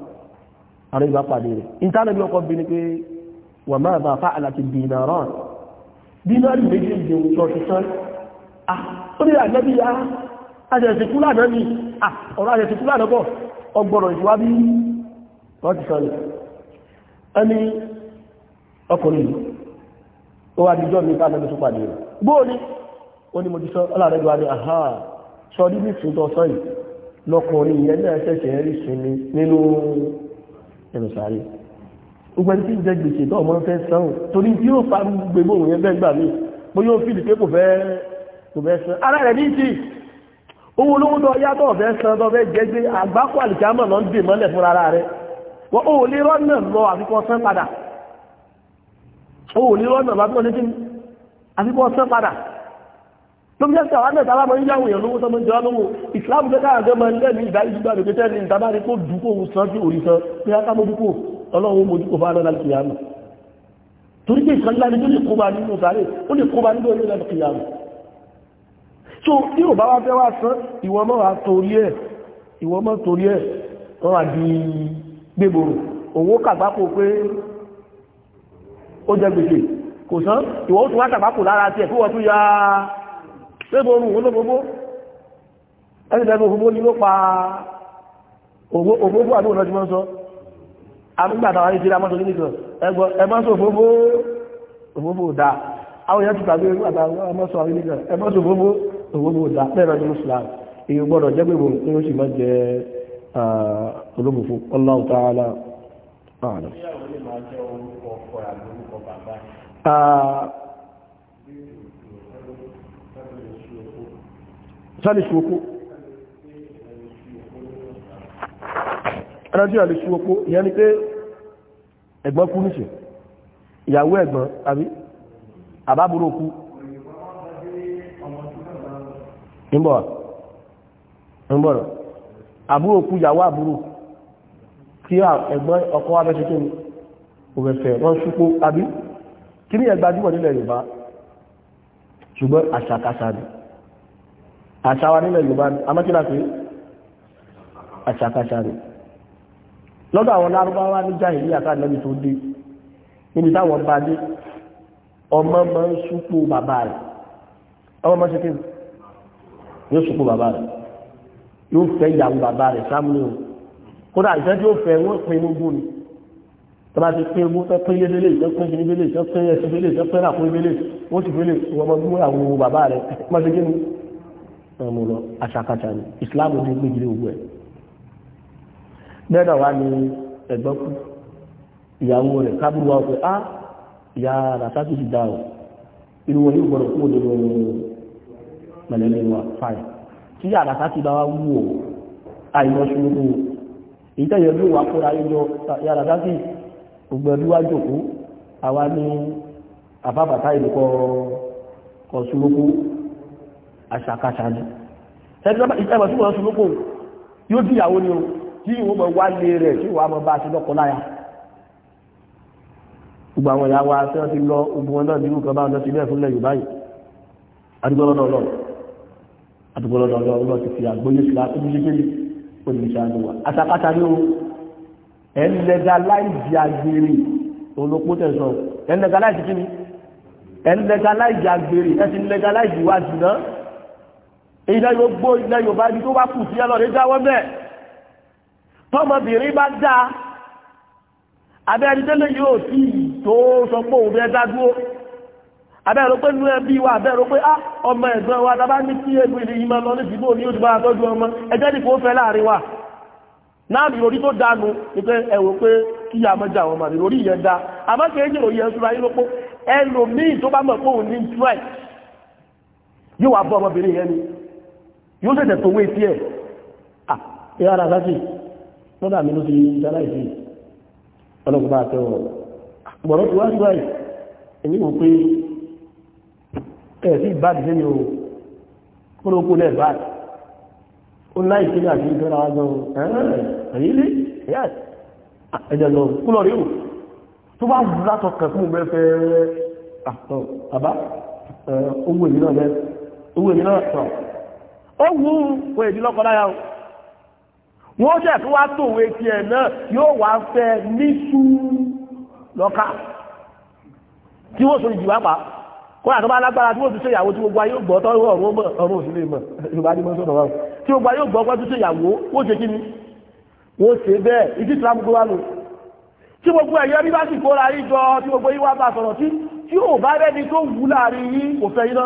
àrẹ ìbá pàdé rẹ̀ ìtànà bí ọkọ̀ bí ni pé wà máa bá fà àlàtì dìnàrán dínárì méjì ìjẹun tó ti sán ó ní àjẹ́bí yá àjẹ̀sìnkú lánàá ni ọ̀rọ̀ àjẹ̀sìnkú lánàá bọ̀ ọgbọ̀rọ̀ ìṣúwábí wọ́n ti sán ẹni ọkùnrin ó wá dijọ́ mi bí tó ni ó ní mo ti ẹnu sáré gbogbo ẹni tí ń jẹ gbèsè tó ọmọ fẹ́ san torí tí yóò fa gbogbo òun yẹn bẹ́ẹ̀ gbà mí bó yóò fìdí pé kò fẹ́ kò fẹ́ san ara rẹ̀ ní ti owó olówó tó yá tó fẹ́ san tó fẹ́ jẹ́ gbé àgbákò àlìkámọ̀ lọ ń dè mọ́lẹ̀ fún ara rẹ̀ wọ́n ò lè rọ́nà lọ àfikọ́ san padà ò lè rọ́nà lọ àfikọ́ san padà tó bí jẹ́sẹ̀ àwọn ẹ̀ta alámọ̀ yíyáwó èèyàn lówó tọ́mọ jẹ́ ọlọ́wọ́ ìsìláàmù jẹ́ káàkiri máa ń lẹ́nu ìgbà ìgbà rẹ̀ pẹ́tẹ́ ní ìtàbá rí kó dùn kóhun san sí orí san pé aká mójúkò ọlọ́run mójúkò fún alọ́lá kìyàmù torí pé ìkan láti lè kóba nínú sáré ó lè kóba nínú orí lẹ́nu kìyàmù so tí ò bá wá fẹ́ wá san ìwọ mọ́ wá torí ẹ̀ ìwọ mọ́ torí ẹ̀ wọ́n wá di gbégbòrò òwò kàgbákò pé ó jẹ gbèsè kò san ìwọ tún wá kàgbákò lára tiẹ̀ kí wọ́n tún ya lébò orun òun lóbóbó ẹni tẹ́gbẹ́ òfófó ni ló pa òfófó àdúgbò náà ti mọ́ sọ àmúgbàtàwà ní ìṣẹ́lá mọ́tò nílùú ẹgbọ́ ẹmọ́sọ òfófó òfófó dá àwọn èèyàn ti tàbí ẹmọ́sọ àwọn nílùú ẹmọ́sọ òfófó òfófó dá lẹ́rọ ní Islam èyí gbọ́dọ̀ jẹ́ gbogbo ní ó sì mọ́ jẹ olóbòfó Allahu ta'ala ààrẹ sálè ṣòkó ẹran tí a lè ṣòkó ìyẹn ni pé ẹ̀gbọ́n kú níṣẹ́ ìyàwó ẹ̀gbọ́n àbí àbábúrò kú níbọ̀ níbọ̀rọ̀ àbúrò kú ìyàwó àbúrò tí ẹ̀gbọ́n ọkọ wa fẹ́ ṣe kí ni òfẹ́fẹ́ wọ́n ṣúpó àbí kí ni ẹgbàjúmọ̀ nílẹ̀ Yorùbá ṣùgbọ́n àṣàkáṣà ni àṣà wa nílẹ̀ Yorùbá amákílá pé àṣàkáṣà rẹ̀ lọ́dọ̀ àwọn lárúbáwá ní jàhílíyà àká Ànábì tó dé níbi táwọn bá dé ọmọ mọ́ ń súpò bàbá rẹ̀ ọmọ mọ́ ṣekí yóò súpò bàbá rẹ̀ yóò fẹ́ ìyàwó bàbá rẹ̀ sáàmù o kódà ìfẹ́ tí ó fẹ́ wọ́n pin ogún ni tó bá ti pín ogún tó pín ilé délé tó pín ìdílé tó pín ẹsẹ̀ délé tó pín àpò ìdílé ó sì fẹ́lẹ̀ wọ́n mọ́ gbúmọ́ àwọn bàbá wọn mú lọ aṣàkàṣà ni islam ní gbèjìlẹ owó ẹ bẹ́ẹ̀ náà wá ní ẹ̀gbọ́n kú ìyàwó rẹ̀ kábùrù wa pé ah ìyá rasaki ti dá o inú wọn yóò gbọ́dọ̀ kú òde lọ mẹlẹlẹ wa fáyà tí ìyá rasaki bá wá wú o àìmọ̀ ṣubú èyí tẹ̀yẹ̀ bí wàá kóra yíyọ ìyá rasaki gbogbo ẹbí wá jòkó àwa ní àbábàtà ìlú kọ kọ ṣubú àṣàkáṣà ni ìtẹ́gbà tí wọ́n sunúkò yóò díyàwó ni o tí ìwọ́n mọ̀ wá lé rẹ̀ tí wọ́n mọ̀ bá ti lọ́kọ láya gbogbo àwọn ìyá wa tí wọ́n ti lọ ogun wọn náà ní ìrúkan bá wọn ti bẹ́ẹ̀ fúnlẹ̀ Yorùbá yìí adigbọ́lọ́dọ̀ọ́lọ́ adigbọ́lọ́dọ̀ọ́lọ́ ọlọ́ ti fi àgbóyè sílá tó bíi gbélé ó ní ìṣàánú ilẹ̀ Yorùbá ilẹ̀ Yorùbá ibi tó bá kù sí ẹlọ́rẹ́ jáwọ́ bẹ́ẹ̀ tọmọbìnrin bá dá abẹ́rẹ́dẹ́lẹ̀ yóò tí tó sọ pé òun bẹ́ẹ̀ dá dúró pé nínú ẹbí wa abẹ́rẹ́ pé á ah, ọmọ ẹ̀gbọ́n wa tá ní yìí máa lọ ní ìdìbò ní wa náà ní orí tó dánu pé kí a mọ́ jà wọn orí yóò ṣẹ̀ṣẹ̀ tó wé sí ẹ̀ ah, ẹ̀ ara sáfì lọ́dà mi ló ti dára ìsìn ọlọ́gbọ́n bá tẹ́wọ̀ gbọ̀rọ̀ ah, tó wá sí báyìí èmi mọ̀ pé ẹ̀ sí ìbáàdì sí mi ò kúrò kú lẹ̀ báàdì ó láì sí ní àti ìfẹ́ra wa gan ẹ̀yìn ilé ẹ̀jẹ̀ ah, lọ kúlọ̀ rí o tó bá látọ̀ kàn fún bẹ́ẹ̀ fẹ́ àtọ̀ bàbá owó èmi náà bẹ́ẹ̀ owó èmi náà tọ̀ ó wú wọn èdè lọ́kọ láyà o wọ́n ṣẹ̀ tó wá tòwé tiẹ̀ náà yóò wá fẹ́ níṣú lọ́ka tí wọ́n so ìjìwá pa kọ́nà tó bá lágbára tí wọ́n tún ṣe ìyàwó tí gbogbo ayé gbọ́ tọ́ ọ̀run ọ̀run òsìlè mọ̀ yorùbá ní mọ́sọ̀rọ̀ wọn tí gbogbo ayé gbọ́ pẹ́ tún ṣe ìyàwó wọ́n ṣe kí ni wọ́n ṣe bẹ́ẹ̀ ìdí ìtura gbogbo wa lò tí gbogbo ẹ̀yọ́ bí bá sì kóra yìí jọ tí gbogbo yìí wá bá sọ̀rọ̀ tí tí ò bá rẹ́ni tó wù láàrin yìí kò fẹ́ yín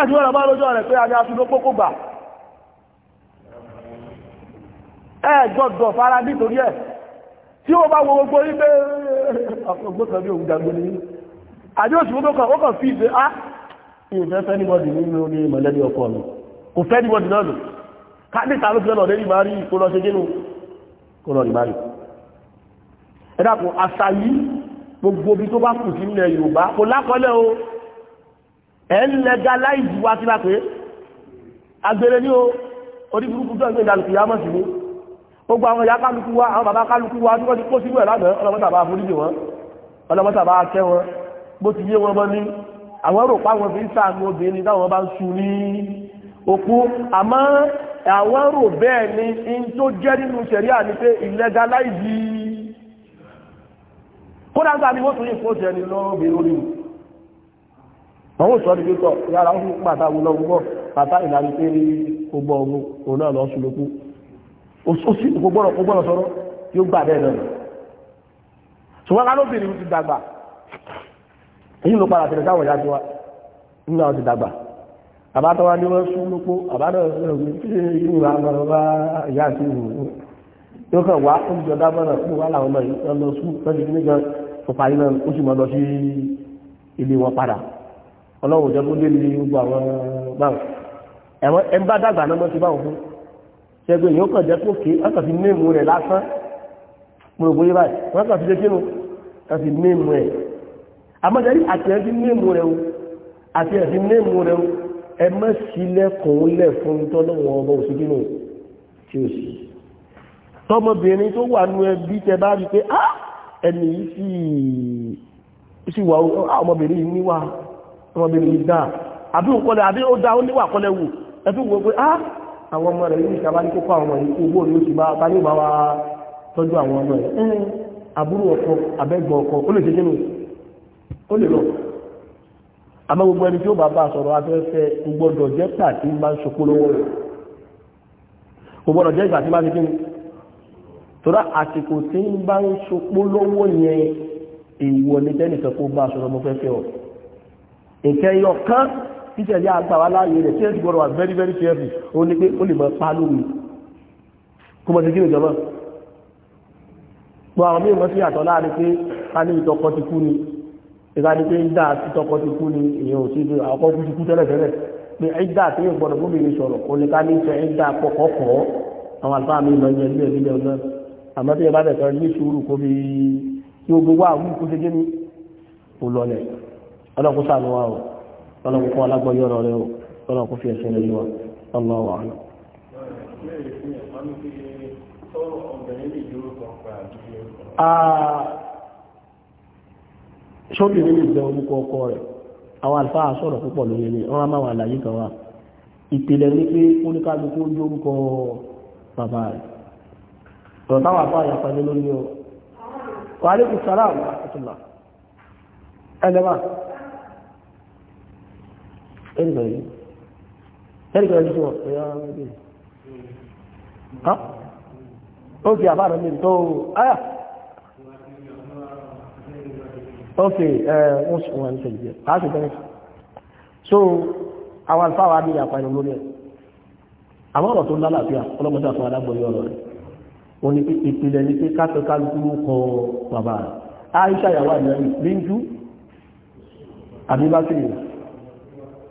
ẹ̀sì wọ́n bá lójọ́ rẹ̀ pé a ní aṣúlò pópó gbà ẹ̀ẹ́jọ́dọ̀ fara nítorí ẹ̀ tí ó bá wo gbogbo rí pé ọgbọ́kàn bí òun dàgbò ní àdí òṣìwò tó kàn ó kàn fi ìfẹ́ ah ìfẹ́ fẹ́ níbọ̀dì nínú ní mọ̀lẹ́bí ọkọ mi kò fẹ́ níbọ̀dì náà lò káníta ló fi lọ́nà lórí ìmárí kó lọ ṣe gínú kó lọ ìmárí ẹ̀dàkùn àṣà yìí gbogbo bí tó bá kù sí ilẹ̀ Yorùbá kò lákọlẹ̀ o ẹ̀ ń legalize wá sí lápé agbèrè ní o orí burúkú tó ẹgbẹ́ ìdàlùkù yá mọ̀ sí ní gbogbo àwọn ìyá kálukú wá àwọn bàbá kálukú wá tí wọ́n ti kó sínú ẹ̀ lánàá ọlọ́mọ́ta bá forí wọn ọlọ́mọ́ta bá kẹ́ wọn bó ti yé wọn mọ́ ní àwọn rò pa wọn fi ń sáàmù obìnrin táwọn bá ń su ní òkú àmọ́ àwọn rò bẹ́ẹ̀ ni in tó jẹ́ nínú ṣẹ̀ríà ni pé illegalize kódà ń gbà ní wọ́n tún yìí fóṣẹ́ ni lọ́ọ́ bẹ̀rẹ̀ olóyún àwọn òṣọ́ níbi tọ̀ yára ń pàtà wọlọ gbọ́ pàtà ìlànà pé rí gbogbo ọmọ òun náà lọ sí lókú ó sì kò gbọ́dọ̀ kò gbọ́dọ̀ sọ̀rọ̀ yóò gbà bẹ́ẹ̀ náà ṣùgbọ́n lálóbìnrin ti dàgbà èyí ló padà tẹ̀lé sáwọn ìyá tiwa nínú àwọn ti dàgbà àbátọ́wá ní wọ́n sún lóko àbádọ́ yóò kàn wá oúnjẹ dábọ́nà fún wa làwọn ọmọ yìí lọ sùn lọ́jọ́ nígbà fọ̀fà ọlọ́run jẹ́ kúndé ní gbogbo àwọn báwọn ẹ̀wọ̀n ẹ̀ ń bá dàgbà náà mọ́ ti báwọn fún ṣẹ́gun èèyàn kàn jẹ́ kó ké wọ́n kàn fi mímu rẹ̀ lásán mo rò bóyá báyìí wọ́n kàn fi lé kínú kàn fi mímu rẹ̀ àmọ́jáde àti ẹ̀ fi mímu rẹ̀ o àti ẹ̀ fi mímu rẹ̀ o ẹ má sílẹ̀kùn lẹ̀ fún tọ́lọ́wọ́n ọba òṣèkínú tí ó sì tọmọbìnrin tó wà nú ẹbí tẹ bá rí pé ah! ẹni yìí sì wà ah! ọmọbìnrin yìí níwà ọmọbìnrin yìí dáa àbí òkọlẹ̀ àbí ó dá ó níwà kọlẹ̀ wù ẹ̀fí wo pé ah ọmọ rẹ̀ yìí sábà ni ó ti bá bá ní ìbáwá tọ́jú àwọn ọmọ rẹ̀ ẹ̀hìn àbúrò ọkọ abẹ́gbọ̀n ọkọ ó lè ṣe kíni ó lè lọ àmọ́ gbogbo ẹni tí ó bá bá sọ̀rọ̀ afẹ́fẹ́ gbọ́dọ̀ jẹ́ ni tẹ́nìkan kó bá sọ̀rọ̀ mo fẹ́ ọ̀ nǹkan ẹyọ kan títẹ̀lé àgbà wa láàyè rẹ̀ tí ẹ̀ ti gbọ́dọ̀ wà very very careful ó ní pé ó lè mọ pa lómi kó mọ̀ sí kí nìjọba gbọ́ àwọn mímọ́ sí àtọ́ láàrin pé ká ní ìtọkọ ti kú ni ìgbà ni pé ìdá àti ìtọkọ ti kú ni èèyàn ò sí ibi àkọ́kọ́ kú ti kú tẹ́lẹ̀ tẹ́lẹ̀ pé ìdá àti èèyàn gbọ́dọ̀ bómi lè sọ̀rọ̀ ó ní ká ní ìfẹ́ ìdá kọ̀kọ̀kọ̀ àwọn àlùfáà mi lọ yẹn nílẹ̀ nílẹ̀ náà àmọ́ tí ẹ bá bẹ̀ sọ ní sùúrù kó fi kí gbogbo wa àwọn kó ṣe gé ní òlọlẹ̀ ọlọ́kú sàánú wa o ọlọ́kú fún alágbọ́yé ọ̀rọ̀ rẹ o ọlọ́kú fi ẹ̀sìn rẹ yí wa ọlọ́wọ́ àná. ṣọ́bì nínú ìgbẹ́ orúkọ ọkọ rẹ̀ àwọn àlùfáà sọ̀rọ̀ púpọ̀ lórí ni wọ́n á máa wà láyé kan wà ìpìlẹ̀ ní pé oníkálukú ó jórúkọ bàbá rẹ̀ tọ̀ táwọn àbá àyàfà ní lórí o wà á lékùn sára àwọn àkọsùnmá ẹnìkan yìí ẹnìkan yìí sọ ọ̀yà ọ̀gbìn ha ó fi àbára mi tó ayà ok wọ́n sọ wọn ṣe jẹ́ a ṣe bẹ́ẹ̀ so àwọn alfa wa bí yàpá ẹnu lórí ẹ̀ àwọn ọ̀rọ̀ tó ń lálàáfíà ọlọ́mọdé àfọwọ́ alágbọ̀yọ̀ ọ̀rọ̀ rẹ̀ wọ́n ní ìpìlẹ̀ ní pé káfẹ́ kálukú kọ bàbá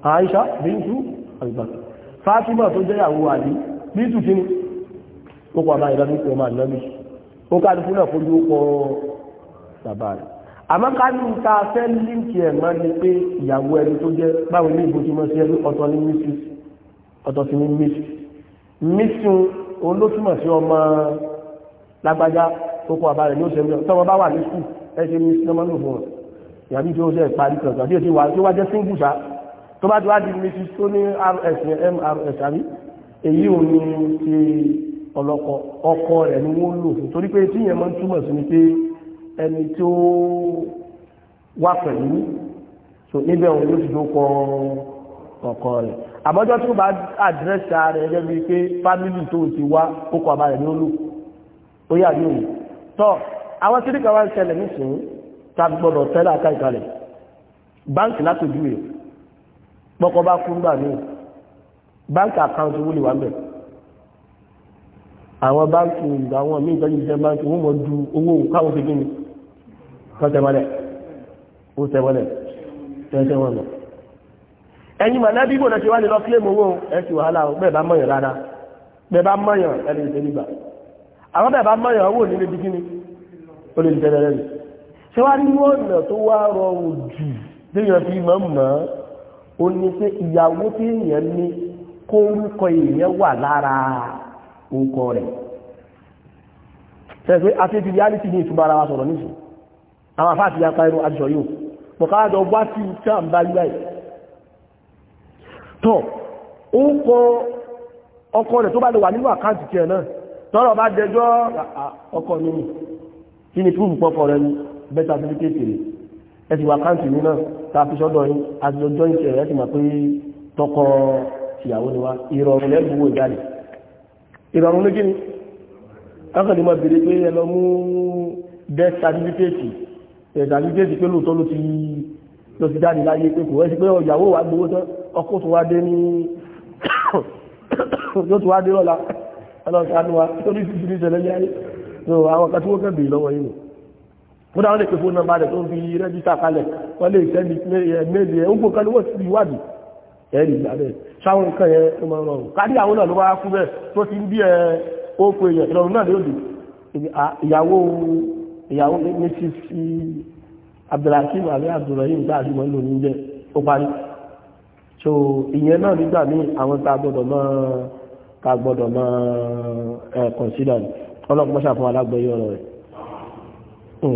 Aisha bintu Abubakar Fatima tó jẹ́ ìyàwó Ali bintu kini ó kọ àbá ìlànà ìpè ọmọ àlọ́mí ó ká dúkú náà fojú kọ bàbá rẹ̀ àmọ́ ká ní ta fẹ́ líǹkì ẹ̀ máa ní pé ìyàwó ẹni tó jẹ́ báwo ní ìbòjúmọ́ sí ẹni ọ̀tọ̀ ní mrs ọ̀tọ̀ sí ní miss miss olótùmọ̀ sí ọmọ lágbájá ó kọ àbá rẹ̀ ní oṣù mìíràn tọ́wọ́ bá wà ní skul ẹ ṣe miss normal ló fún ọ ìyàbí tí ó ṣe parí tó bá ti wá di mrs tó ní rs mrs àbí èyí ò ní ṣe ọlọ́kọ ọkọ rẹ̀ ni wọ́n lò fún torí pé tí yẹn máa ń túmọ̀ sí ni pé ẹni tó wà pẹ̀lú so níbẹ̀ òun ló ti dókọ ọkọ rẹ̀ àmọ́jọ́ tó bá àdírẹ́sì ààrẹ ẹgbẹ́ bíi pé fámìlì tó ti wá ó kọ àbá rẹ̀ ní olú ó yà ní òun tọ́ àwọn tí wá ń ṣẹlẹ̀ nísìnyí tá a gbọ́dọ̀ tẹ́lẹ̀ àká báńkì látòjú rẹ̀ pọ́kọ́ bá kú gbà ní báńkì àkáǹtì wúlì wà bẹ̀ àwọn báńkì ìgbà àwọn míì tọ́jú iṣẹ́ báńkì wọ́n mọ̀ ju owó káwọn fi gíní kọ́ tẹ́mọ́lẹ̀ ó tẹ́mọ́lẹ̀ tẹ́tẹ́ wọn lọ. ẹ̀yin màlẹ́bí gbọ́dọ̀ ṣe wá lè lọ kílèmù owó ẹ̀ sì wàhálà bẹ́ẹ̀ bá mọ̀yàn rárá bẹ́ẹ̀ bá mọ̀yàn ẹ̀ lè ṣe nígbà àwọn bẹ́ẹ̀ bá mọ̀yàn owó nílé bí kíní ó lè ṣe tẹ́lẹ̀ rẹ̀ ṣé wá ní wọ́n ọ̀nà tó wá rọrùn jù déyàn fi ó ní pé ìyàwó tí èèyàn ní kó orúkọ èèyàn wà lára orúkọ rẹ̀ tẹ̀sí afẹ́fẹ́ reality ní ìtumọ̀ ara wa sọ̀rọ̀ nísìn àwọn afá àti yapa irun aṣọ yóò pọ̀káàdọ̀ wá sí ìtàn bá yúwà yìí tọ́ orúkọ ọkọ rẹ̀ tó bá lè wà nínú àkáǹtì tiẹ̀ náà tọ́rọ bá dẹjọ́ ah, ah, ọkọ mi kí ni púpù pọ́pọ̀ rẹ̀ bẹ́tà fífíkẹ́tì ẹ ti wà káǹtì mi náà tá a fi sọ́dọ̀ yín àtijọ́jọ́ ìṣẹ̀ rẹ̀ ti mọ̀ pé tọkọ tìyàwó ni wa ìrọ̀rùn lẹ́gbùn wò jáde ìrọ̀rùn ló gíní kákàndé máa bèrè pé ẹ lọ mú death certificate ẹ̀ certificate pé lóòótọ́ ló ti ló ti jáde láyé pé kò wẹ́ pé ìyàwó wa gbowó tán ọkọ̀ tó wá dé ní yóò tó wá dé lọ́la ọlọ́sàn-án wa tó ní ti ní ìṣẹ̀lẹ̀ so àwọn kan tí mo dáwọn lè pe fóònù nọ́mbà rẹ̀ tó ń fi rẹ́jísà kalẹ̀ wọ́n lè sẹ́ni méèlì eh, ẹ̀ ogun kan ló wọ́n ti wádìí ẹ̀rì ìgbà sáwọn nǹkan yẹn tó máa rọrùn kárí àwọn náà ló bẹ́ẹ̀ tó ti ń bí ẹ eh, ókú èèyàn ìrọ̀rùn náà lóde ìyàwó ìyàwó mrs abdulhakeem àbí abdulrahim gbà àti wọn lónìí jẹ ó parí so ìyẹn náà nígbà míì àwọn tá a máa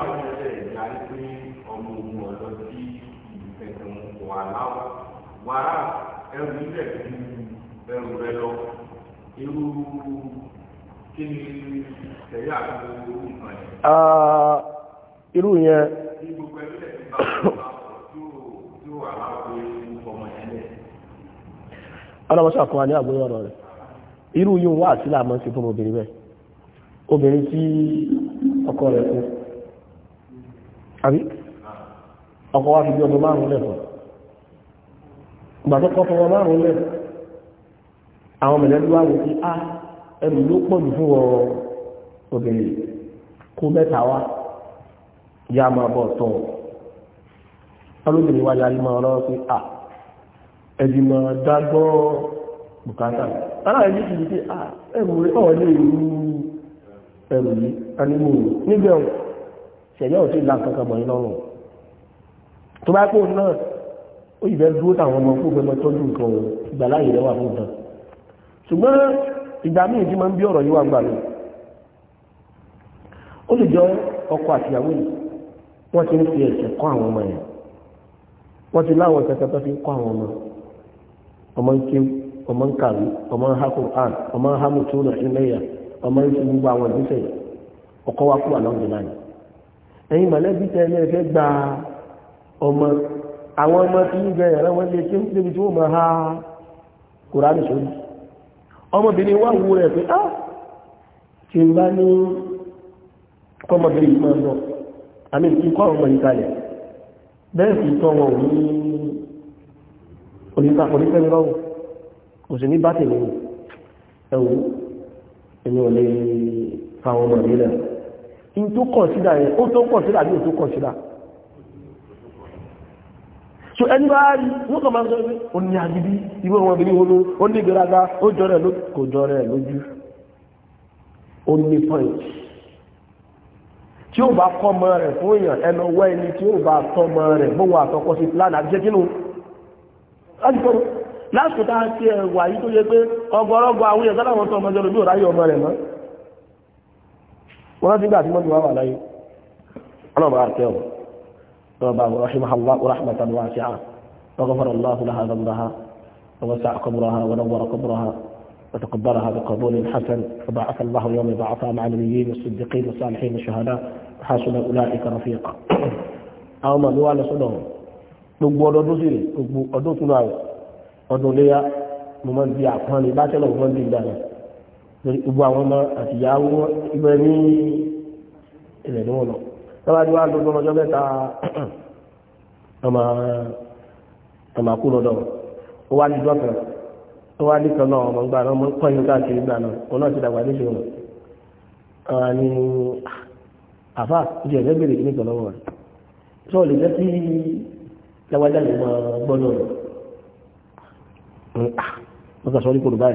àwọn ẹgbẹ́ ìjà ń pín ọmọ ogun ọ̀dọ́ sí ìfẹ̀sùn wà láwọ̀ wàrà ẹrù ilẹ̀ ju ẹrù rẹ lọ irú kí ni yẹn. irú yẹn. ní gbogbo ẹgbẹ́ ìjà ń bá ọmọ ní irú yìí wà sílẹ̀ àmọ́ sí fún obìnrin bẹ́ẹ̀ obìnrin ọkọ rẹ̀ àbí ọkọ̀ wá fi bí ọmọ márùn lẹ́fọ̀ gbàtọ́ kọ́ fọmọ márùn lẹ́fọ̀ àwọn mẹ̀lẹ́bí wá wò sí a ah, ẹrù ló pọ̀ jù fún wọn obìnrin kó mẹ́ta wá yá máa bọ̀ tọ̀ ọlọ́bìnrin wá yarí máa lọ́wọ́ sí a ẹ̀dì máa dágbọ́ bùkátà ara ẹ̀dì ti di pé a ah, ẹrù rẹ̀ ọ̀ lè yìí a ní mò ṣẹ̀yẹ́ ò tí ì láǹkan kan bọ̀yìn lọ́rùn tó bá pò náà ó yìí dúró ọmọ fún tọ́jú nǹkan rẹ̀ wà fún ṣùgbọ́n ìgbà míì tí máa ń bí ọ̀rọ̀ gbà lọ ó lè jọ àtìyàwó yìí wọ́n ti ń fi ẹ̀sẹ̀ kọ́ àwọn ọmọ yẹn wọ́n ti láwọn tó fi ń kọ́ àwọn ọmọ ọmọ ń ọmọ ń kàwé ọmọ ń ha Qur'an ọmọ ń ha mùtúrò ẹ̀mẹ́yà ọmọ ń fi gbogbo àwọn ìgbésẹ̀ ẹ̀yin mọ̀lẹ́bí tẹ́lẹ̀ fẹ́ gba ọmọ àwọn ọmọ tí ń gẹ ẹ̀rọ wọn lè ṣe ń débi tí wọ́n máa ha kùránì sórí ọmọbìnrin wà wú rẹ̀ pé ah tí ń bá ní kọmọbìnrin máa lọ àmì ìkọ́ ọmọ ìkalẹ̀ bẹ́ẹ̀ sì tọ́ wọn ní oníkàkùnrinlọ́wọ́ kò sí ní bátìlì ẹ̀wù ẹ̀yìn ò lè fa ọmọ ìrìnlẹ̀ in tó kọ̀nsídà yẹn ó tó kọ̀nsídà bí ó kọ̀nsídà so ẹni bá rí wọ́n kàn máa ń sọ pé ó ní agidi ìwé wọn bí wọn ó ní ìgbéraga ó jọrẹ ló kò jọrẹ lójú ó ní point tí ó bá kọ́ ọmọ rẹ̀ fún èèyàn ẹnu wẹ́ ẹni tí ó bá tọ́ ọmọ rẹ̀ bóun àtọkọ́ sí plan àti jẹ́kínú láti kọ́ lásìkò tá a ti ẹ̀wà yìí tó yẹ pé ọgọ́rọ́gọ́ àwọn èèyàn sọ́dọ̀ àwọn tó ọmọ jẹ́ lójú ọ̀ráyé ọmọ rẹ̀ mọ́ وهذه بعد ما جواب علي أنا ما أعرف يوم رباه رحمها الله ورحمة واسعة وغفر الله لها ذنبها ووسع قبرها ونور قبرها وتقبلها بقبول حسن فبعث الله يوم بعثها مع النبيين والصديقين والصالحين والشهداء وحسن أولئك رفيقا أو ما دوال صدهم نقبو أدو سيري نقبو أدو سنوائي أدو ليا ممن بيع أخواني باتلو ممن بيع دانا gbogbo àwọn ọmọ àtìyàwó ibẹ̀ ní ilẹ̀ ní wọn lọ lọ́wọ́dé wá lọ́dún ọjọ́ mẹ́ta ọmọ kú lọ́dọ̀ ó wá níjọ́ kan ó wá nìkan náà ọmọ gbà náà kọ́ yín káàkiri gbà náà òun náà ti dàgbà níṣẹ́ wọn ni àfà ìjọ ẹ̀jẹ̀ bèrè kí nìkan lọ́wọ́ rẹ̀ tí wọ́n lè jẹ́ sí lẹ́wọ́dé àgbẹ̀mọ̀ gbọ́dọ̀ rẹ̀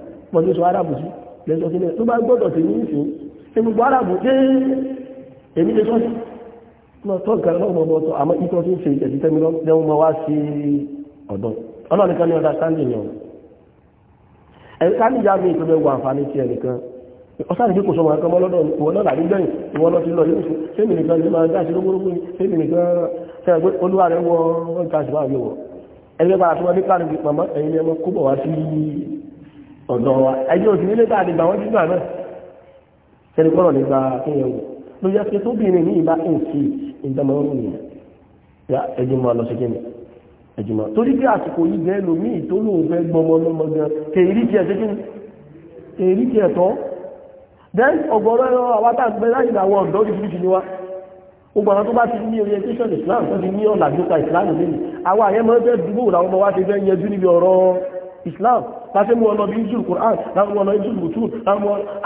pọ̀lú sọ arábù sí lẹ́sọ sílẹ̀ tó bá gbọ́dọ̀ sí ní ìsìn ní gbogbo arábù dé èmi lè sọ́sí lọ tọ́ nǹkan lọ́wọ́ ọmọ ọtọ àmọ́ ikọ̀ tó ń ṣe ìjẹ̀sí tẹ́mi lọ́wọ́ mọ́ wá sí ọ̀dọ́ ọlọ́run kan ní ọ̀dà sáńdì yẹn ẹ̀rí ká níjà mi ìtọ́jú ni sẹ́mi nìkan tẹ́ ẹgbẹ́ olúwa rẹ̀ wọ ọ̀gá ìṣèwà yóò wọ ẹgbẹ́ padà tó wọ́n ní pàrọ̀ ìpamọ́ ẹ̀yin ẹmọ kó bọ̀ wá ọ̀dọ̀ wa ẹjọ́ òsì nílé tá a lè gbà wọ́n jígbà náà tẹ́lẹ̀ kọ́rọ̀ nípa kíyẹn wò ló yẹ pé tóbìnrin ní ìbá ìǹkì ìdámọ́rún ni ẹjùmọ̀ lọ sí kíni ẹjùmọ̀ torí bí àsìkò yìí bẹ́ẹ̀ lómi ìtòlù fẹ́ gbọmọ lọmọ gan kèrí tiẹ̀ sí kíni kèrí tiẹ̀ tọ́ then ọ̀gọ̀rọ̀ ẹ̀rọ àwátà ń bẹ láyìn àwọn ọ̀dọ́ oríṣiríṣi ni wa gbogbo àwọn tó bá ti ní orientation Islam tó ti ní ọ̀làjú ka Islam lónìí àwọn àyẹ̀mọ́ fẹ́ dúró làwọn ọmọ wa ti fẹ́ yẹjú níbi ọ̀rọ̀ islam láti mú ọlọ́bí ìjùl kùrán láti mú ọlọ́ ìjùl wùtù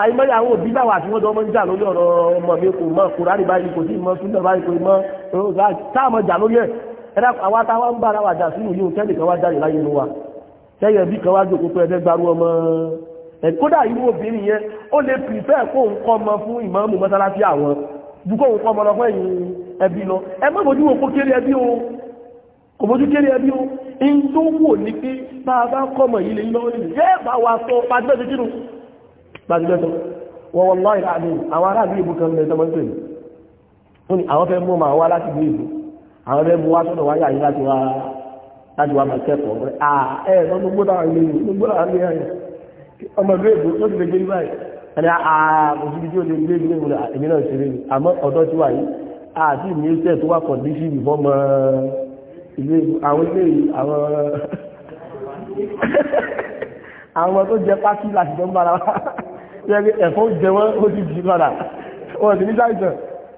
àìmọ́yà àwọn òbí dáwà àti wọ́n jọ mọ́ ń jà lórí ọ̀rọ̀ ọmọ mi kò mọ́ kùrán báyìí kò sí mọ́ súnlẹ̀ báyìí kò mọ́ táàmọ̀ jà lórí ẹ̀ ẹ̀dá àwọn atáwà ń bára wà jà sínú yóò tẹ́lẹ̀ kan wá jáde láyé ló wa tẹ́yẹ̀ bí kan wá jókòó pé ẹ̀dẹ́ gbarú ọmọ kódà irú obìnrin yẹn ó lè pìfẹ́ kó ń kọ́ ọmọ fún ìmọ̀ọ́mù mọ́sálásí àwọn ju kó ń kọ́ ọmọ lọ fún ẹ̀yìn ẹbí lọ ẹ má bójú wo kó kéré ẹbí o kò mójú kéré ẹbí o in tó wò ní pé bá a bá kọmọ̀ yìí lè yí lọ́wọ́ nínú yẹ́ bá wa sọ pàtíbẹ́sẹ̀ kírù pàtíbẹ́sẹ̀ wọ́n wọ́n láì láàdé àwọn ará ìlú kan lè tọmọ ìpè ní àwọn fẹ́ mú ma wá láti ìlú ìlú àwọn fẹ́ mú wá sọ́dọ̀ wá yà yí láti wá láti wá máa kẹ́kọ̀ọ́ rẹ̀ à ẹ̀ lọ gbogbo náà lè gbogbo náà lè yẹ ọmọ ìlú èbó tó ti lè gbé báyìí ẹni àbòsíbi tí ó lè gbé ìlú èmi náà ṣeré àmọ́ ọ̀dọ́ ti wà yìí àti ìmúṣẹ́ tó wà kọ̀díṣì ìfọ́mọ́ ilé àwọn ilé àwọn àwọn tó jẹ pátí láti jọ ń bára wá yẹ́gbẹ́ ẹ̀fọ́ jẹ wọ́n ó ti jì padà wọ́n ti ní sáìsàn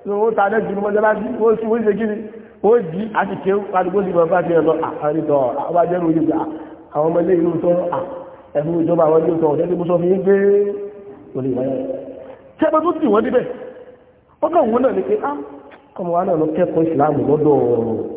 tó ó ta dẹ́ jùlọ mọ́jọ́ láti ó sì wọ́n ṣe kí ni ó jí àti ké àdúgbò sí bàbá ti ẹ̀lọ àrítọ̀ àwọn ajẹ́rù yìí àwọn ọmọ ilé ìlú tó ẹ̀fọ́ ìjọba àwọn ilé tó ọ̀dẹ́ tí mo sọ fi ń gbé olè wáyé tẹ́gbẹ́ tó tì wọ́n débẹ̀ ó kàn wọ́n náà ni pé á ah, kọmọ wa náà lọ kẹ́kọ̀ọ́ ìsìlámù lọ́dọ̀ ọ̀rọ̀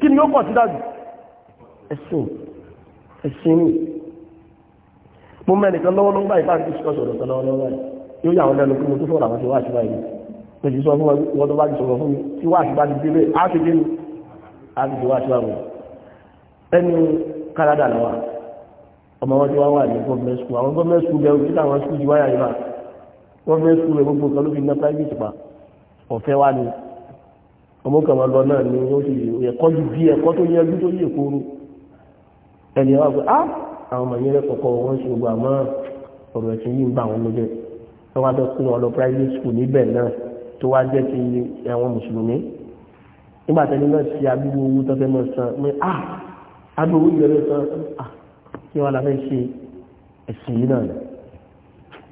kí ni ó kọ̀ sí dájú ẹ̀sìn ẹ̀sìn ni mo mẹ́ nìkan lọ́wọ́lọ́wọ́ báyìí bá ń bí ṣọ́ṣọ́ ọ̀dọ̀ lọ́wọ́lọ́wọ́ yóò yà wọn lẹ́nu pé mo tó sọ̀rọ̀ àwọn tí wàá ṣe báyìí pèsè sọ fún wọn tó bá ti sọ̀rọ̀ fún mi tí wàá ṣe bá ti délé á ṣe dé mi á ti ṣe wàá ṣe báwọn ẹni Canada lọ́wọ́ ọmọ wọn tí wọ́n wà ní government school àwọn government school bẹ̀rù títà àwọn school ti wáyà yìí wà government school rẹ̀ gbogbo ọ̀fẹ́ wá ni ọmọ kan lọ náà ni ó sì ẹ̀kọ́ ju bí ẹ̀kọ́ tó yẹjú tó yẹ kóró ẹni wá pé ah àwọn ọmọ yẹn kọ̀ọ̀kọ́ wọn ṣe gbogbo àmọ́ ọ̀rọ̀ ẹ̀sìn yìí ń bá wọn lójẹ́ wọn wá bẹ kó wọn lọ private school níbẹ̀ náà tó wá jẹ́ ti àwọn mùsùlùmí nígbà tẹ́lẹ̀ náà ṣe abúgbò owó tó fẹ́ san pé ah abúgbò ìgbẹ́rẹ́ san ah kí wọ́n la fẹ́ ṣe ẹ̀sìn yìí náà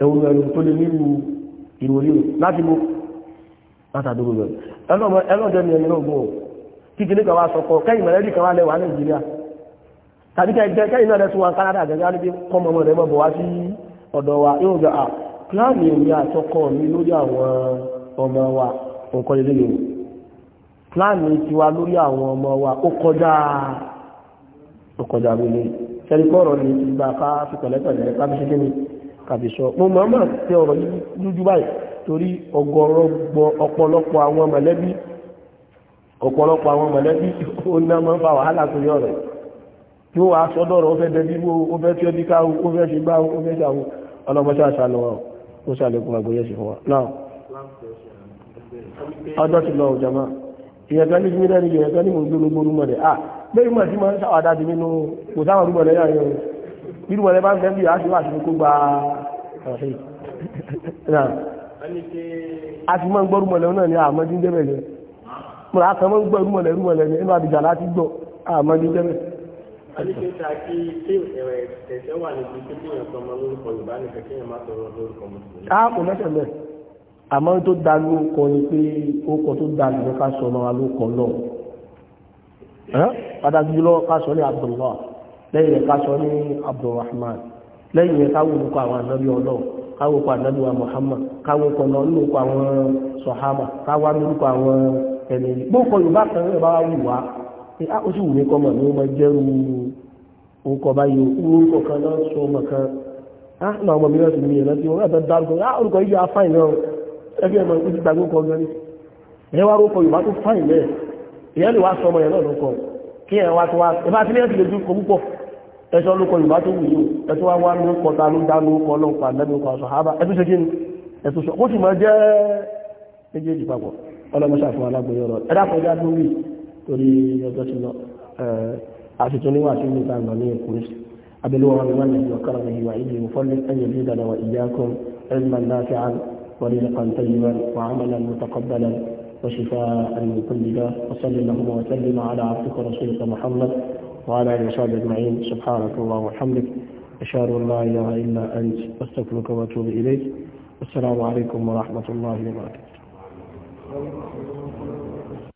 ẹ̀wọ̀n ẹ̀rù tó lé nílùú ìròyìn láti ẹlọ́dẹ ni ẹ̀yìn ogun o kíkiri kan wá sọ kọ kẹ́yìn mọ̀lẹ́bí kan wá lẹ́wà nàìjíríà tàbí kẹ́yìn náà lẹ́sùn wa Canada gẹ́gẹ́ níbi kọ́mọ ọmọ rẹ̀ mọ̀ bọ̀ wá sí ọ̀dọ̀ wa yóò gbà à pílánì èmi àtọkọ mi lórí àwọn ọmọ wa nǹkan lè léyìn pílánì tiwa lórí àwọn ọmọ wa ó kọjá ó kọjá mi lé sẹ́ni kọ́rọ̀ ni ìgbà ká fi pẹ̀lẹ́pẹ̀lẹ́ ká kí ni kàbí sọ mo mọ̀ mọ̀ pé ọ̀rọ̀ yìí lójú báyìí torí ọgọ́rọ̀ gbọ́ ọ̀pọ̀lọpọ̀ àwọn mọ̀lẹ́bí ọ̀pọ̀lọpọ̀ àwọn mọ̀lẹ́bí ó ná máa ń fa wàhálà tó yọ̀ rẹ̀ tí ó wàá sọ́dọ̀rọ̀ ó fẹ́ dẹbí bó ó fẹ́ tí ó bí káwó ó fẹ́ ṣe báwo ó fẹ́ ṣe àwọn ọlọ́mọṣẹ́ àṣàlù wọn ó ṣàlékún àgbóyè sí wa náà ọjọ́ ti lọ òjàmá ìyẹ̀kan ní ìmílẹ̀ ní ìyẹ̀kan ní mògbólógbólú mọ̀lẹ̀ à bẹ́ẹ̀ mọ̀ sí máa ń ṣàwádà jù nínú kò sáwọn rúbọ̀lẹ̀ yà yẹn rúbọ̀lẹ̀ bá ń fẹ́ bí i àṣìwà àṣìwà kó gba ọ̀hìn a ti máa ń gbọ́ rúmọ̀lẹ́ náà ni àmọ́ tí ń jẹ́ bẹ̀lẹ́ mo rà kàn máa ń gbọ́ rúmọ̀lẹ́ rúmọ̀lẹ́ ni inú àbíjà láti gbọ́ àmọ́ tí ń jẹ́ bẹ̀lẹ́. a kò lẹ́sẹ̀ bẹ́ẹ̀ àmọ́ tó da ló kọ ó kọ tó ọmọ wa ló kọ ní Abdullah káwọ́pọ̀ àdánùwà Muhammad káwọ́pọ̀ náà lórúkọ àwọn sọ̀hábà káwá lórúkọ àwọn ẹni gbọ́kọ Yorùbá kan rẹ̀ bá wù wá pé á ah, sì wù mí kọ́ mọ̀ ní ó jẹ́rù orúkọ báyìí orúkọ kan náà sọ ọmọ kan ah, ọmọ mi náà sì ní wọn dárúkọ fáìn náà ti gbàgbé kọ gan ẹ wá Yorùbá tó fáìn bẹ́ẹ̀ lè wá sọ ọmọ yẹn náà kí ẹ wá tó wá ẹ bá ti ní ẹ ẹ̀ṣọ́ lóko yorùbá tó wù yóò ẹ̀ṣọ́ wá wá ní kọta ló dá ní kọ lọ́n pa lẹ́nu kọ sọ̀hábà ẹ̀tún ṣe kíni ẹ̀tún sọ ó sì máa jẹ́ وعلى آله وصحبه أجمعين سبحانك اللهم وبحمدك أشهد أن لا إله إلا أنت أستغفرك وأتوب إليك والسلام عليكم ورحمة الله وبركاته